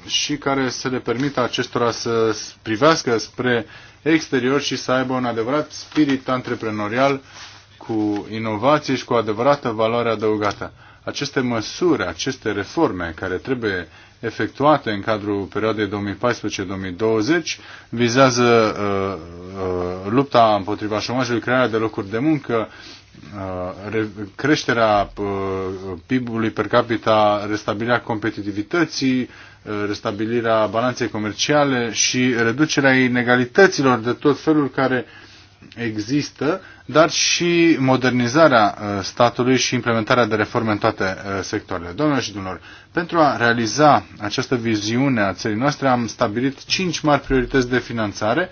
și care să le permită acestora să privească spre exterior și să aibă un adevărat spirit antreprenorial cu inovație și cu adevărată valoare adăugată. Aceste măsuri, aceste reforme care trebuie efectuate în cadrul perioadei 2014-2020 vizează uh, uh, lupta împotriva șomajului, crearea de locuri de muncă, uh, creșterea uh, PIB-ului per capita, restabilirea competitivității, uh, restabilirea balanței comerciale și reducerea inegalităților de tot felul care uh, există, dar și modernizarea uh, statului și implementarea de reforme în toate uh, sectoarele. Domnilor și domnilor, pentru a realiza această viziune a țării noastre am stabilit cinci mari priorități de finanțare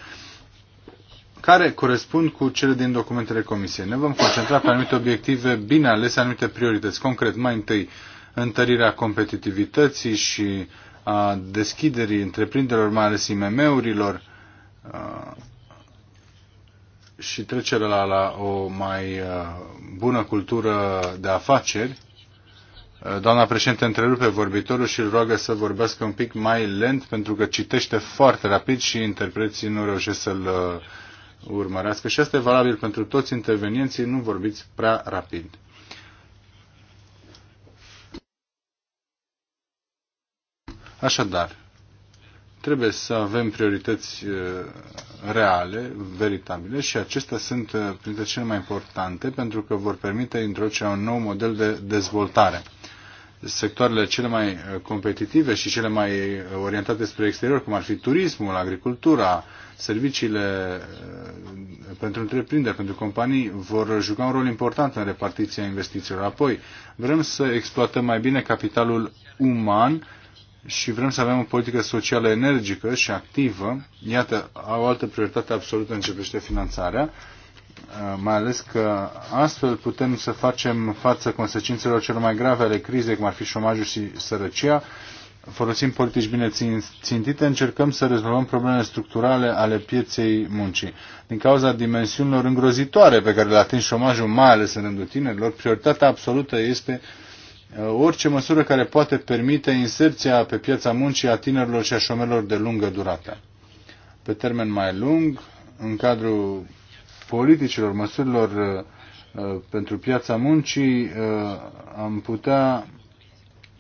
care corespund cu cele din documentele Comisiei. Ne vom concentra pe anumite obiective bine alese, anumite priorități. Concret, mai întâi, întărirea competitivității și a deschiderii întreprinderilor, mai ales IMM-urilor, uh, și trecerea la, la o mai uh, bună cultură de afaceri. Uh, doamna președinte întrerupe vorbitorul și îl roagă să vorbească un pic mai lent pentru că citește foarte rapid și interpreții nu reușesc să-l uh, urmărească. Și asta e valabil pentru toți intervenienții, nu vorbiți prea rapid. Așadar, Trebuie să avem priorități uh, reale, veritabile și acestea sunt uh, printre cele mai importante pentru că vor permite introducerea un nou model de dezvoltare sectoarele cele mai uh, competitive și cele mai orientate spre exterior, cum ar fi turismul, agricultura, serviciile pentru întreprinderi, pentru companii, vor juca un rol important în repartiția investițiilor. Apoi, vrem să exploatăm mai bine capitalul uman și vrem să avem o politică socială energică și activă. Iată, o altă prioritate absolută începește finanțarea, uh, mai ales că astfel putem să facem față consecințelor cele mai grave ale crizei, cum ar fi șomajul și sărăcia, folosim politici bine țintite, încercăm să rezolvăm problemele structurale ale pieței muncii. Din cauza dimensiunilor îngrozitoare pe care le ating șomajul, mai ales în rândul tinerilor, prioritatea absolută este uh, Uh, orice măsură care poate permite inserția pe piața muncii a tinerilor și a șomerilor de lungă durată. Pe termen mai lung, în cadrul politicilor, măsurilor uh, uh, pentru piața muncii, am putea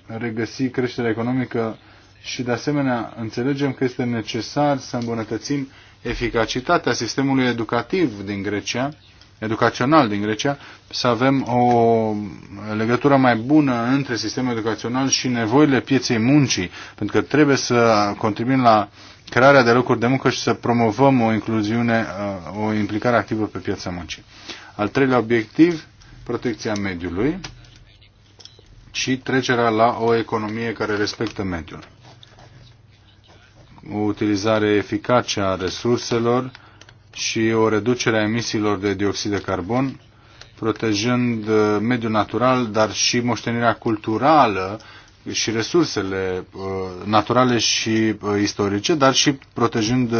regăsi creșterea economică și, de asemenea, înțelegem că este necesar să îmbunătățim eficacitatea sistemului educativ din Grecia, educațional din Grecia, să avem o legătură mai bună între sistemul educațional și nevoile pieței muncii, pentru că trebuie să contribuim la crearea de locuri de muncă și să promovăm o incluziune, uh, o implicare activă pe piața muncii. Al treilea obiectiv, protecția mediului și trecerea la o economie care respectă mediul. O utilizare eficace a resurselor și o reducere a emisiilor de dioxid de carbon, protejând uh, mediul natural, dar și moștenirea culturală și resursele uh, naturale și uh, istorice, dar și protejând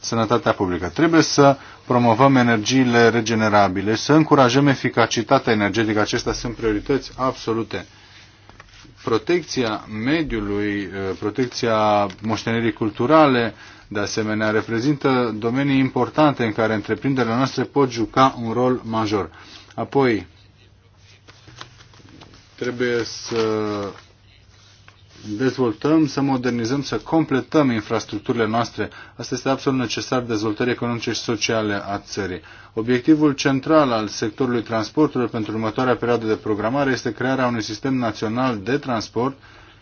sănătatea publică. Trebuie să promovăm energiile regenerabile, să încurajăm eficacitatea energetică. Acestea sunt priorități absolute. Protecția mediului, protecția moștenirii culturale, de asemenea, reprezintă domenii importante în care întreprinderile noastre pot juca un rol major. Apoi, trebuie să dezvoltăm, să modernizăm, să completăm infrastructurile noastre. Asta este absolut necesar dezvoltării economice și sociale a țării. Obiectivul central al sectorului transportului pentru următoarea perioadă de programare este crearea unui sistem național de transport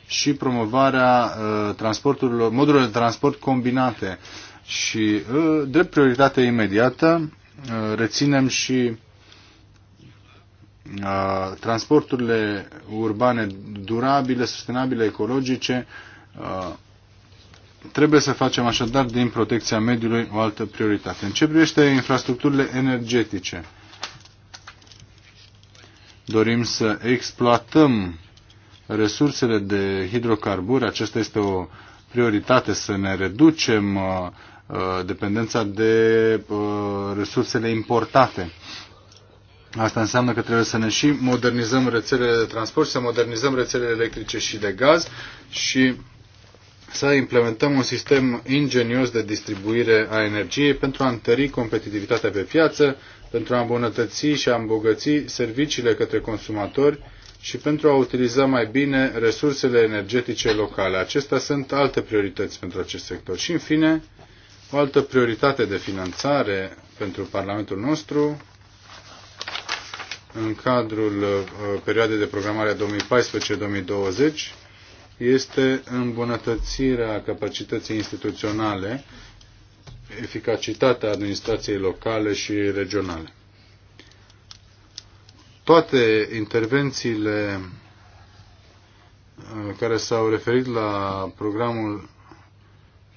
și promovarea uh, transporturilor, modurilor de transport combinate. Și uh, drept prioritate imediată uh, reținem și transporturile urbane durabile, sustenabile, ecologice. Trebuie să facem așadar din protecția mediului o altă prioritate. În ce privește infrastructurile energetice, dorim să exploatăm resursele de hidrocarburi. Aceasta este o prioritate să ne reducem uh, uh, dependența de uh, resursele importate. Asta înseamnă că trebuie să ne și modernizăm rețelele de transport, să modernizăm rețelele electrice și de gaz și să implementăm un sistem ingenios de distribuire a energiei pentru a întări competitivitatea pe piață, pentru a îmbunătăți și a îmbogăți serviciile către consumatori și pentru a utiliza mai bine resursele energetice locale. Acestea sunt alte priorități pentru acest sector. Și, în fine, o altă prioritate de finanțare pentru Parlamentul nostru în cadrul uh, perioadei de programare 2014-2020 este îmbunătățirea capacității instituționale, eficacitatea administrației locale și regionale toate intervențiile uh, care s-au referit la programul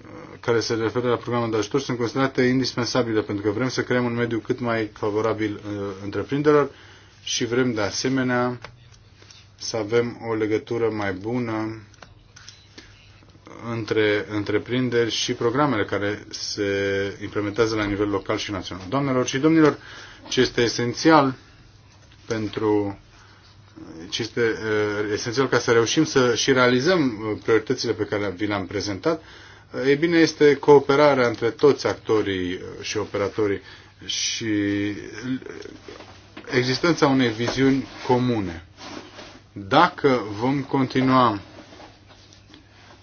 uh, care se referă la programul de ajutor sunt considerate indispensabile pentru că vrem să creăm un mediu cât mai favorabil uh, întreprinderilor și vrem de asemenea să avem o legătură mai bună între întreprinderi și programele care se implementează la nivel local și național. Doamnelor și domnilor, ce este esențial pentru ce este uh, esențial ca să reușim să și realizăm uh, prioritățile pe care vi le-am prezentat, uh, e bine este cooperarea între toți actorii și operatorii și existența unei viziuni comune. Dacă vom continua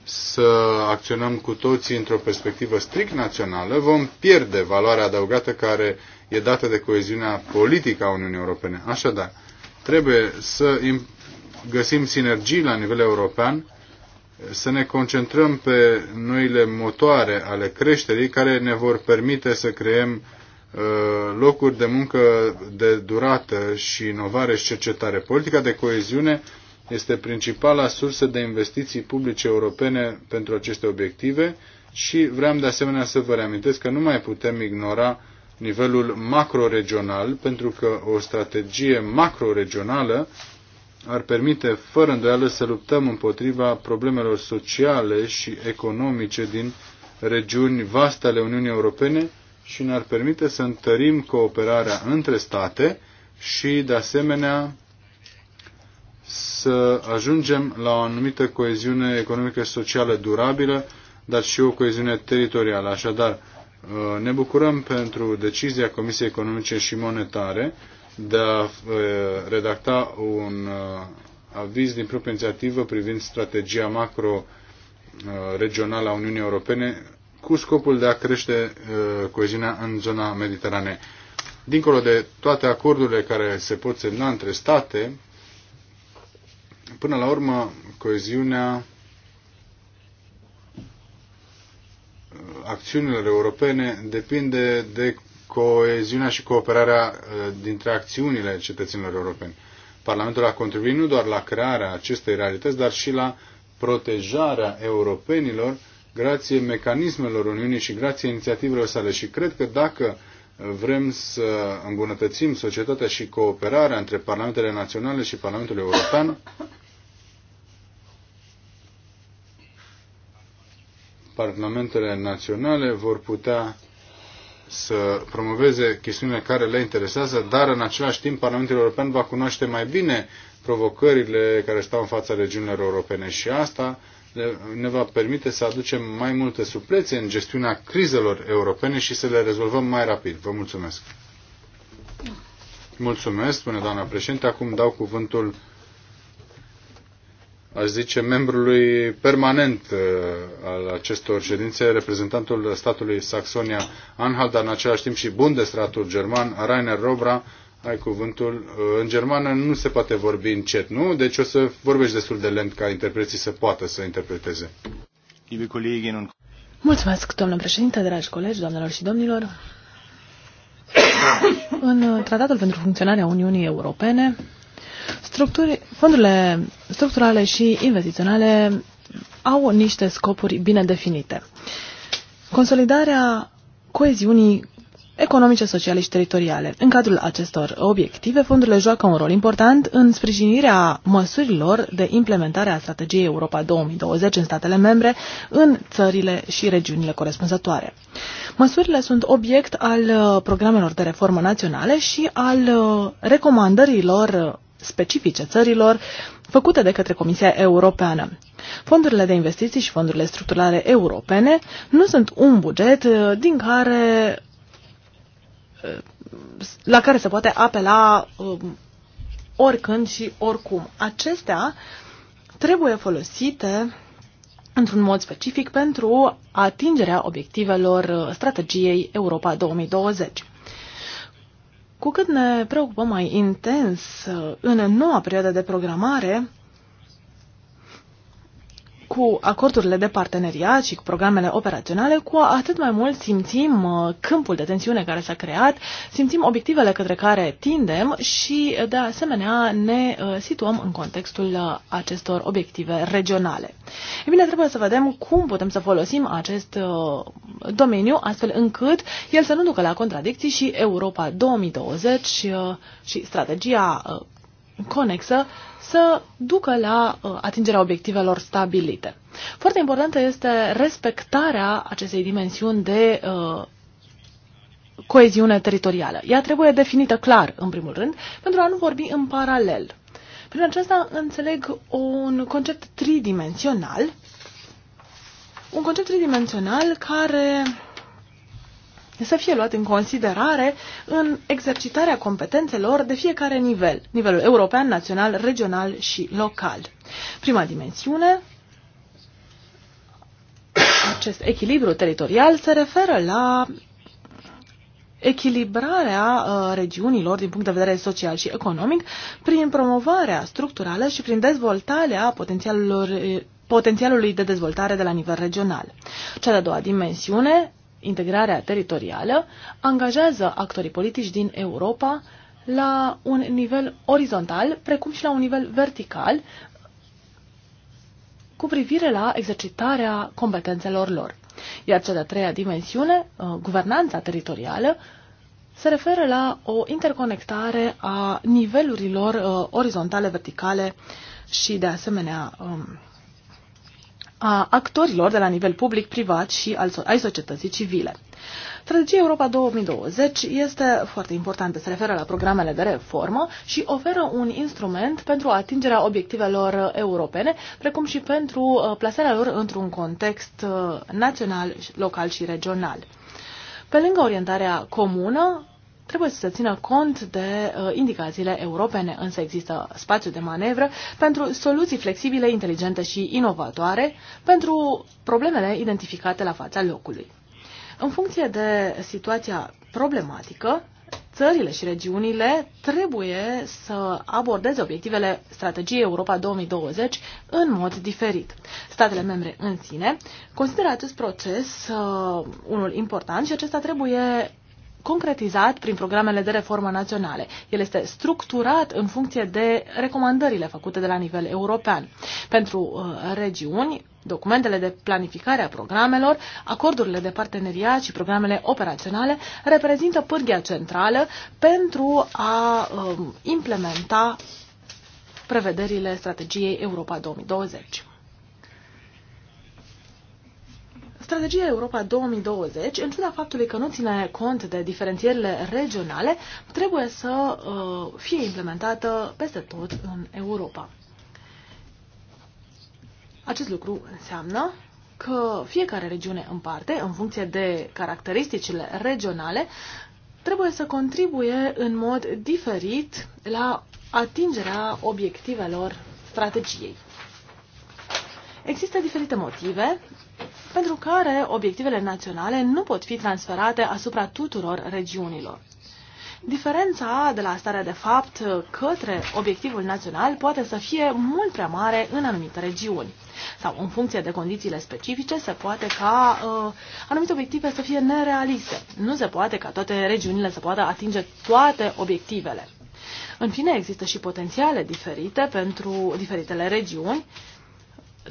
să acționăm cu toții într-o perspectivă strict națională, vom pierde valoarea adăugată care uh, e dată de coeziunea politică a Uniunii Europene. Așadar, trebuie să găsim sinergii la nivel european, să ne concentrăm pe noile motoare ale creșterii care ne vor permite să creăm uh, locuri de muncă de durată și inovare și cercetare. Politica de coeziune este principala sursă de investiții publice europene pentru aceste obiective și vreau de asemenea să vă reamintesc că nu mai putem ignora nivelul macroregional, pentru că o strategie macroregională ar permite, fără îndoială, să luptăm împotriva problemelor sociale și economice din regiuni vaste ale Uniunii Europene și ne-ar permite să întărim cooperarea între state și, de asemenea, să ajungem la o anumită coeziune economică și socială durabilă, dar și o coeziune teritorială. Așadar, Uh, ne bucurăm pentru decizia Comisiei Economice și Monetare de a uh, redacta un uh, aviz din propria inițiativă privind strategia macro-regională a Uniunii Europene cu scopul de a crește coeziunea în zona Mediteranei. Dincolo de toate acordurile care se pot semna între state, până la urmă coeziunea acțiunilor europene depinde de coeziunea și cooperarea uh, dintre acțiunile cetățenilor europeni. Parlamentul a contribuit nu doar la crearea acestei realități, dar și la protejarea europenilor grație mecanismelor Uniunii și grație inițiativelor sale. Și cred că dacă vrem să îmbunătățim societatea și cooperarea între Parlamentele Naționale și Parlamentul European, parlamentele naționale vor putea să promoveze chestiunile care le interesează, dar în același timp Parlamentul European va cunoaște mai bine provocările care stau în fața regiunilor europene și asta ne va permite să aducem mai multe suplețe în gestiunea crizelor europene și să le rezolvăm mai rapid. Vă mulțumesc! Mulțumesc, spune doamna președinte. Acum dau cuvântul aș zice, membrului permanent uh, al acestor ședințe, reprezentantul statului Saxonia-Anhalt, dar în același timp și Bundestratul german, Rainer Robra, ai cuvântul. Uh, în germană nu se poate vorbi încet, nu? Deci o să vorbești destul de lent ca interpreții să poată să interpreteze. Mulțumesc, domnule președinte, dragi colegi, doamnelor și domnilor. în Tratatul pentru funcționarea Uniunii Europene Structuri, fondurile structurale și investiționale au niște scopuri bine definite. Consolidarea coeziunii economice, sociale și teritoriale. În cadrul acestor obiective, fondurile joacă un rol important în sprijinirea măsurilor de implementare a strategiei Europa 2020 în statele membre, în țările și regiunile corespunzătoare. Măsurile sunt obiect al uh, programelor de reformă naționale și al uh, recomandărilor uh, specifice țărilor făcute de către Comisia Europeană. Fondurile de investiții și fondurile structurale europene nu sunt un buget uh, din care uh, la care se poate apela um, oricând și oricum. Acestea trebuie folosite într-un mod specific pentru atingerea obiectivelor uh, strategiei Europa 2020. Cu cât ne preocupăm mai intens uh, în noua perioadă de programare, cu acordurile de parteneriat și cu programele operaționale, cu atât mai mult simțim uh, câmpul de tensiune care s-a creat, simțim obiectivele către care tindem și, uh, de asemenea, ne uh, situăm în contextul acestor obiective regionale. E bine, trebuie să vedem cum putem să folosim acest domeniu astfel încât el să nu ducă la contradicții și Europa 2020 și strategia conexă să ducă la uh, atingerea obiectivelor stabilite. Foarte importantă este respectarea acestei dimensiuni de uh, coeziune teritorială. Ea trebuie definită clar, în primul rând, pentru a nu vorbi în paralel. Prin aceasta înțeleg un concept tridimensional, un concept tridimensional care să fie luat în considerare în exercitarea competențelor de fiecare nivel, nivelul european, național, regional și local. Prima dimensiune, acest echilibru teritorial se referă la echilibrarea uh, regiunilor din punct de vedere social și economic prin promovarea structurală și prin dezvoltarea eh, potențialului de dezvoltare de la nivel regional. Cea de-a doua dimensiune integrarea teritorială angajează actorii politici din Europa la un nivel orizontal, precum și la un nivel vertical, cu privire la exercitarea competențelor lor. Iar cea de-a treia dimensiune, uh, guvernanța teritorială, se referă la o interconectare a nivelurilor uh, orizontale, verticale și, de asemenea, um, a actorilor de la nivel public, privat și ai societății civile. Strategia Europa 2020 este foarte importantă, se referă la programele de reformă și oferă un instrument pentru atingerea obiectivelor europene, precum și pentru uh, plasarea lor într-un context uh, național, local și regional. Pe lângă orientarea comună, trebuie să se țină cont de uh, indicațiile europene, însă există spațiu de manevră pentru soluții flexibile, inteligente și inovatoare pentru problemele identificate la fața locului. În funcție de situația problematică, țările și regiunile trebuie să abordeze obiectivele strategiei Europa 2020 în mod diferit. Statele membre în sine consideră acest proces uh, unul important și acesta trebuie concretizat prin programele de reformă naționale. El este structurat în funcție de recomandările făcute de la nivel european. Pentru uh, regiuni, documentele de planificare a programelor, acordurile de parteneriat și programele operaționale reprezintă pârghia centrală pentru a um, implementa prevederile strategiei Europa 2020. Strategia Europa 2020, în ciuda faptului că nu ține cont de diferențierile regionale, trebuie să uh, fie implementată peste tot în Europa. Acest lucru înseamnă că fiecare regiune în parte, în funcție de caracteristicile regionale, trebuie să contribuie în mod diferit la atingerea obiectivelor strategiei. Există diferite motive pentru care obiectivele naționale nu pot fi transferate asupra tuturor regiunilor. Diferența de la starea de fapt către obiectivul național poate să fie mult prea mare în anumite regiuni. Sau în funcție de condițiile specifice se poate ca uh, anumite obiective să fie nerealiste. Nu se poate ca toate regiunile să poată atinge toate obiectivele. În fine, există și potențiale diferite pentru diferitele regiuni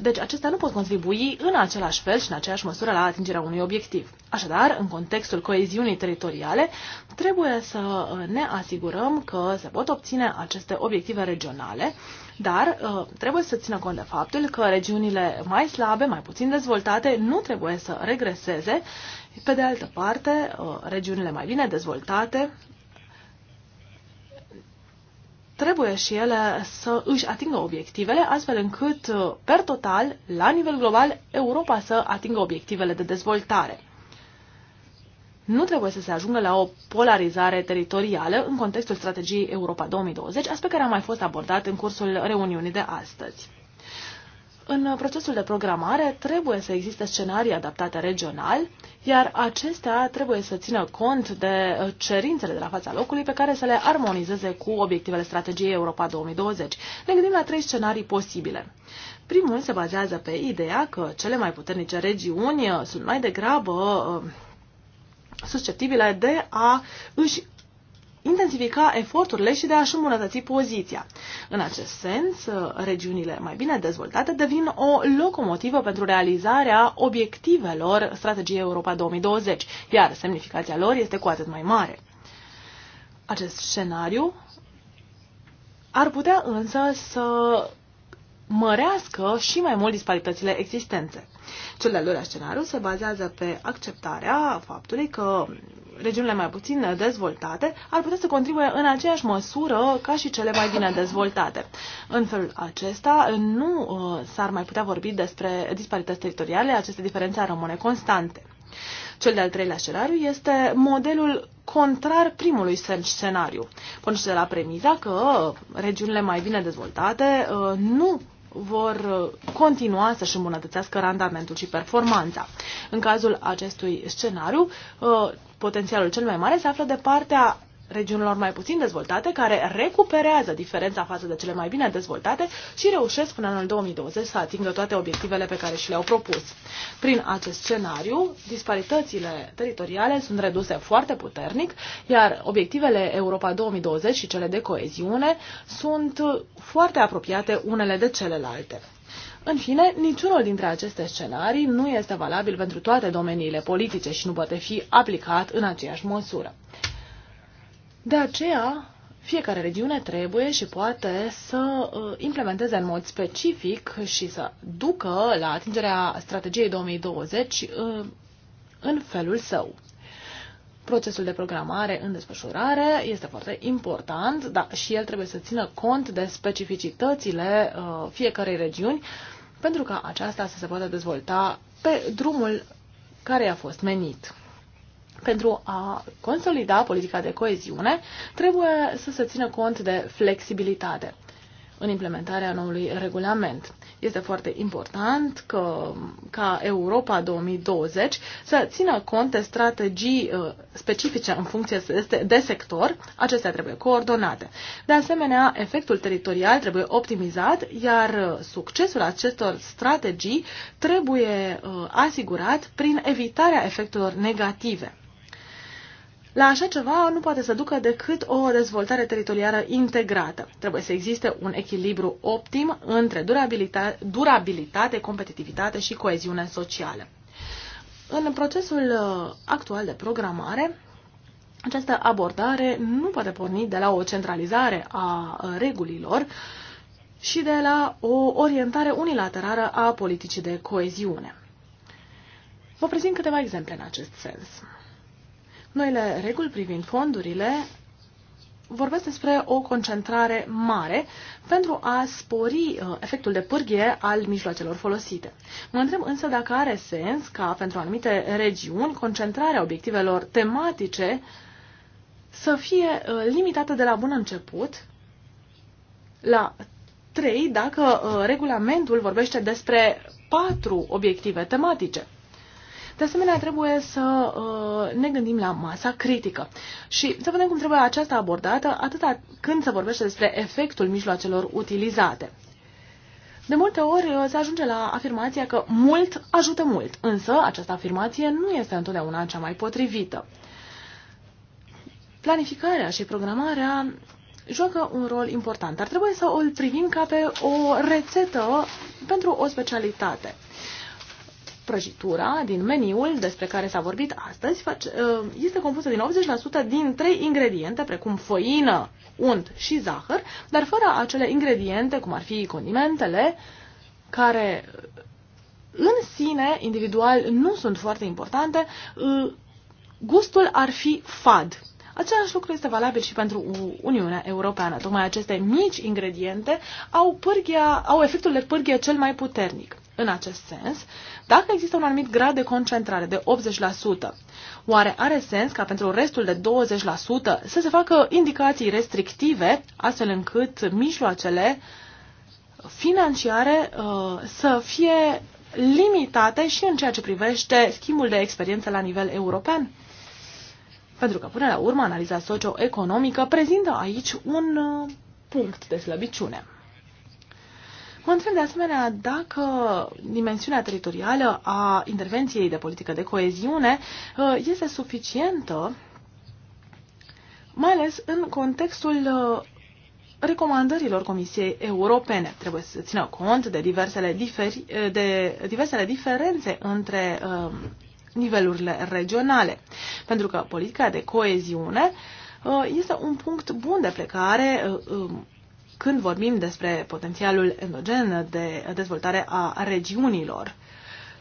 deci acestea nu pot contribui în același fel și în aceeași măsură la atingerea unui obiectiv. Așadar, în contextul coeziunii teritoriale, trebuie să uh, ne asigurăm că se pot obține aceste obiective regionale, dar uh, trebuie să țină cont de faptul că regiunile mai slabe, mai puțin dezvoltate, nu trebuie să regreseze. Pe de altă parte, uh, regiunile mai bine dezvoltate trebuie și ele să își atingă obiectivele, astfel încât, per total, la nivel global, Europa să atingă obiectivele de dezvoltare. Nu trebuie să se ajungă la o polarizare teritorială în contextul strategiei Europa 2020, aspect care a mai fost abordat în cursul reuniunii de astăzi. În procesul de programare trebuie să existe scenarii adaptate regional, iar acestea trebuie să țină cont de uh, cerințele de la fața locului pe care să le armonizeze cu obiectivele strategiei Europa 2020. Ne gândim la trei scenarii posibile. Primul se bazează pe ideea că cele mai puternice regiuni uh, sunt mai degrabă uh, susceptibile de a își intensifica eforturile și de a-și îmbunătăți poziția. În acest sens, regiunile mai bine dezvoltate devin o locomotivă pentru realizarea obiectivelor strategiei Europa 2020, iar semnificația lor este cu atât mai mare. Acest scenariu ar putea însă să mărească și mai mult disparitățile existente. Cel de-al doilea scenariu se bazează pe acceptarea faptului că regiunile mai puțin dezvoltate ar putea să contribuie în aceeași măsură ca și cele mai bine dezvoltate. În felul acesta nu uh, s-ar mai putea vorbi despre disparități teritoriale, aceste diferențe ar rămâne constante. Cel de-al treilea scenariu este modelul contrar primului scenariu, pornește de la premiza că regiunile mai bine dezvoltate uh, nu vor uh, continua să-și îmbunătățească randamentul și performanța. În cazul acestui scenariu, uh, potențialul cel mai mare se află de partea regiunilor mai puțin dezvoltate, care recuperează diferența față de cele mai bine dezvoltate și reușesc până anul 2020 să atingă toate obiectivele pe care și le-au propus. Prin acest scenariu, disparitățile teritoriale sunt reduse foarte puternic, iar obiectivele Europa 2020 și cele de coeziune sunt foarte apropiate unele de celelalte. În fine, niciunul dintre aceste scenarii nu este valabil pentru toate domeniile politice și nu poate fi aplicat în aceeași măsură. De aceea, fiecare regiune trebuie și poate să uh, implementeze în mod specific și să ducă la atingerea strategiei 2020 uh, în felul său. Procesul de programare în desfășurare este foarte important, dar și el trebuie să țină cont de specificitățile uh, fiecarei regiuni pentru ca aceasta să se poată dezvolta pe drumul care i-a fost menit pentru a consolida politica de coeziune, trebuie să se țină cont de flexibilitate în implementarea noului regulament. Este foarte important că, ca Europa 2020 să țină cont de strategii uh, specifice în funcție de sector, acestea trebuie coordonate. De asemenea, efectul teritorial trebuie optimizat, iar uh, succesul acestor strategii trebuie uh, asigurat prin evitarea efectelor negative. La așa ceva nu poate să ducă decât o dezvoltare teritorială integrată. Trebuie să existe un echilibru optim între durabilitate, durabilitate competitivitate și coeziune socială. În procesul uh, actual de programare, această abordare nu poate porni de la o centralizare a uh, regulilor și de la o orientare unilaterală a politicii de coeziune. Vă prezint câteva exemple în acest sens. Noile reguli privind fondurile vorbesc despre o concentrare mare pentru a spori uh, efectul de pârghie al mijloacelor folosite. Mă întreb însă dacă are sens ca pentru anumite regiuni concentrarea obiectivelor tematice să fie uh, limitată de la bun început la 3 dacă uh, regulamentul vorbește despre patru obiective tematice. De asemenea, trebuie să uh, ne gândim la masa critică și să vedem cum trebuie aceasta abordată atâta când se vorbește despre efectul mijloacelor utilizate. De multe ori uh, se ajunge la afirmația că mult ajută mult, însă această afirmație nu este întotdeauna cea mai potrivită. Planificarea și programarea joacă un rol important, dar trebuie să o privim ca pe o rețetă pentru o specialitate prăjitura din meniul despre care s-a vorbit astăzi uh, este compusă din 80% din trei ingrediente, precum făină, unt și zahăr, dar fără acele ingrediente, cum ar fi condimentele, care în sine, individual, nu sunt foarte importante, uh, gustul ar fi fad. Același lucru este valabil și pentru Uniunea Europeană. Tocmai aceste mici ingrediente au, pârghia, au efectul de pârghie cel mai puternic. În acest sens, dacă există un anumit grad de concentrare de 80%, oare are sens ca pentru restul de 20% să se facă indicații restrictive, astfel încât mijloacele financiare uh, să fie limitate și în ceea ce privește schimbul de experiență la nivel european? Pentru că, până la urmă, analiza socioeconomică prezintă aici un uh, punct de slăbiciune. Mă întreb de asemenea dacă dimensiunea teritorială a intervenției de politică de coeziune uh, este suficientă, mai ales în contextul uh, recomandărilor Comisiei Europene. Trebuie să țină cont de diversele, diferi, de diversele diferențe între nivelurile regionale. Pentru că politica de coeziune uh, este un punct bun de plecare uh, um, când vorbim despre potențialul endogen de dezvoltare a regiunilor.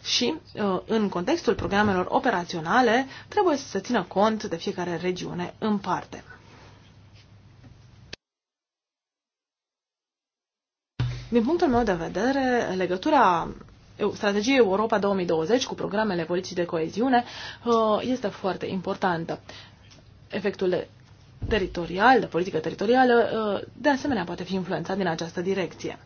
Și uh, în contextul programelor operaționale trebuie să se țină cont de fiecare regiune în parte. Din punctul meu de vedere, legătura strategie Europa 2020 cu programele politicii de coeziune uh, este foarte importantă. Efectul teritorial, de politică teritorială, uh, de asemenea poate fi influențat din această direcție.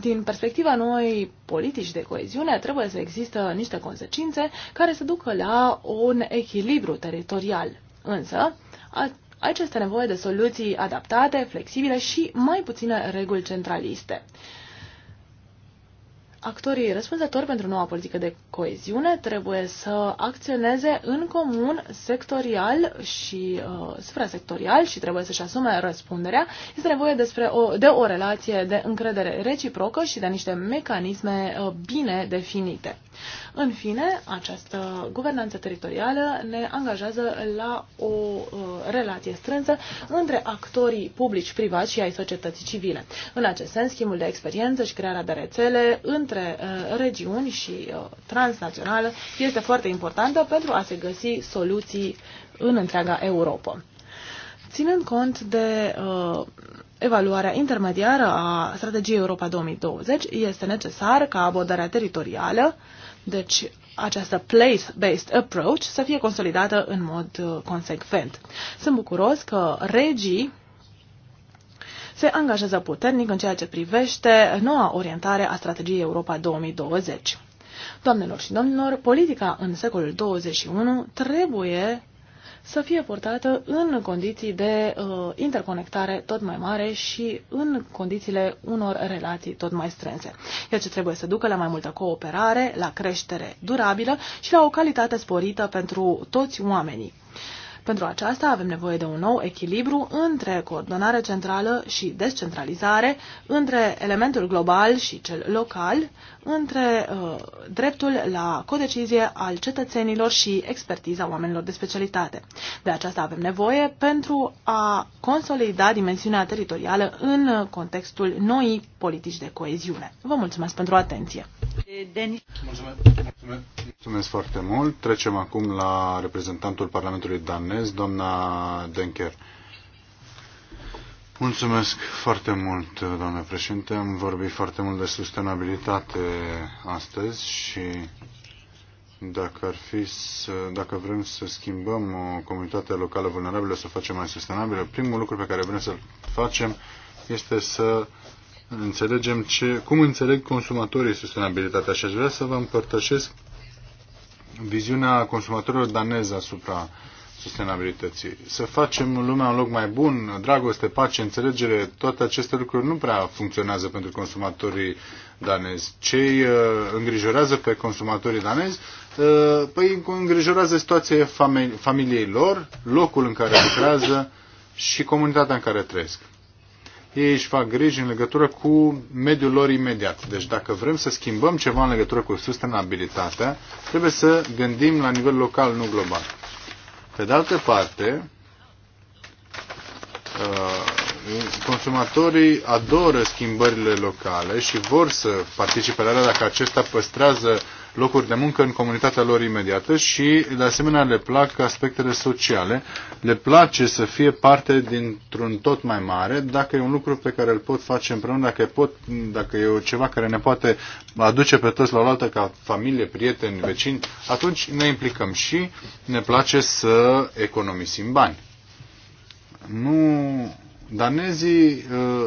Din perspectiva noi politici de coeziune, trebuie să există niște consecințe care să ducă la un echilibru teritorial. Însă, aici este nevoie de soluții adaptate, flexibile și mai puține reguli centraliste actorii răspunzători pentru noua politică de coeziune trebuie să acționeze în comun sectorial și uh, suprasectorial și trebuie să-și asume răspunderea. Este nevoie despre o, de o relație de încredere reciprocă și de niște mecanisme uh, bine definite. În fine, această guvernanță teritorială ne angajează la o uh, relație strânsă între actorii publici, privați și ai societății civile. În acest sens, schimbul de experiență și crearea de rețele între uh, regiuni și uh, transnaționale este foarte importantă pentru a se găsi soluții în întreaga Europa. Ținând cont de uh, evaluarea intermediară a strategiei Europa 2020, este necesar ca abordarea teritorială deci, această place-based approach să fie consolidată în mod uh, consecvent. Sunt bucuros că regii se angajează puternic în ceea ce privește noua orientare a strategiei Europa 2020. Doamnelor și domnilor, politica în secolul 21 trebuie să fie purtată în condiții de uh, interconectare tot mai mare și în condițiile unor relații tot mai strânse. Iar ce trebuie să ducă la mai multă cooperare, la creștere durabilă și la o calitate sporită pentru toți oamenii. Uh, pentru aceasta avem nevoie de un nou echilibru între coordonare centrală și descentralizare, între elementul global și cel local, între uh, dreptul la codecizie al cetățenilor și expertiza oamenilor de specialitate. De aceasta avem nevoie pentru a consolida dimensiunea teritorială în contextul noii politici de coeziune. Vă mulțumesc pentru atenție! Denis. Mulțumesc. Mulțumesc. Mulțumesc foarte mult. Trecem acum la reprezentantul Parlamentului danez, doamna Denker. Mulțumesc foarte mult, doamne președinte. Am vorbit foarte mult de sustenabilitate astăzi și dacă ar fi să, dacă vrem să schimbăm o comunitate locală vulnerabilă, să o facem mai sustenabilă, primul lucru pe care vrem să-l facem este să înțelegem ce, cum înțeleg consumatorii sustenabilitatea și aș vrea să vă împărtășesc viziunea consumatorilor daneză asupra sustenabilității. Să facem lumea un loc mai bun, dragoste, pace, înțelegere, toate aceste lucruri nu prea funcționează pentru consumatorii danezi. Cei uh, îngrijorează pe consumatorii danezi, uh, păi îngrijorează situația familiei lor, locul în care lucrează și comunitatea în care trăiesc ei își fac griji în legătură cu mediul lor imediat. Deci dacă vrem să schimbăm ceva în legătură cu sustenabilitatea, trebuie să gândim la nivel local, nu global. Pe de altă parte, uh, consumatorii adoră schimbările locale și vor să participe la ele dacă acesta păstrează locuri de muncă în comunitatea lor imediată și, de asemenea, le plac aspectele sociale. Le place să fie parte dintr-un tot mai mare dacă e un lucru pe care îl pot face împreună, dacă, pot, dacă e ceva care ne poate aduce pe toți la altă ca familie, prieteni, vecini, atunci ne implicăm și ne place să economisim bani. Nu... Danezii uh,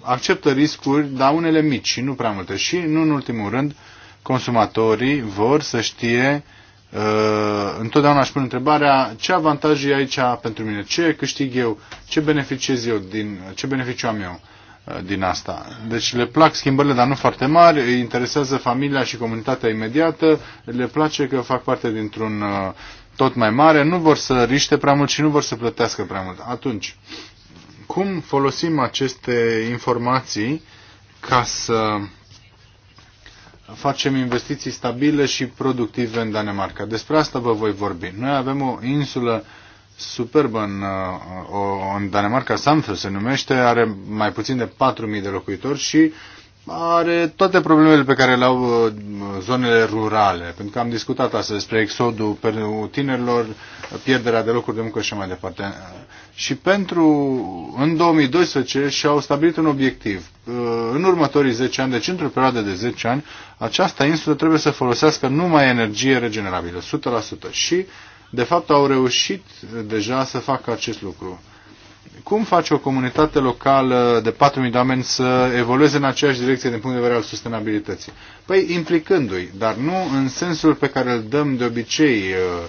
acceptă riscuri, dar unele mici și nu prea multe. Și, nu în ultimul rând, consumatorii vor să știe uh, întotdeauna aș pune întrebarea ce avantaj e aici pentru mine, ce câștig eu, ce beneficiez eu din, ce beneficiu am eu uh, din asta. Deci le plac schimbările, dar nu foarte mari, îi interesează familia și comunitatea imediată, le place că fac parte dintr-un uh, tot mai mare, nu vor să riște prea mult și nu vor să plătească prea mult. Atunci, cum folosim aceste informații ca să facem investiții stabile și productive în Danemarca. Despre asta vă voi vorbi. Noi avem o insulă superbă în, uh, în Danemarca, Samfel se numește, are mai puțin de 4.000 de locuitori și are toate problemele pe care le au uh, zonele rurale, pentru că am discutat asta despre exodul tinerilor, pierderea de locuri de muncă și mai departe și pentru în 2012 și-au stabilit un obiectiv. Uh, în următorii 10 ani, deci într-o perioadă de 10 ani, această insulă trebuie să folosească numai energie regenerabilă, 100%. Și, de fapt, au reușit deja să facă acest lucru. Cum face o comunitate locală de 4.000 de oameni să evolueze în aceeași direcție din punct de vedere al sustenabilității? Păi implicându-i, dar nu în sensul pe care îl dăm de obicei uh,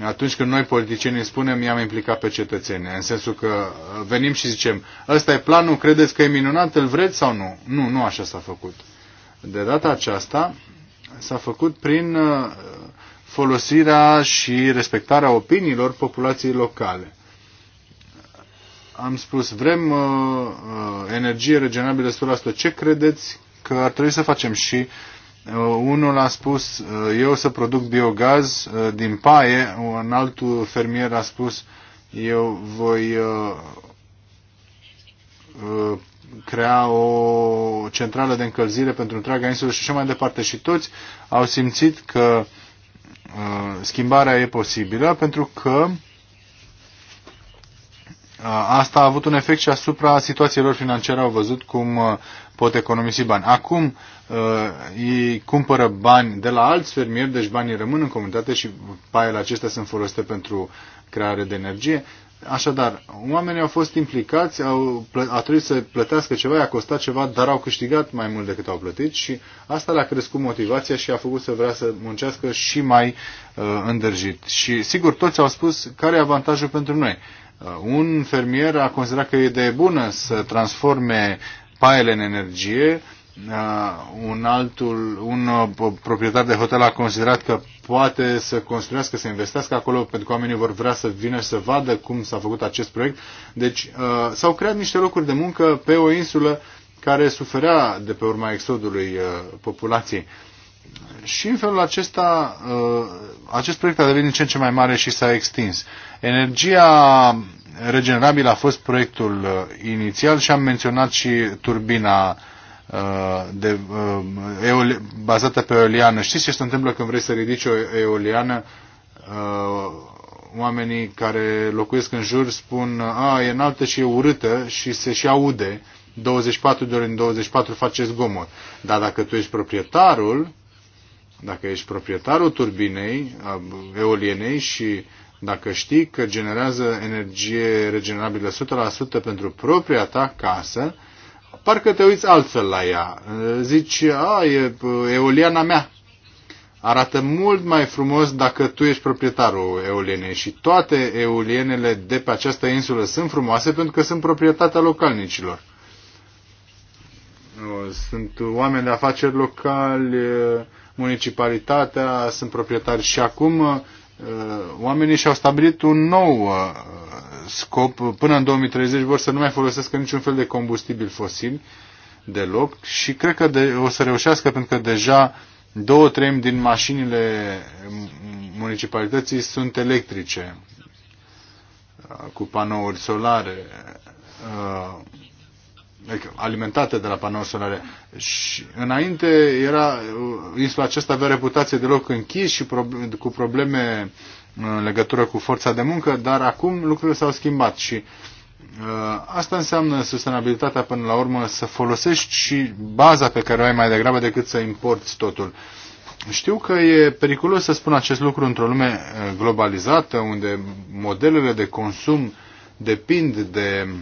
atunci când noi politicienii spunem i-am implicat pe cetățeni, în sensul că venim și zicem ăsta e planul, credeți că e minunat, îl vreți sau nu? Nu, nu așa s-a făcut. De data aceasta s-a făcut prin uh, folosirea și respectarea opiniilor populației locale. Am spus, vrem uh, uh energie regenerabilă 100%. Ce credeți că ar trebui să facem? Și Uh, unul a spus, uh, eu să produc biogaz uh, din paie, un alt fermier a spus, eu voi crea o centrală de încălzire pentru întreaga insulă și așa mai departe. Și toți au simțit că schimbarea e posibilă pentru că Asta a avut un efect și asupra situațiilor financiare. Au văzut cum uh, pot economisi bani. Acum îi uh, cumpără bani de la alți fermieri, deci banii rămân în comunitate și paiele acestea sunt folosite pentru creare de energie. Așadar, oamenii au fost implicați, au, a trebuit să plătească ceva, i-a costat ceva, dar au câștigat mai mult decât au plătit și asta le-a crescut motivația și a făcut să vrea să muncească și mai uh, îndrăjit. Și sigur, toți au spus care e avantajul pentru noi. Uh, un fermier a considerat că e de bună să transforme paiele în energie, uh, un altul, un uh, proprietar de hotel a considerat că poate să construiască, să investească acolo pentru că oamenii vor vrea să vină și să vadă cum s-a făcut acest proiect. Deci s-au creat niște locuri de muncă pe o insulă care suferea de pe urma exodului populației. Și în felul acesta, uh, acest proiect a devenit ce în ce mai mare și s-a extins. Energia regenerabilă a fost proiectul uh, inițial și am menționat și turbina uh, de, eole, bazată pe eoliană. Știți ce se întâmplă când vrei să ridici o eoliană? Oamenii care locuiesc în jur spun, a, e înaltă și e urâtă și se și aude. 24 de ori în 24 face zgomot. Dar dacă tu ești proprietarul, dacă ești proprietarul turbinei eolienei și dacă știi că generează energie regenerabilă 100% pentru propria ta casă, parcă te uiți altfel la ea. Zici, a, e eoliana mea. Arată mult mai frumos dacă tu ești proprietarul eolienei și toate eolienele de pe această insulă sunt frumoase pentru că sunt proprietatea localnicilor. Sunt oameni de afaceri locali, municipalitatea sunt proprietari și acum uh, oamenii și-au stabilit un nou uh, scop. Până în 2030 vor să nu mai folosească niciun fel de combustibil fosil deloc și cred că de, o să reușească pentru că deja două treimi din mașinile municipalității sunt electrice uh, cu panouri solare. Adică, alimentate de la panouri solare. Și înainte era, insula aceasta avea reputație de loc închis și pro, cu probleme în legătură cu forța de muncă, dar acum lucrurile s-au schimbat și uh, asta înseamnă sustenabilitatea până la urmă să folosești și baza pe care o ai mai degrabă decât să importi totul. Știu că e periculos să spun acest lucru într-o lume uh, globalizată, unde modelele de consum depind de uh,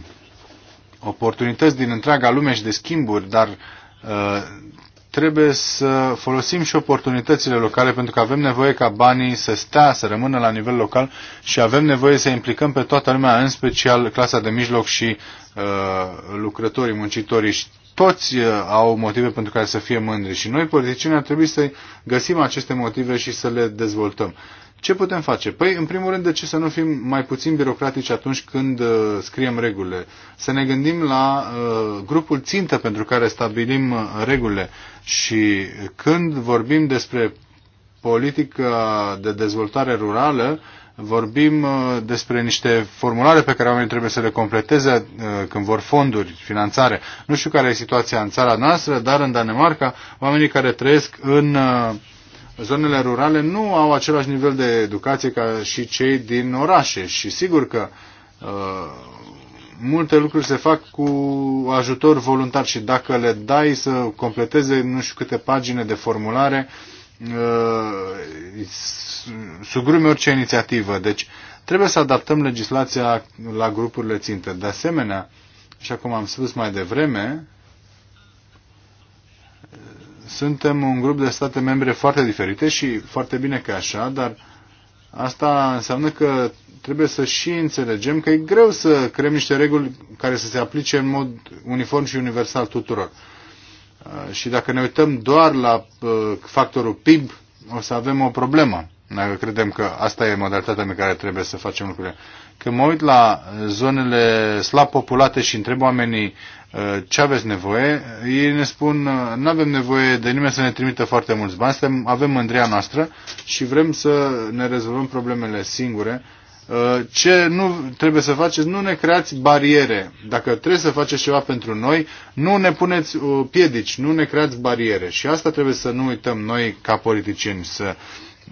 oportunități din întreaga lume și de schimburi, dar uh, trebuie să folosim și oportunitățile locale pentru că avem nevoie ca banii să stea, să rămână la nivel local și avem nevoie să implicăm pe toată lumea, în special clasa de mijloc și uh, lucrătorii, muncitorii și toți uh, au motive pentru care să fie mândri și noi politicienii ar trebui să găsim aceste motive și să le dezvoltăm. Ce putem face? Păi, în primul rând, de ce să nu fim mai puțin birocratici atunci când uh, scriem regulile? Să ne gândim la uh, grupul țintă pentru care stabilim uh, regulile și când vorbim despre politica de dezvoltare rurală, vorbim uh, despre niște formulare pe care oamenii trebuie să le completeze uh, când vor fonduri, finanțare. Nu știu care e situația în țara noastră, dar în Danemarca, oamenii care trăiesc în uh, zonele rurale nu au același nivel de educație ca și cei din orașe și sigur că uh, multe lucruri se fac cu ajutor voluntar și dacă le dai să completeze nu știu câte pagine de formulare, uh, sugrume orice inițiativă. Deci trebuie să adaptăm legislația la grupurile ținte. De asemenea, așa cum am spus mai devreme, suntem un grup de state membre foarte diferite și foarte bine că așa, dar asta înseamnă că trebuie să și înțelegem că e greu să creăm niște reguli care să se aplice în mod uniform și universal tuturor. Uh, și dacă ne uităm doar la uh, factorul PIB, o să avem o problemă dacă credem că asta e modalitatea pe care trebuie să facem lucrurile. Când mă uit la uh, zonele slab populate și întreb oamenii uh, ce aveți nevoie, ei ne spun uh, nu avem nevoie de nimeni să ne trimită foarte mulți bani, Suntem, avem mândria noastră și vrem să ne rezolvăm problemele singure. Ce nu trebuie să faceți, nu ne creați bariere. Dacă trebuie să faceți ceva pentru noi, nu ne puneți piedici, nu ne creați bariere. Și asta trebuie să nu uităm noi ca politicieni, să uh,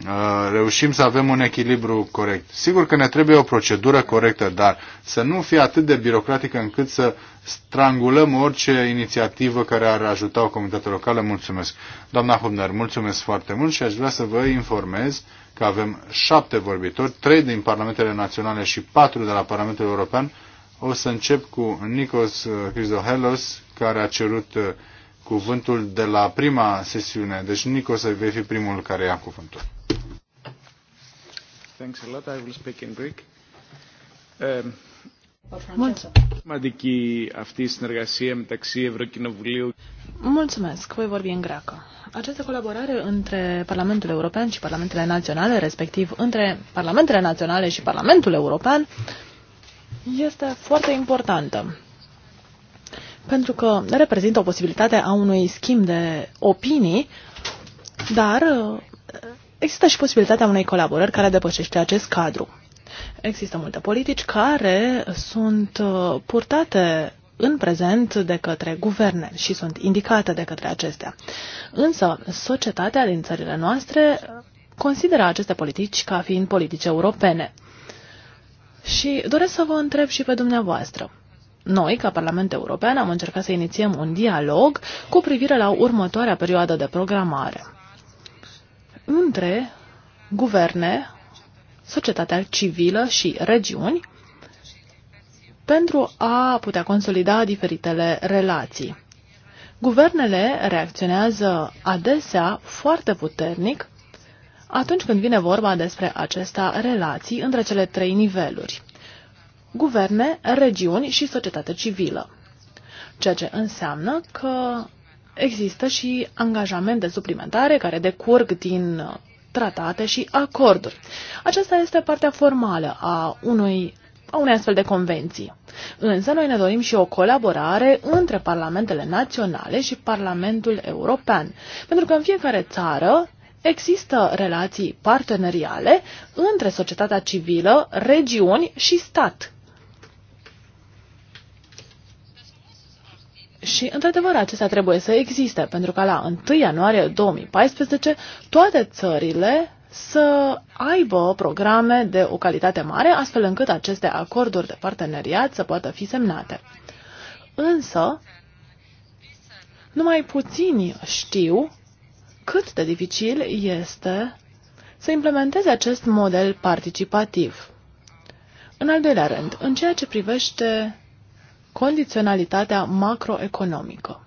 Uh, reușim să avem un echilibru corect. Sigur că ne trebuie o procedură corectă, dar să nu fie atât de birocratică încât să strangulăm orice inițiativă care ar ajuta o comunitate locală. Mulțumesc. Doamna Hubner, mulțumesc foarte mult și aș vrea să vă informez că avem șapte vorbitori, trei din Parlamentele Naționale și patru de la Parlamentul European. O să încep cu Nikos uh, Crizohelos, care a cerut uh, cuvântul de la prima sesiune. Deci, să vei fi primul care ia cuvântul. Thanks a lot. I will speak in Greek. Σημαντική um, αυτή η συνεργασία μεταξύ Ευρωκοινοβουλίου. Mulțumesc, voi vorbi în greacă. Această colaborare între Parlamentul European și Parlamentele Naționale, respectiv între Parlamentele Naționale și Parlamentul European, este foarte importantă. Pentru că reprezintă o posibilitate a unui schimb de opinii, dar există și posibilitatea unei colaborări care depășește acest cadru. Există multe politici care sunt uh, purtate în prezent de către guverne și sunt indicate de către acestea. Însă, societatea din țările noastre consideră aceste politici ca fiind politici europene. Și doresc să vă întreb și pe dumneavoastră. Noi, ca Parlament European, am încercat să inițiem un dialog cu privire la următoarea perioadă de programare între guverne, societatea civilă și regiuni pentru a putea consolida diferitele relații. Guvernele reacționează adesea foarte puternic atunci când vine vorba despre acestea relații între cele trei niveluri. Guverne, regiuni și societate civilă. Ceea ce înseamnă că există și angajamente suplimentare care decurg din uh, tratate și acorduri. Aceasta este partea formală a unui a unei astfel de convenții. Însă noi ne dorim și o colaborare între parlamentele naționale și Parlamentul European, pentru că în fiecare țară există relații parteneriale între societatea civilă, regiuni și stat. Și, într-adevăr, acestea trebuie să existe, pentru ca la 1 ianuarie 2014 toate țările să aibă programe de o calitate mare, astfel încât aceste acorduri de parteneriat să poată fi semnate. Însă, numai puțini știu cât de dificil este să implementeze acest model participativ. În al doilea rând, în ceea ce privește condiționalitatea macroeconomică.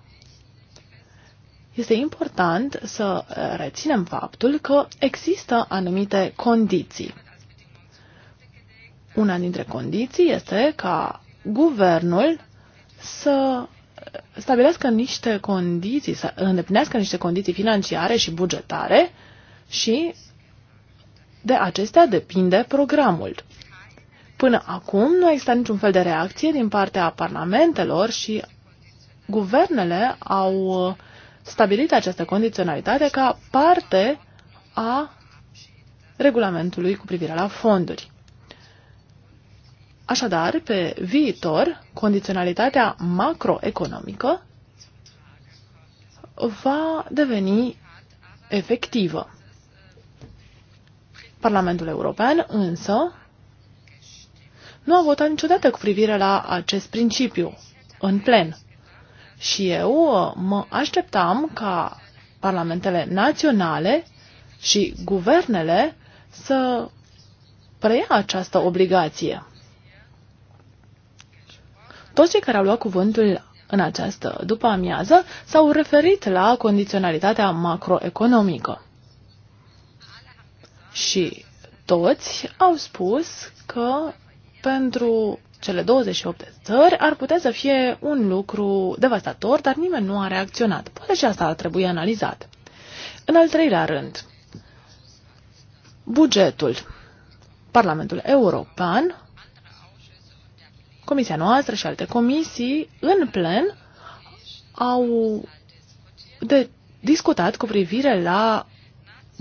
Este important să reținem faptul că există anumite condiții. Una dintre condiții este ca guvernul să stabilească niște condiții, să îndeplinească niște condiții financiare și bugetare și de acestea depinde programul. Până acum nu a existat niciun fel de reacție din partea parlamentelor și guvernele au uh, stabilit această condiționalitate ca parte a regulamentului cu privire la fonduri. Așadar, pe viitor, condiționalitatea macroeconomică va deveni efectivă. Parlamentul European însă nu a votat niciodată cu privire la acest principiu în plen. Și eu uh, mă așteptam ca parlamentele naționale și guvernele să preia această obligație. Toți cei care au luat cuvântul în această după amiază s-au referit la condiționalitatea macroeconomică. Și toți au spus că pentru cele 28 de țări ar putea să fie un lucru devastator, dar nimeni nu a reacționat. Poate și asta ar trebui analizat. În al treilea rând, bugetul. Parlamentul European, Comisia noastră și alte comisii în plen au de discutat cu privire la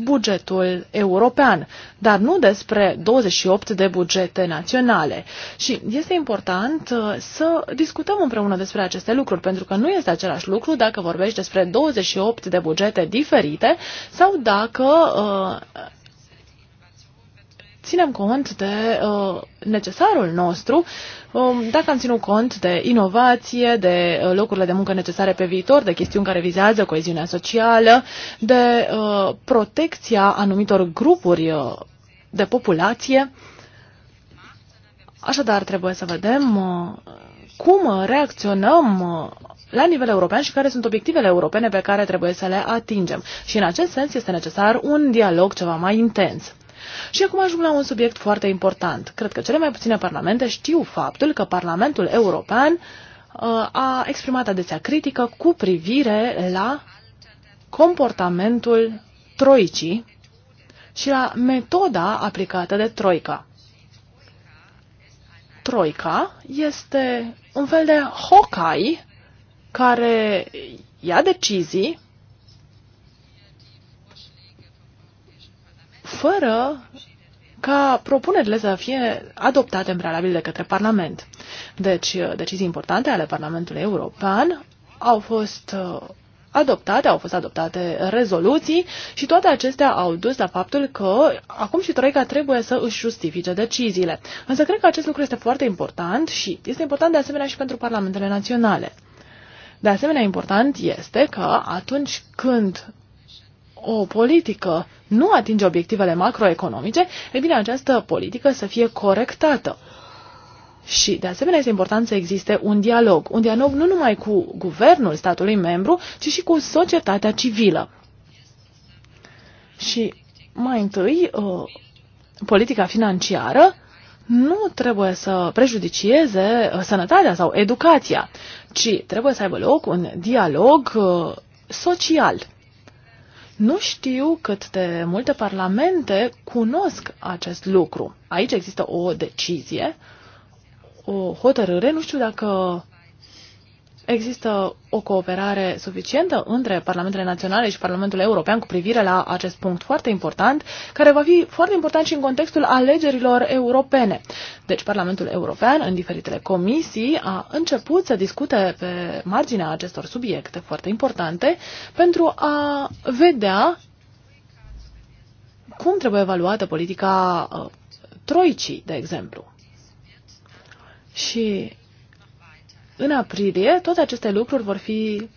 bugetul european, dar nu despre 28 de bugete naționale. Și este important uh, să discutăm împreună despre aceste lucruri, pentru că nu este același lucru dacă vorbești despre 28 de bugete diferite sau dacă uh, ținem cont de uh, necesarul nostru, um, dacă am ținut cont de inovație, de uh, locurile de muncă necesare pe viitor, de chestiuni care vizează coeziunea socială, de uh, protecția anumitor grupuri uh, de populație. Așadar, trebuie să vedem uh, cum reacționăm uh, la nivel european și care sunt obiectivele europene pe care trebuie să le atingem. Și în acest sens este necesar un dialog ceva mai intens. Și acum ajung la un subiect foarte important. Cred că cele mai puține parlamente știu faptul că Parlamentul European uh, a exprimat adesea critică cu privire la comportamentul troicii și la metoda aplicată de troica. Troica este un fel de hocai care ia decizii fără ca propunerile să fie adoptate în prealabil de către Parlament. Deci, uh, decizii importante ale Parlamentului European au fost uh, adoptate, au fost adoptate rezoluții și toate acestea au dus la faptul că acum și Troica trebuie să își justifice deciziile. Însă cred că acest lucru este foarte important și este important de asemenea și pentru parlamentele naționale. De asemenea, important este că atunci când o politică nu atinge obiectivele macroeconomice, e bine, această politică să fie corectată. Și, de asemenea, este important să existe un dialog. Un dialog nu numai cu guvernul statului membru, ci și cu societatea civilă. Și, mai întâi, uh, politica financiară nu trebuie să prejudicieze uh, sănătatea sau educația, ci trebuie să aibă loc un dialog uh, social nu știu cât de multe parlamente cunosc acest lucru. Aici există o decizie, o hotărâre, nu știu dacă există o cooperare suficientă între Parlamentele Naționale și Parlamentul European cu privire la acest punct foarte important, care va fi foarte important și în contextul alegerilor europene. Deci Parlamentul European, în diferitele comisii, a început să discute pe marginea acestor subiecte foarte importante pentru a vedea cum trebuie evaluată politica uh, troicii, de exemplu. Și în aprilie, toate aceste lucruri vor fi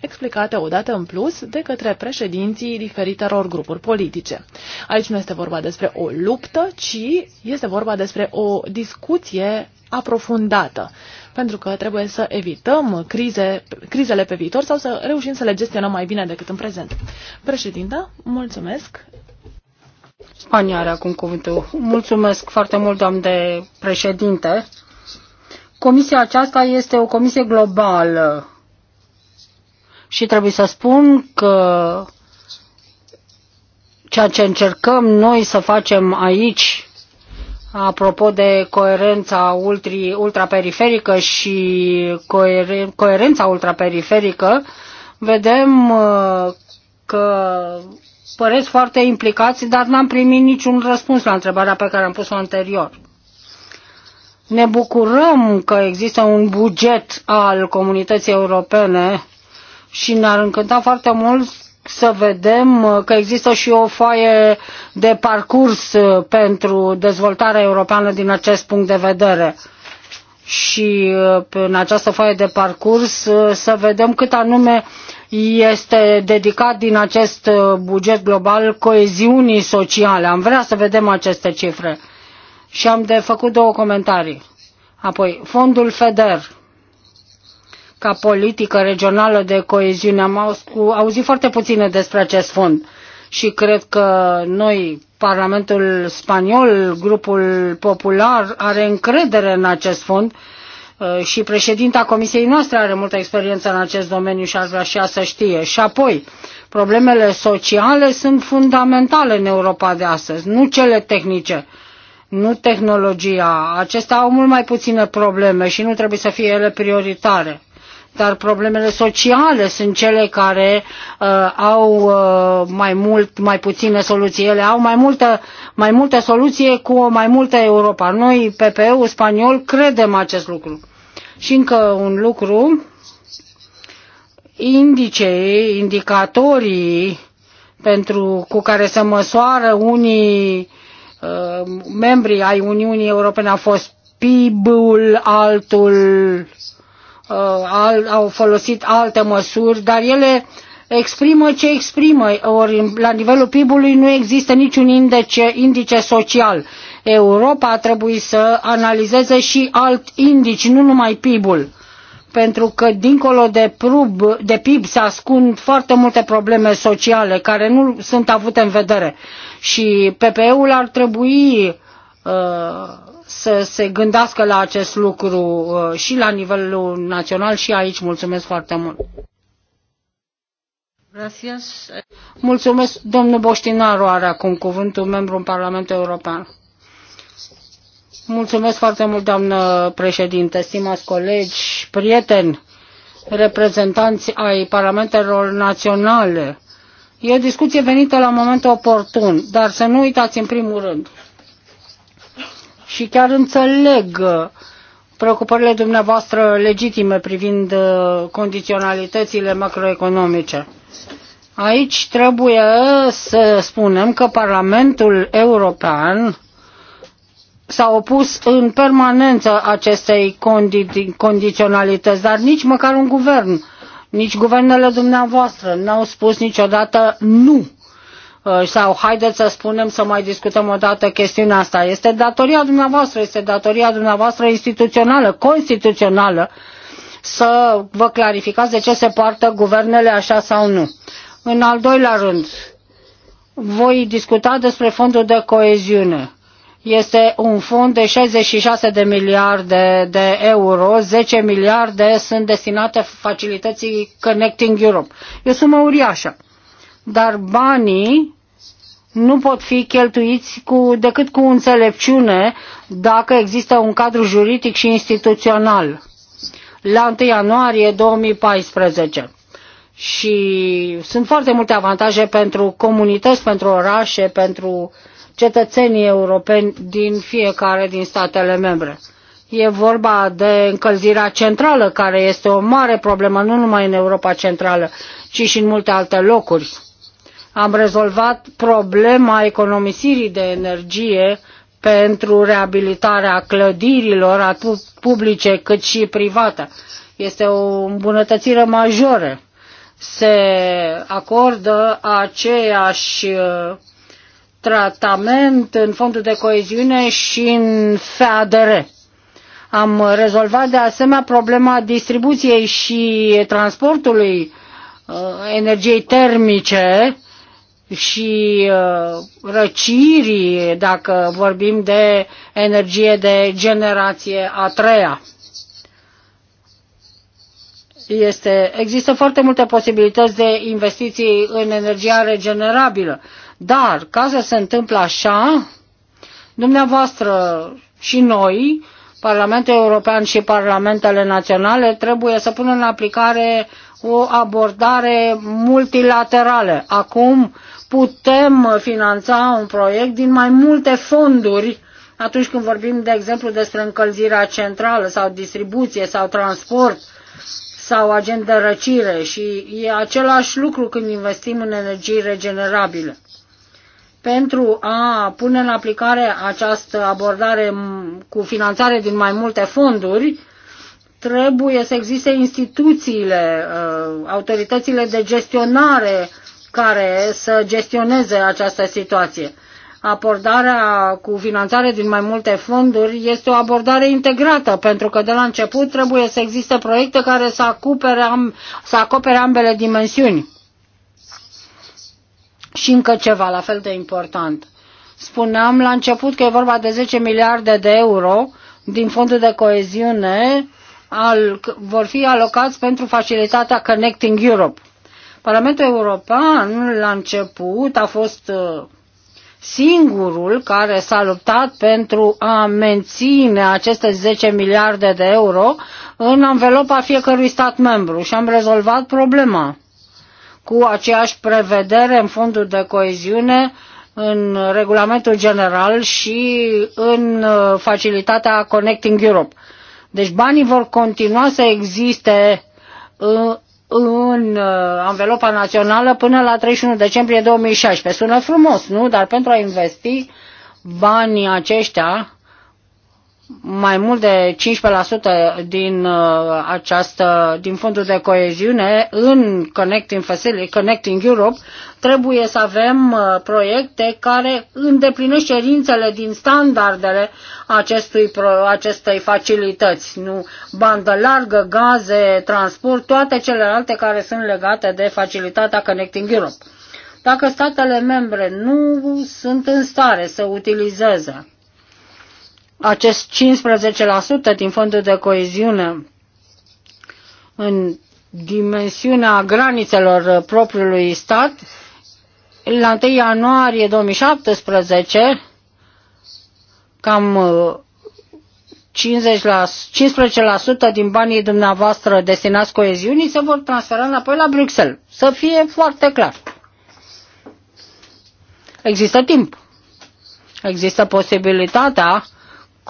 explicate odată în plus de către președinții diferitelor grupuri politice. Aici nu este vorba despre o luptă, ci este vorba despre o discuție aprofundată, pentru că trebuie să evităm crize, crizele pe viitor sau să reușim să le gestionăm mai bine decât în prezent. Președinta, mulțumesc. Spania are acum cuvântul. Mulțumesc foarte mult, doamne președinte. Comisia aceasta este o comisie globală și trebuie să spun că ceea ce încercăm noi să facem aici, apropo de coerența ultri, ultraperiferică și coeren, coerența ultraperiferică, vedem uh, că păreți foarte implicați, dar n-am primit niciun răspuns la întrebarea pe care am pus-o anterior. Ne bucurăm că există un buget al comunității europene și ne-ar încânta foarte mult să vedem că există și o foaie de parcurs pentru dezvoltarea europeană din acest punct de vedere. Și în această foaie de parcurs să vedem cât anume este dedicat din acest buget global coeziunii sociale. Am vrea să vedem aceste cifre și am de făcut două comentarii. Apoi, fondul FEDER ca politică regională de coeziune. Am auzit foarte puține despre acest fond și cred că noi, Parlamentul Spaniol, grupul popular, are încredere în acest fond uh, și președinta comisiei noastre are multă experiență în acest domeniu și ar vrea și ea să știe. Și apoi, problemele sociale sunt fundamentale în Europa de astăzi, nu cele tehnice nu tehnologia. Acestea au mult mai puține probleme și nu trebuie să fie ele prioritare. Dar problemele sociale sunt cele care uh, au uh, mai mult, mai puține soluții. Ele au mai multă, mai multă soluție cu o mai multă Europa. Noi, PPE-ul spaniol, credem acest lucru. Și încă un lucru, indicei, indicatorii pentru, cu care se măsoară unii Um, membri ai Uniunii Europene au fost PIB-ul, altul uh, al, au folosit alte măsuri, dar ele exprimă ce exprimă. Ori la nivelul PIB-ului nu există niciun indice, indice social. Europa trebuie să analizeze și alt indici, nu numai PIB-ul pentru că dincolo de, prub, de PIB se ascund foarte multe probleme sociale care nu sunt avute în vedere. Și PPE-ul ar trebui uh, să se gândească la acest lucru uh, și la nivelul național și aici. Mulțumesc foarte mult. Gracias. Mulțumesc, domnul Boștinaru are acum cuvântul membru în Parlamentul European. Mulțumesc foarte mult, doamnă președinte, stimați colegi, prieteni, reprezentanți ai parlamentelor naționale. E o discuție venită la momentul oportun, dar să nu uitați în primul rând. Și chiar înțeleg uh, preocupările dumneavoastră legitime privind uh, condiționalitățile macroeconomice. Aici trebuie să spunem că Parlamentul European s-a opus în permanență acestei condi- condiționalități, dar nici măcar un guvern, nici guvernele dumneavoastră n-au spus niciodată nu uh, sau haideți să spunem să mai discutăm o dată chestiunea asta. Este datoria dumneavoastră, este datoria dumneavoastră instituțională, constituțională, să vă clarificați de ce se poartă guvernele așa sau nu. În al doilea rând, voi discuta despre fondul de coeziune este un fond de 66 de miliarde de euro, 10 miliarde sunt destinate facilității Connecting Europe. E o sumă uriașă, dar banii nu pot fi cheltuiți cu, decât cu înțelepciune dacă există un cadru juridic și instituțional la 1 ianuarie 2014. Și sunt foarte multe avantaje pentru comunități, pentru orașe, pentru uh, cetățenii europeni din fiecare din statele membre. E vorba de încălzirea centrală, care este o mare problemă, nu numai în Europa Centrală, ci și în multe alte locuri. Am rezolvat problema economisirii de energie pentru reabilitarea clădirilor, atât publice cât și private. Este o îmbunătățire majoră. Se acordă aceeași tratament în fondul de coeziune și în FADR. Am rezolvat de asemenea problema distribuției și transportului uh, energiei termice și uh, răcirii, dacă vorbim de energie de generație a treia. Este, există foarte multe posibilități de investiții în energia regenerabilă. Dar, ca să se întâmple așa, dumneavoastră și noi, Parlamentul European și Parlamentele Naționale, trebuie să punem în aplicare o abordare multilaterală. Acum putem finanța un proiect din mai multe fonduri atunci când vorbim, de exemplu, despre încălzirea centrală sau distribuție sau transport sau agent de răcire și e același lucru când investim în energii regenerabile pentru a pune în aplicare această abordare cu finanțare din mai multe fonduri, trebuie să existe instituțiile, uh, autoritățile de gestionare care să gestioneze această situație. Abordarea cu finanțare din mai multe fonduri este o abordare integrată, pentru că de la început trebuie să existe proiecte care să acopere, să acopere ambele dimensiuni și încă ceva la fel de important. Spuneam la început că e vorba de 10 miliarde de euro din fondul de coeziune al, vor fi alocați pentru facilitatea Connecting Europe. Parlamentul European la început a fost uh, singurul care s-a luptat pentru a menține aceste 10 miliarde de euro în anvelopa fiecărui stat membru și am rezolvat problema cu aceeași prevedere în fondul de coeziune, în regulamentul general și în uh, facilitatea Connecting Europe. Deci banii vor continua să existe uh, în uh, anvelopa națională până la 31 decembrie 2016. Sună frumos, nu? Dar pentru a investi banii aceștia mai mult de 15% din uh, această din fondul de coeziune în Connecting Facility, Connecting Europe, trebuie să avem uh, proiecte care îndeplinesc cerințele din standardele acestui, acestei facilități, nu bandă largă, gaze, transport, toate celelalte care sunt legate de facilitatea Connecting Europe. Dacă statele membre nu sunt în stare să utilizeze acest 15% din fondul de coeziune în dimensiunea granițelor propriului stat, la 1 ianuarie 2017, cam 50 uh, la, 15% din banii dumneavoastră destinați coeziunii se vor transfera înapoi la Bruxelles. Să fie foarte clar. Există timp. Există posibilitatea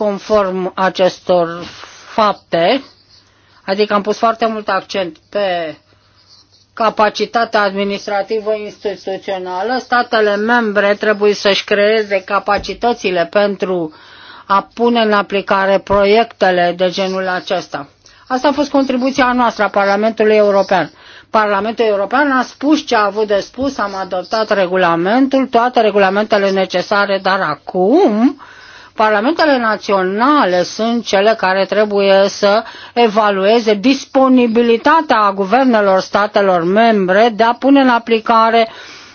conform acestor fapte, adică am pus foarte mult accent pe capacitatea administrativă instituțională, statele membre trebuie să-și creeze capacitățile pentru a pune în aplicare proiectele de genul acesta. Asta a fost contribuția noastră a Parlamentului European. Parlamentul European a spus ce a avut de spus, am adoptat regulamentul, toate regulamentele necesare, dar acum uh, Parlamentele naționale sunt cele care trebuie să evalueze disponibilitatea a guvernelor statelor membre de a pune în aplicare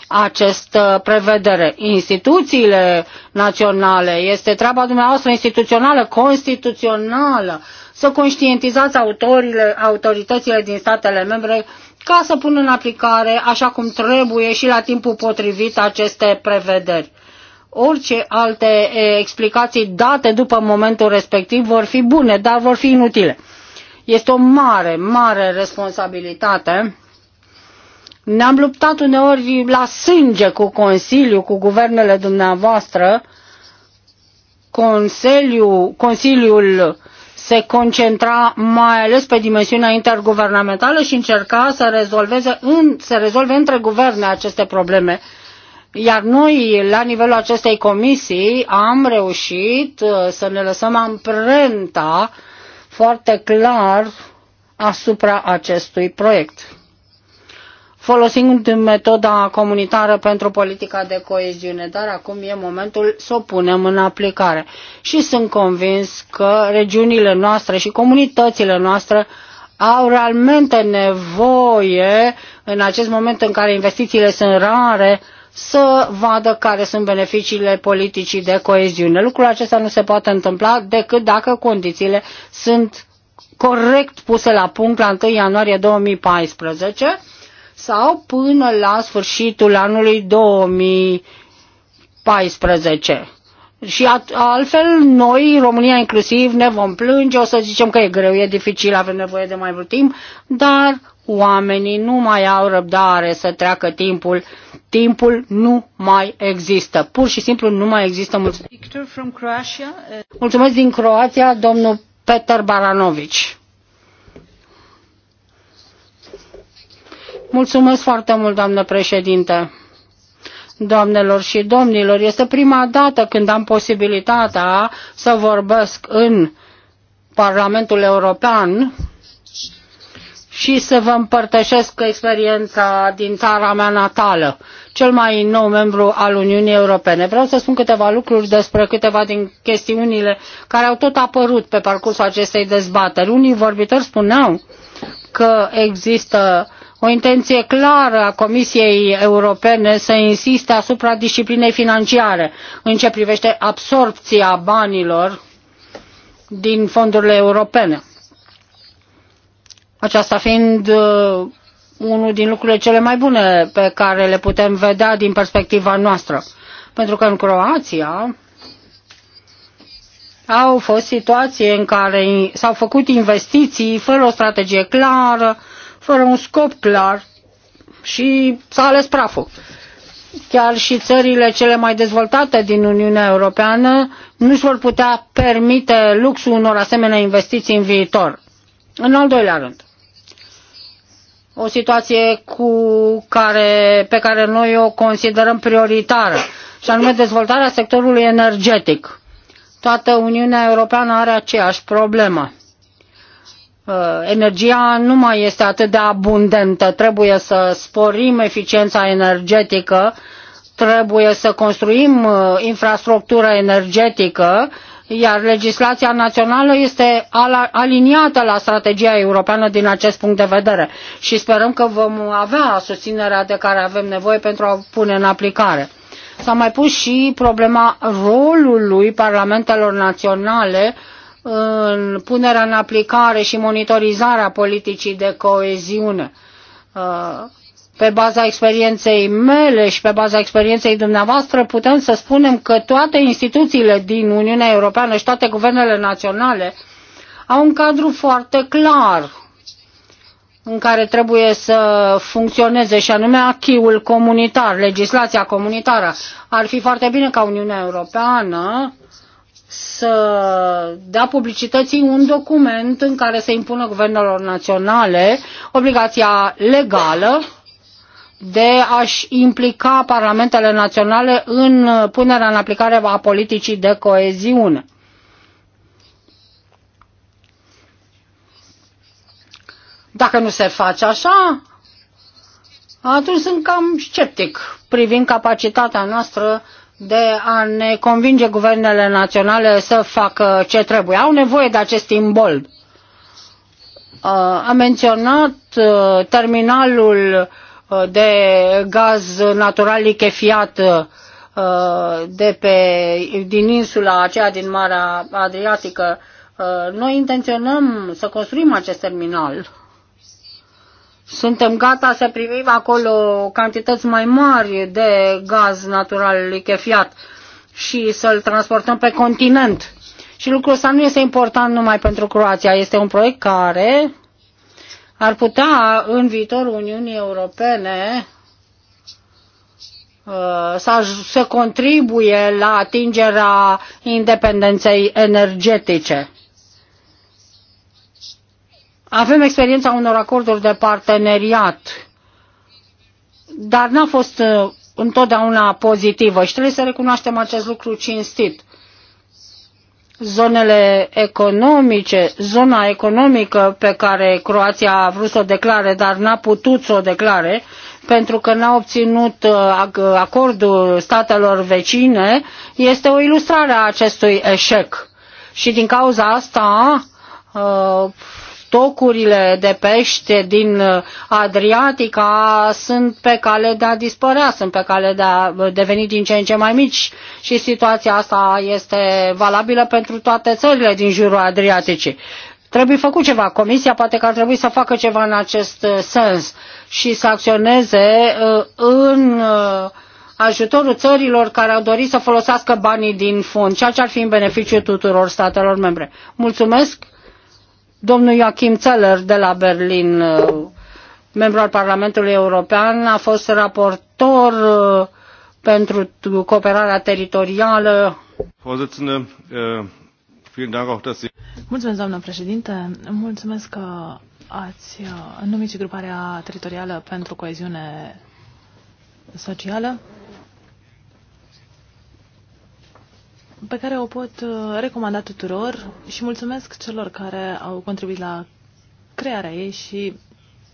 această prevedere. Instituțiile naționale, este treaba dumneavoastră instituțională, constituțională, să conștientizați autorile, autoritățile din statele membre ca să pună în aplicare așa cum trebuie și la timpul potrivit aceste prevederi orice alte explicații date după momentul respectiv vor fi bune, dar vor fi inutile. Este o mare, mare responsabilitate. Ne-am luptat uneori la sânge cu Consiliul, cu guvernele dumneavoastră. Consiliul, Consiliul se concentra mai ales pe dimensiunea interguvernamentală și încerca să, rezolveze în, să rezolve între guverne aceste probleme iar noi, la nivelul acestei comisii, am reușit uh, să ne lăsăm amprenta foarte clar asupra acestui proiect folosind metoda comunitară pentru politica de coeziune, dar acum e momentul să o punem în aplicare. Și sunt convins că regiunile noastre și comunitățile noastre au realmente nevoie, în acest moment în care investițiile sunt rare, să vadă care sunt beneficiile politicii de coeziune. Lucrul acesta nu se poate întâmpla decât dacă condițiile sunt corect puse la punct la 1 ianuarie 2014 sau până la sfârșitul anului 2014. Și altfel noi, România inclusiv, ne vom plânge, o să zicem că e greu, e dificil, avem nevoie de mai mult timp, dar oamenii nu mai au răbdare să treacă timpul timpul nu mai există. Pur și simplu nu mai există. Mulțumesc, uh, Mulțumesc din Croația, domnul Peter Baranovici. Mulțumesc foarte mult, doamnă președinte. Doamnelor și domnilor, este prima dată când am posibilitatea să vorbesc în Parlamentul European și să vă împărtășesc experiența din țara mea natală, cel mai nou membru al Uniunii Europene. Vreau să spun câteva lucruri despre câteva din chestiunile care au tot apărut pe parcursul acestei dezbateri. Unii vorbitori spuneau că există o intenție clară a Comisiei Europene să insiste asupra disciplinei financiare în ce privește absorpția banilor din fondurile europene aceasta fiind uh, unul din lucrurile cele mai bune pe care le putem vedea din perspectiva noastră. Pentru că în Croația au fost situații în care s-au făcut investiții fără o strategie clară, fără un scop clar și s-a ales praful. Chiar și țările cele mai dezvoltate din Uniunea Europeană nu își vor putea permite luxul unor asemenea investiții în viitor. În al doilea rând, o situație cu care, pe care noi o considerăm prioritară, și anume dezvoltarea sectorului energetic. Toată Uniunea Europeană are aceeași problemă. Uh, energia nu mai este atât de abundentă, trebuie să sporim eficiența energetică, trebuie să construim uh, infrastructura energetică iar legislația națională este aliniată la strategia europeană din acest punct de vedere și sperăm că vom avea susținerea de care avem nevoie pentru a o pune în aplicare. S-a mai pus și problema rolului parlamentelor naționale în punerea în aplicare și monitorizarea politicii de coeziune. Uh, pe baza experienței mele și pe baza experienței dumneavoastră putem să spunem că toate instituțiile din Uniunea Europeană și toate guvernele naționale au un cadru foarte clar în care trebuie să funcționeze și anume achiul comunitar, legislația comunitară. Ar fi foarte bine ca Uniunea Europeană să dea publicității un document în care se impună guvernelor naționale obligația legală de a-și implica parlamentele naționale în punerea în aplicare a politicii de coeziune. Dacă nu se face așa, atunci sunt cam sceptic privind capacitatea noastră de a ne convinge guvernele naționale să facă ce trebuie. Au nevoie de acest imbold. Uh, a menționat uh, terminalul Uh, de gaz natural lichefiat uh, de pe, din insula aceea din Marea Adriatică. Uh, noi intenționăm să construim acest terminal. Suntem gata să primim acolo cantități mai mari de gaz natural lichefiat și să-l transportăm pe continent. Și lucrul ăsta nu este important numai pentru Croația, este un proiect care ar putea în viitorul Uniunii Europene uh, să, să contribuie la atingerea independenței energetice. Avem experiența unor acorduri de parteneriat, dar n-a fost uh, întotdeauna pozitivă și trebuie să recunoaștem acest lucru cinstit zonele economice, zona economică pe care Croația a vrut să o declare, dar n-a putut să o declare, pentru că n-a obținut uh, acordul statelor vecine, este o ilustrare a acestui eșec. Și din cauza asta uh, stocurile de pește din uh, Adriatica sunt pe cale de a dispărea, sunt pe cale de a uh, deveni din ce în ce mai mici și situația asta este valabilă pentru toate țările din jurul Adriaticii. Trebuie făcut ceva. Comisia poate că ar trebui să facă ceva în acest uh, sens și să acționeze în ajutorul țărilor care au dorit să folosească banii din fond, ceea ce ar fi în beneficiu tuturor statelor membre. Mulțumesc! Domnul Joachim Zeller de la Berlin, uh, membru al Parlamentului European, a fost raportor uh, pentru cooperarea teritorială. Uh, Mulțumesc, doamnă președinte. Mulțumesc că ați numit și gruparea teritorială pentru coeziune socială. pe care o pot uh, recomanda tuturor și mulțumesc celor care au contribuit la crearea ei și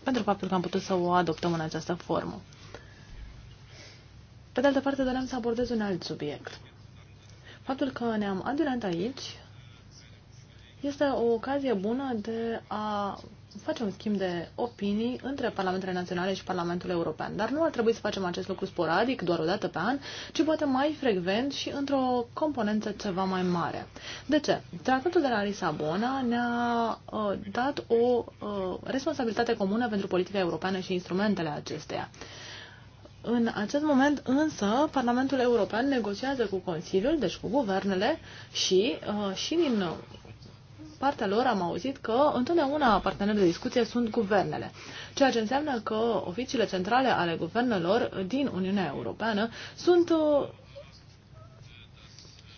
pentru faptul că am putut să o adoptăm în această formă. Pe de altă parte, doream să abordez un alt subiect. Faptul că ne-am adunat aici este o ocazie bună de a face un schimb de opinii între Parlamentele Naționale și Parlamentul European. Dar nu ar trebui să facem acest lucru sporadic, doar o dată pe an, ci poate mai frecvent și într-o componență ceva mai mare. De ce? Tratatul de la Lisabona ne-a uh, dat o uh, responsabilitate comună pentru politica europeană și instrumentele acesteia. În acest moment însă Parlamentul European negociază cu Consiliul, deci cu guvernele și uh, și din partea lor am auzit că întotdeauna partenerii de discuție sunt guvernele, ceea ce înseamnă că oficiile centrale ale guvernelor din Uniunea Europeană sunt uh,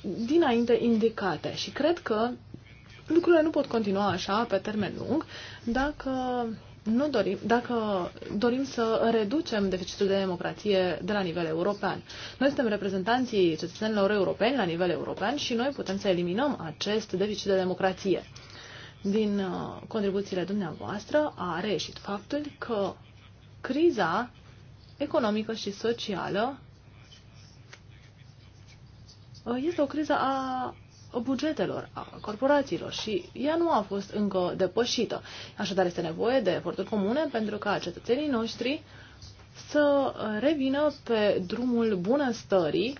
dinainte indicate și cred că lucrurile nu pot continua așa pe termen lung dacă nu dorim, dacă dorim să reducem deficitul de democrație de la nivel european. Noi suntem reprezentanții cetățenilor europeni la nivel european și noi putem să eliminăm acest deficit de democrație. Din uh, contribuțiile dumneavoastră a reieșit faptul că criza economică și socială uh, este o criză a bugetelor, a corporațiilor și ea nu a fost încă depășită. Așadar este nevoie de eforturi comune pentru ca cetățenii noștri să revină pe drumul bunăstării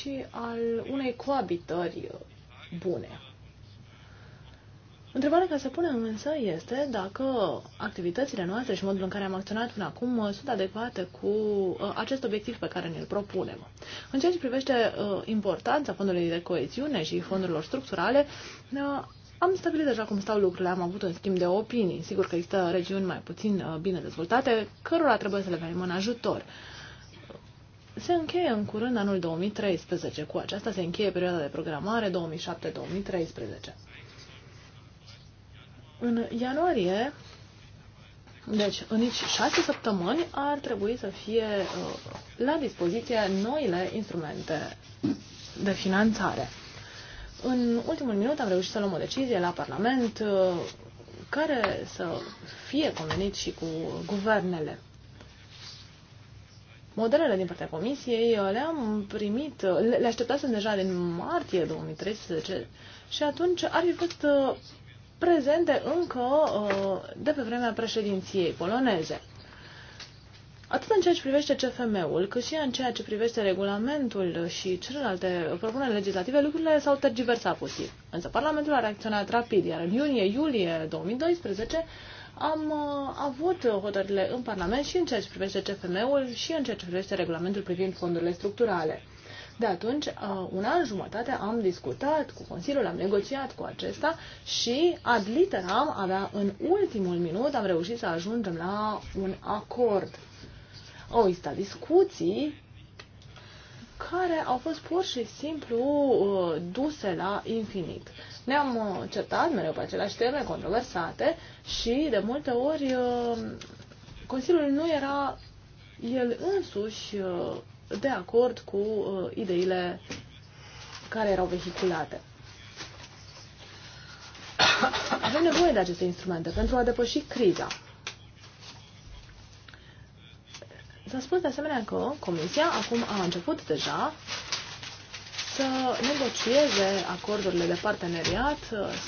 și al unei coabitări bune. Întrebarea care se pune însă este dacă activitățile noastre și modul în care am acționat până acum uh, sunt adecvate cu uh, acest obiectiv pe care ne-l propunem. În ceea ce privește uh, importanța fondului de coeziune și fondurilor structurale, am stabilit deja cum stau lucrurile, am avut un schimb de opinii. Sigur că există regiuni mai puțin bine dezvoltate, cărora trebuie să le venim în ajutor. Se încheie în curând anul 2013. Cu aceasta se încheie perioada de programare 2007-2013. În ianuarie, deci în nici șase săptămâni, ar trebui să fie uh, la dispoziție noile instrumente de finanțare. În ultimul minut am reușit să luăm o decizie la Parlament uh, care să fie convenit și cu guvernele. Modelele din partea comisiei uh, le-am primit, le așteptasem deja din martie 2013 și atunci ar fi fost prezente încă uh, de pe vremea președinției poloneze. Atât în ceea ce privește CFM-ul, cât și în ceea ce privește regulamentul și celelalte propuneri legislative, lucrurile s-au tergiversat puțin. Însă Parlamentul a reacționat rapid, iar în iunie-iulie 2012 am uh, avut hotările în Parlament și în ceea ce privește CFM-ul și în ceea ce privește regulamentul privind fondurile structurale. De atunci, uh, un an jumătate am discutat cu Consiliul, am negociat cu acesta și ad literam, avea în ultimul minut, am reușit să ajungem la un acord. Au existat discuții care au fost pur și simplu uh, duse la infinit. Ne-am uh, certat mereu pe aceleași teme controversate și de multe ori Consiliul nu era el însuși de acord cu uh, ideile care erau vehiculate. Avem nevoie de aceste instrumente pentru a depăși criza. S-a spus de asemenea că Comisia acum a început deja să negocieze acordurile de parteneriat,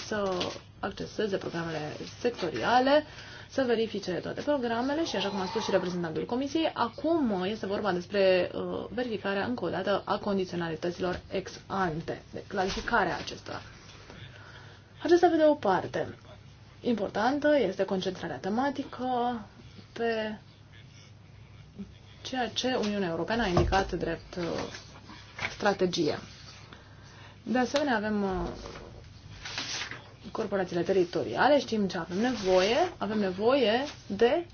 să acceseze programele sectoriale, uh, să verifice toate programele și, așa cum a spus și reprezentantul Comisiei, acum este vorba despre uh, verificarea încă o dată a condiționalităților ex ante, de clarificarea acestora. Acesta pe de o parte. Importantă este concentrarea tematică pe ceea ce Uniunea Europeană a indicat drept uh, strategie. De asemenea, avem uh, corporațiile teritoriale, știm ce avem nevoie. Avem nevoie de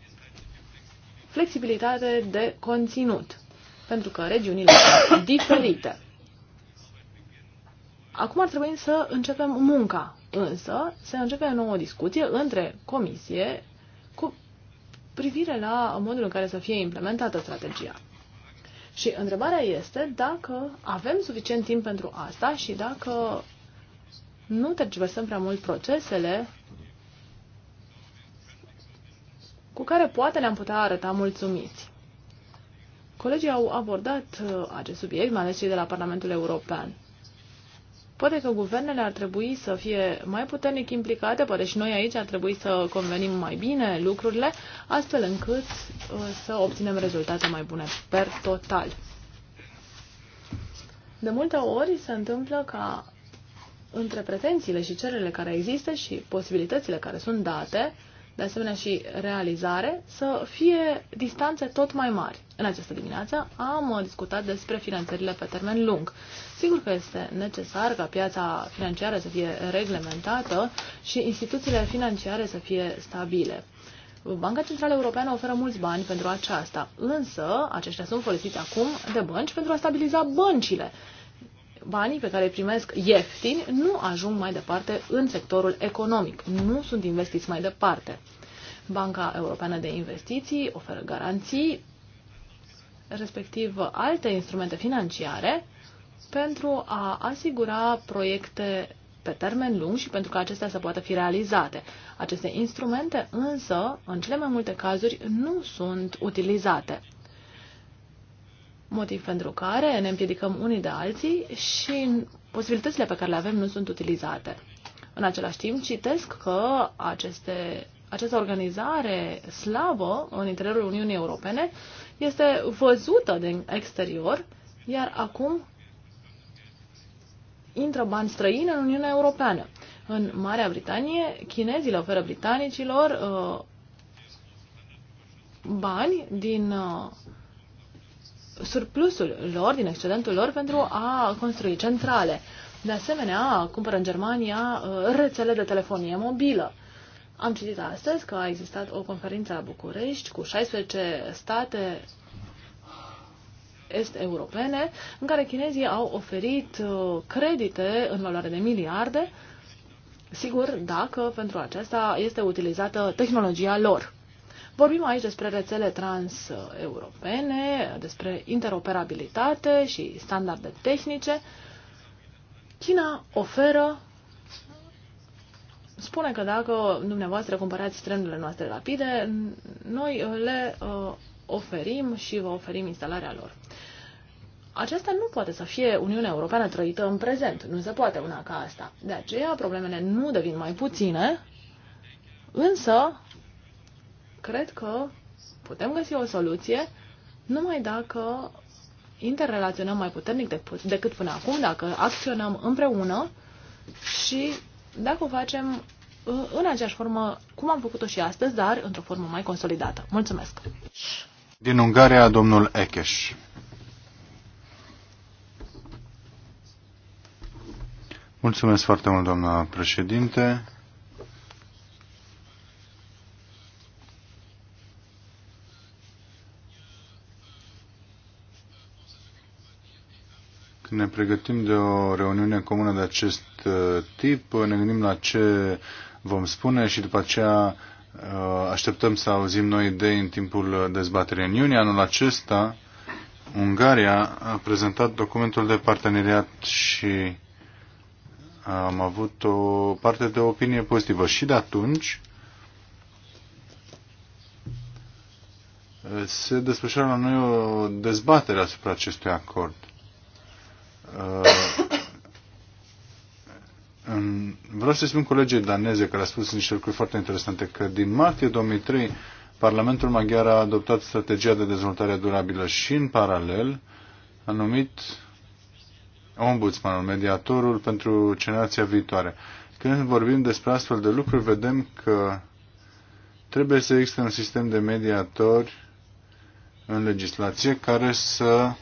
flexibilitate de conținut, pentru că regiunile sunt diferite. Acum ar trebui să începem munca, însă se începe o nouă discuție între comisie cu privire la modul în care să fie implementată strategia. Și întrebarea este dacă avem suficient timp pentru asta și dacă nu tergiversăm prea mult procesele cu care poate ne-am putea arăta mulțumiți. Colegii au abordat uh, acest subiect, mai ales cei de la Parlamentul European. Poate că guvernele ar trebui să fie mai puternic implicate, poate și noi aici ar trebui să convenim mai bine lucrurile, astfel încât uh, să obținem rezultate mai bune per total. De multe ori se întâmplă ca între pretențiile și cererile care există și posibilitățile care sunt date, de asemenea și realizare, să fie distanțe tot mai mari. În această dimineață am discutat despre finanțările pe termen lung. Sigur că este necesar ca piața financiară să fie reglementată și instituțiile financiare să fie stabile. Banca Centrală Europeană oferă mulți bani pentru aceasta, însă aceștia sunt folosiți acum de bănci pentru a stabiliza băncile banii pe care îi primesc ieftini nu ajung mai departe în sectorul economic, nu sunt investiți mai departe. Banca Europeană de Investiții oferă garanții, respectiv alte instrumente financiare, pentru a asigura proiecte pe termen lung și pentru că acestea să poată fi realizate. Aceste instrumente însă, în cele mai multe cazuri, nu sunt utilizate motiv pentru care ne împiedicăm unii de alții și posibilitățile pe care le avem nu sunt utilizate. În același timp, citesc că aceste, această organizare slabă în interiorul Uniunii Europene este văzută din exterior, iar acum intră bani străini în Uniunea Europeană. În Marea Britanie, chinezii le oferă britanicilor uh, bani din uh, surplusul lor, din excedentul lor, pentru a construi centrale. De asemenea, cumpără în Germania uh, rețele de telefonie mobilă. Am citit astăzi că a existat o conferință la București cu 16 state est-europene, în care chinezii au oferit uh, credite în valoare de miliarde, sigur, dacă pentru aceasta este utilizată tehnologia lor. Vorbim aici despre rețele transeuropene, despre interoperabilitate și standarde tehnice. China oferă spune că dacă dumneavoastră cumpărați trenurile noastre rapide, noi le uh, oferim și vă oferim instalarea lor. Aceasta nu poate să fie Uniunea Europeană trăită în prezent. Nu se poate una ca asta. De aceea, problemele nu devin mai puține, însă cred că putem găsi o soluție numai dacă interrelaționăm mai puternic decât până acum, dacă acționăm împreună și dacă o facem uh, în aceeași formă cum am făcut-o și astăzi, dar într-o formă mai consolidată. Mulțumesc! Din Ungaria, domnul Echeș. Mulțumesc foarte mult, doamna președinte. Când ne pregătim de o reuniune comună de acest uh, tip, ne gândim la ce vom spune și după aceea uh, așteptăm să auzim noi idei în timpul dezbaterii. În iunie anul acesta, Ungaria a prezentat documentul de parteneriat și am avut o parte de opinie pozitivă. Și de atunci uh, se desfășoară la noi o dezbatere asupra acestui acord. Uh, vreau să spun colegii daneze care a spus niște lucruri foarte interesante, că din martie 2003 Parlamentul Maghiar a adoptat strategia de dezvoltare durabilă și în paralel a numit ombudsmanul, mediatorul pentru generația viitoare. Când vorbim despre astfel de lucruri, vedem că trebuie să existe un sistem de mediatori în legislație care să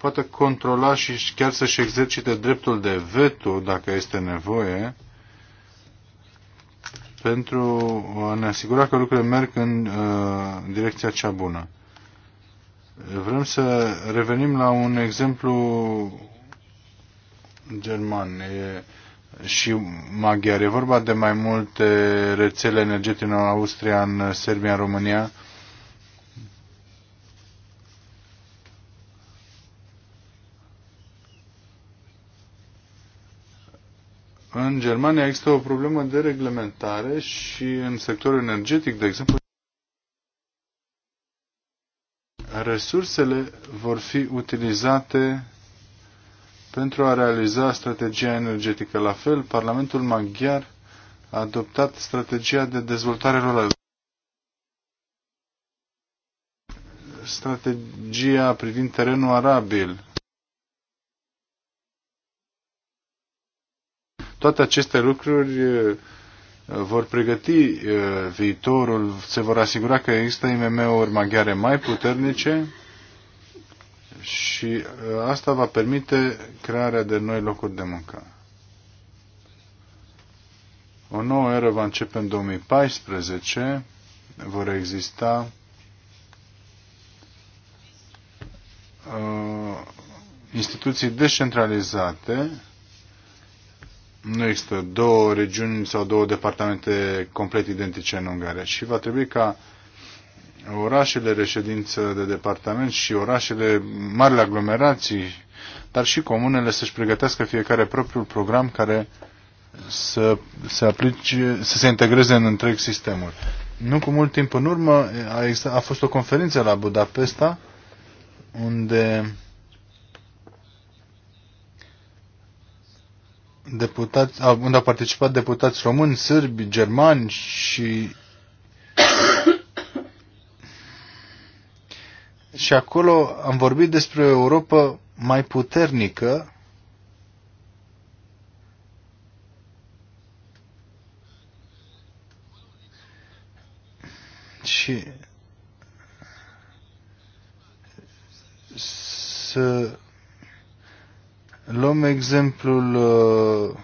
poată controla și chiar să-și exercite dreptul de veto dacă este nevoie pentru a ne asigura că lucrurile merg în uh, direcția cea bună. Vrem să revenim la un exemplu german e, și maghiar. E vorba de mai multe rețele energetice în Austria, în Serbia, în România În Germania există o problemă de reglementare și în sectorul energetic, de exemplu, resursele vor fi utilizate pentru a realiza strategia energetică. La fel, Parlamentul maghiar a adoptat strategia de dezvoltare rurală. Strategia privind terenul arabil Toate aceste lucruri vor pregăti viitorul, se vor asigura că există IMM-uri maghiare mai puternice și asta va permite crearea de noi locuri de muncă. O nouă eră va începe în 2014, vor exista uh, instituții descentralizate nu există două regiuni sau două departamente complet identice în Ungaria și va trebui ca orașele reședință de departament și orașele, marile aglomerații, dar și comunele să-și pregătească fiecare propriul program care să se aplice, să se integreze în întreg sistemul. Nu cu mult timp în urmă a, exista, a fost o conferință la Budapesta unde deputați, unde au participat deputați români, sârbi, germani și și acolo am vorbit despre o Europa mai puternică și să Luăm exemplul uh,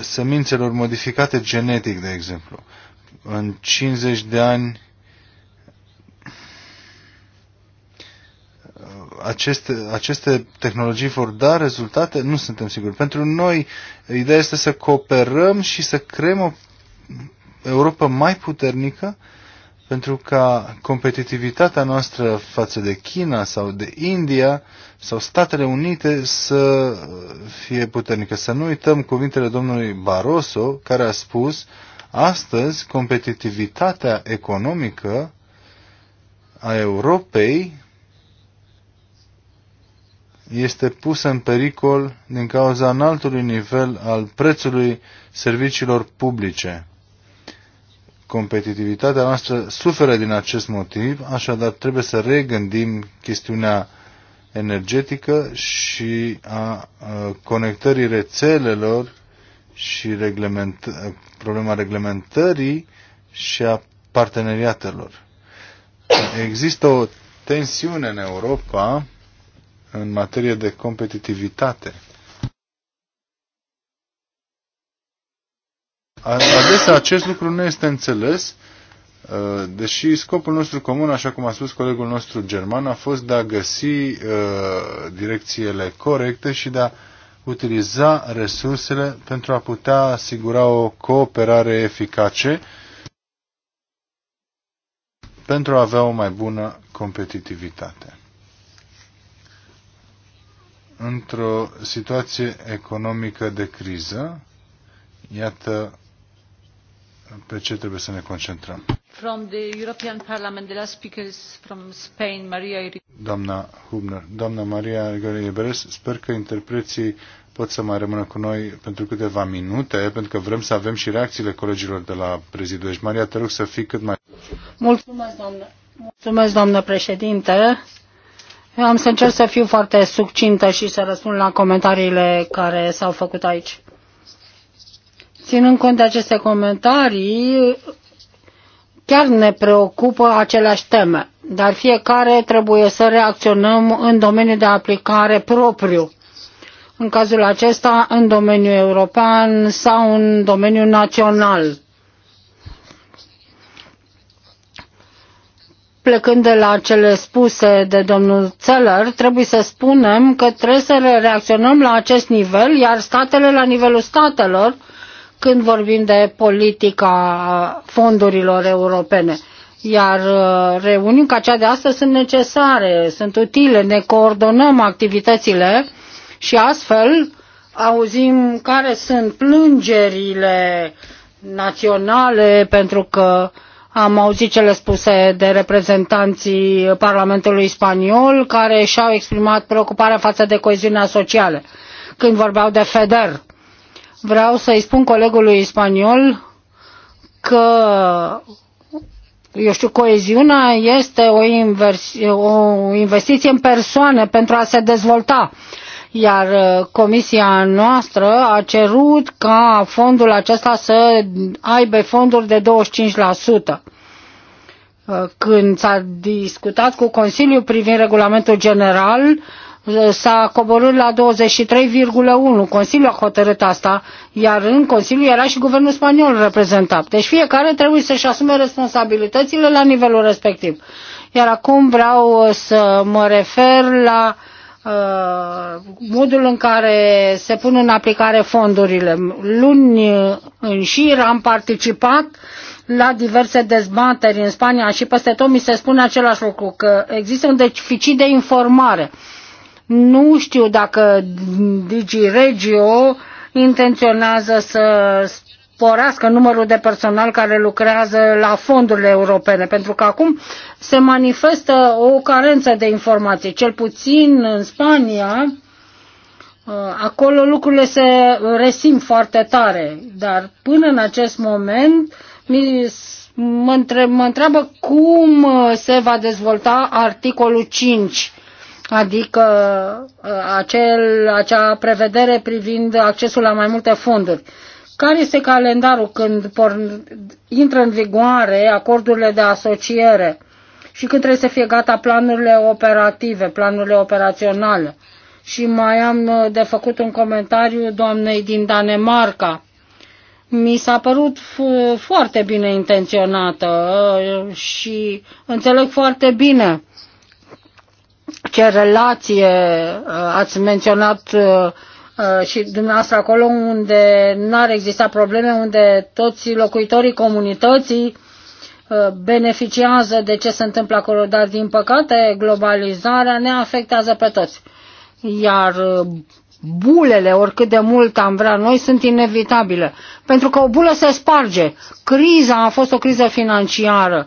semințelor modificate genetic, de exemplu. În 50 de ani uh, aceste, aceste tehnologii vor da rezultate? Nu suntem siguri. Pentru noi, ideea este să cooperăm și să creăm o Europa mai puternică uh, pentru ca competitivitatea noastră față de China sau de India sau Statele Unite să fie puternică. Să nu uităm cuvintele domnului Barroso, care a spus, astăzi competitivitatea economică a Europei este pusă în pericol din cauza înaltului nivel al prețului serviciilor publice Competitivitatea noastră suferă din acest motiv, așadar trebuie să regândim chestiunea energetică și a conectării rețelelor și reglement, problema reglementării și a parteneriatelor. Există o tensiune în Europa în materie de competitivitate. Adesea acest lucru nu este înțeles, uh, deși scopul nostru comun, așa cum a spus colegul nostru german, a fost de a găsi uh, direcțiile corecte și de a utiliza resursele pentru a putea asigura o cooperare eficace pentru a avea o mai bună competitivitate. Într-o situație economică de criză, iată pe ce trebuie să ne concentrăm. From the European Parliament, the last from Spain, Maria Doamna Hubner, doamna Maria Iberes, sper că interpreții pot să mai rămână cu noi pentru câteva minute, pentru că vrem să avem și reacțiile colegilor de la prezidiu. Deci, Maria, te rog să fii cât mai... Mulțumesc, doamnă. Mulțumesc, doamnă președinte. Eu am să încerc să fiu foarte succintă și să răspund la comentariile care s-au făcut aici. Ținând cont de aceste comentarii, chiar ne preocupă aceleași teme, dar fiecare trebuie să reacționăm în domeniul de aplicare propriu. În cazul acesta, în domeniul european sau în domeniul național. Plecând de la cele spuse de domnul Țeller, trebuie să spunem că trebuie să reacționăm la acest nivel, iar statele la nivelul statelor când vorbim de politica fondurilor europene. Iar uh, reuniuni ca cea de astăzi sunt necesare, sunt utile, ne coordonăm activitățile și astfel auzim care sunt plângerile naționale pentru că am auzit cele spuse de reprezentanții Parlamentului Spaniol care și-au exprimat preocuparea față de coeziunea socială când vorbeau de FEDER vreau să-i spun colegului spaniol că eu știu, coeziunea este o, o investiție în persoane pentru a se dezvolta. Iar uh, comisia noastră a cerut ca fondul acesta să aibă fonduri de 25%. Uh, când s-a discutat cu Consiliul privind regulamentul general, uh, s-a coborât la 23,1. Consiliul a hotărât asta, iar în Consiliu era și guvernul spaniol reprezentat. Deci fiecare trebuie să-și asume responsabilitățile la nivelul respectiv. Iar acum vreau uh, să mă refer la uh, modul în care se pun în aplicare fondurile. Luni în șir am participat la diverse dezbateri în Spania și peste tot mi se spune același lucru, că există un deficit de informare. Uh, nu știu dacă DigiRegio intenționează să sporească numărul de personal care lucrează la fondurile europene, pentru că acum se manifestă o carență de informații. Cel puțin în Spania, uh, acolo lucrurile se resimt foarte tare, dar până în acest moment mă, între, mă întreabă cum uh, se va dezvolta articolul 5 adică uh, acel, acea prevedere privind accesul la mai multe fonduri. Care este calendarul când por, intră în vigoare acordurile de asociere și când trebuie să fie gata planurile operative, planurile operaționale? Și mai am uh, de făcut un comentariu doamnei din Danemarca. Mi s-a părut foarte bine intenționată uh, și înțeleg foarte bine ce relație uh, ați menționat uh, uh, și dumneavoastră acolo unde n-ar exista probleme, unde toți locuitorii comunității beneficiază de ce se întâmplă acolo, dar din păcate globalizarea ne afectează pe toți. Iar bulele, oricât de mult am vrea noi, sunt inevitabile. Pentru că o bulă se sparge. Criza a fost o criză financiară,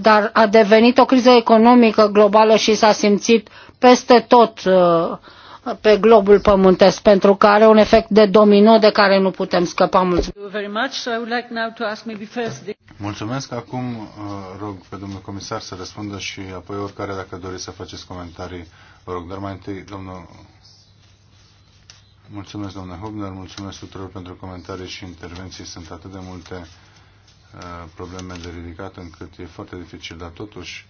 dar a devenit o criză economică globală și s-a simțit peste tot uh, pe globul pământesc, pentru că are un efect de domino de care nu putem scăpa. Mulțumesc! Mulțumesc. Acum uh, rog pe domnul comisar să răspundă și apoi oricare dacă doriți să faceți comentarii. Vă rog, dar mai întâi domnul Mulțumesc, domnule Hubner, mulțumesc tuturor pentru comentarii și intervenții. Sunt atât de multe uh, probleme de ridicat încât e foarte dificil, dar totuși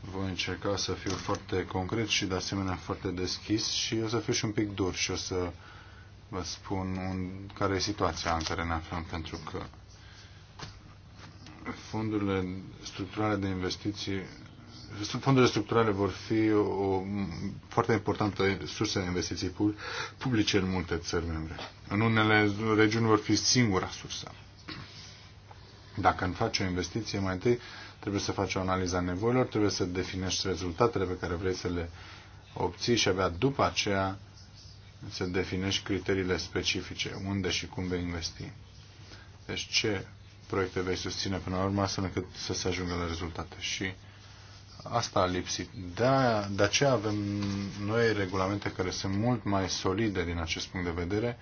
voi încerca să fiu foarte concret și de asemenea foarte deschis și o să fiu și un pic dur și o să vă spun un, care e situația în care ne aflăm, pentru că fondurile structurale de investiții fondurile structurale vor fi o foarte importantă sursă de investiții publice în multe țări membre. În unele regiuni vor fi singura sursă. Dacă îmi faci o investiție, mai întâi trebuie să faci o analiză a nevoilor, trebuie să definești rezultatele pe care vrei să le obții și abia după aceea să definești criteriile specifice, unde și cum vei investi. Deci ce proiecte vei susține până la urmă, astfel încât să se ajungă la rezultate. Și Asta a lipsit. De, -aia, de aceea avem noi regulamente care sunt mult mai solide din acest punct de vedere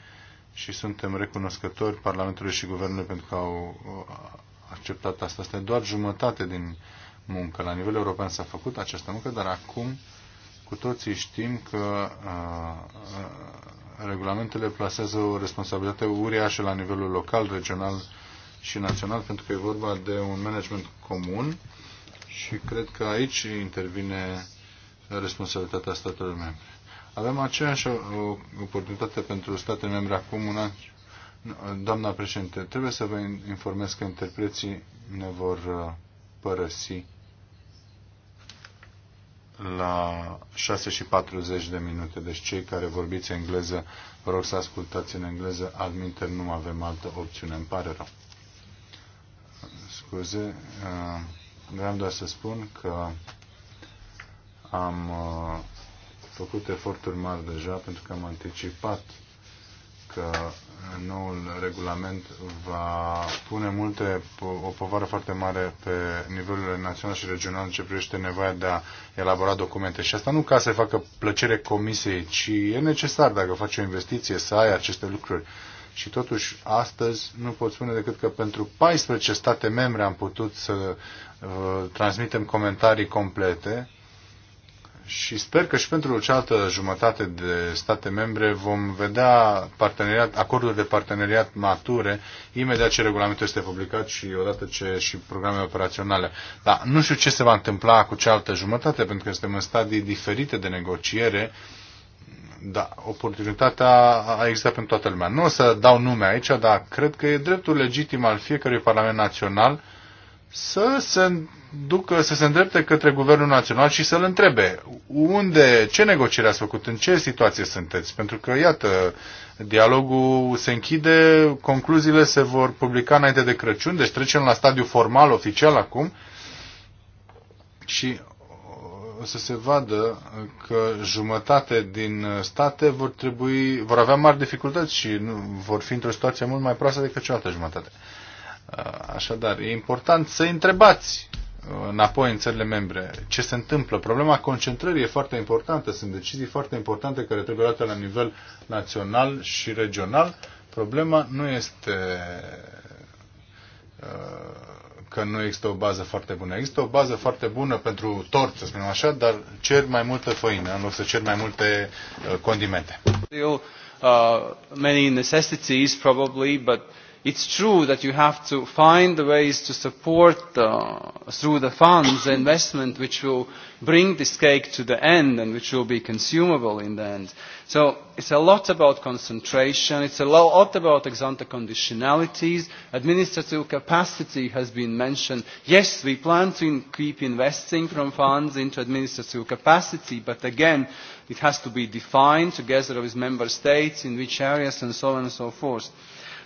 și suntem recunoscători Parlamentului și Guvernului pentru că au uh, acceptat asta. Asta e doar jumătate din muncă. La nivel european s-a făcut această muncă, dar acum cu toții știm că uh, regulamentele plasează o responsabilitate uriașă la nivelul local, regional și național, pentru că e vorba de un management comun și cred că aici intervine responsabilitatea statelor membre. Avem aceeași oportunitate pentru statele membre acum un an. Doamna președinte, trebuie să vă informez că interpreții ne vor uh, părăsi la 6 și 40 de minute. Deci cei care vorbiți engleză, vă rog să ascultați în engleză. Adminter nu avem altă opțiune. Îmi pare rău. Scuze. Uh... Vreau doar să spun că am uh, făcut eforturi mari deja pentru că am anticipat că noul regulament va pune multe, o povară foarte mare pe nivelul național și regional în ce privește nevoia de a elabora documente. Și asta nu ca să facă plăcere comisiei, ci e necesar dacă faci o investiție să ai aceste lucruri. Și totuși, astăzi nu pot spune decât că pentru 14 state membre am putut să transmitem comentarii complete și sper că și pentru cealaltă jumătate de state membre vom vedea parteneriat, acorduri de parteneriat mature imediat ce regulamentul este publicat și odată ce și programele operaționale. Dar nu știu ce se va întâmpla cu cealaltă jumătate, pentru că suntem în stadii diferite de negociere, dar oportunitatea a existat pentru toată lumea. Nu o să dau nume aici, dar cred că e dreptul legitim al fiecărui Parlament Național să se ducă, să se îndrepte către Guvernul Național și să-l întrebe unde, ce negocieri ați făcut, în ce situație sunteți. Pentru că, iată, dialogul se închide, concluziile se vor publica înainte de Crăciun, deci trecem la stadiu formal, oficial acum și o să se vadă că jumătate din state vor trebui, vor avea mari dificultăți și vor fi într-o situație mult mai proastă decât cealaltă jumătate. Așadar, e important să întrebați înapoi în țările membre ce se întâmplă. Problema concentrării e foarte importantă. Sunt decizii foarte importante care trebuie luate la nivel național și regional. Problema nu este că nu există o bază foarte bună. Există o bază foarte bună pentru tort, să spunem așa, dar cer mai multă făină în loc să cer mai multe condimente. Uh, many necessities probably, but It's true that you have to find the ways to support uh, through the funds the investment which will bring this cake to the end and which will be consumable in the end. So it's a lot about concentration, it's a lot about ex ante conditionalities, administrative capacity has been mentioned. Yes, we plan to in keep investing from funds into administrative capacity, but again, it has to be defined together with member states in which areas and so on and so forth.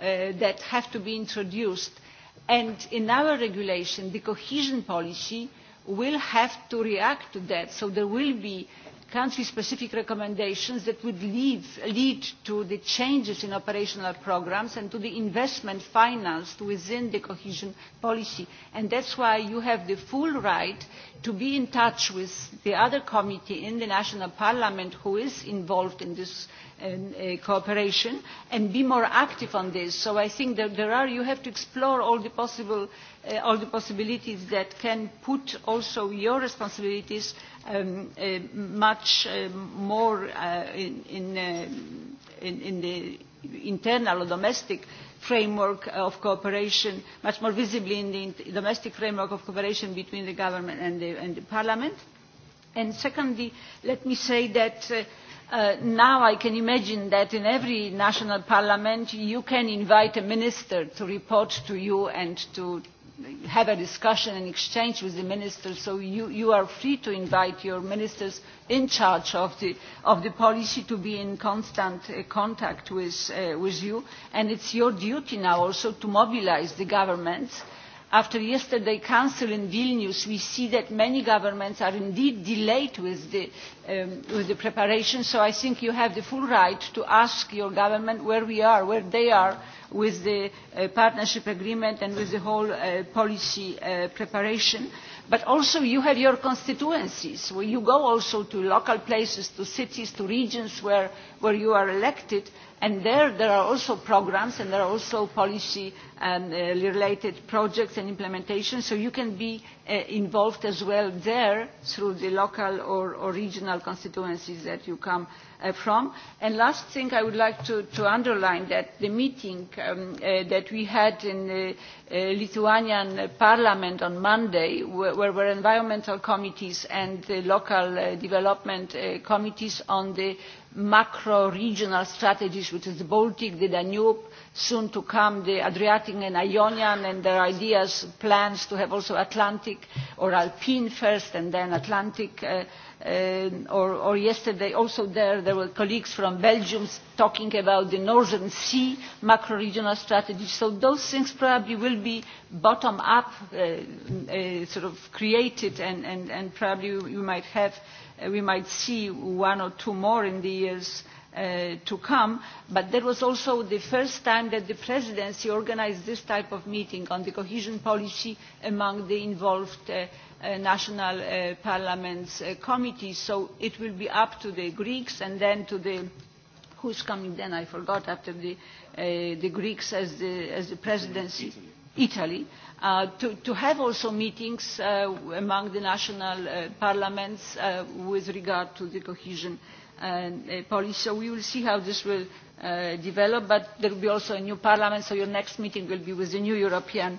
Uh, that have to be introduced and in our regulation the cohesion policy will have to react to that so there will be country specific recommendations that would lead, lead to the changes in operational programmes and to the investment financed within the cohesion policy and that is why you have the full right to be in touch with the other committee in the national parliament who is involved in this um, uh, cooperation and be more active on this. So I think that there are, you have to explore all the, possible, uh, all the possibilities that can put also your responsibilities um, uh, much uh, more uh, in, in, uh, in, in the internal or domestic uh, framework of cooperation, much more visibly in the domestic framework of cooperation between the government and the, and the parliament. And secondly, let me say that uh, Uh, now i can imagine that in every national parliament you can invite a minister to report to you and to, have a discussion and exchange with the ministers so you, you are free to invite your ministers in charge of the, of the policy to be in constant uh, contact with, uh, with you and it's your duty now also to mobilise the governments after yesterday's council in vilnius we see that many governments are indeed delayed with the, um, with the preparation so i think you have the full right to ask your government where we are where they are with the uh, partnership agreement and with the whole uh, policy uh, preparation but also you have your constituencies where you go also to local places to cities to regions where, where you are elected and there there are also programmes and there are also policy um, related projects and implementation so you can be Uh, involved as well there through the local or, or regional constituencies that you come uh, from. And last thing I would like to, to underline that the meeting um, uh, that we had in the uh, uh, Lithuanian parliament on Monday where, where were environmental committees and the local uh, development uh, committees on the macro-regional strategies which is the Baltic, the Danube, soon to come the Adriatic and Ionian and their ideas, plans to have also Atlantic or Alpine first and then Atlantic. Uh, uh, or, or yesterday also there, there were colleagues from Belgium talking about the Northern Sea macro-regional strategy. So those things probably will be bottom-up uh, uh, sort of created and, and, and probably we might have, uh, we might see one or two more in the years uh, Uh, to come but that was also the first time that the presidency organised this type of meeting on the cohesion policy among the involved uh, uh, national uh, parliaments uh, committees so it will be up to the greeks and then to the who is coming then i forgot after the, the greeks as the, as the presidency italy Uh, to, to have also meetings uh, among the national uh, parliaments with regard to the cohesion Polish. uh, policy. So we will see how this will uh, develop, but there will be also a new parliament, so your next meeting will be with the new European uh,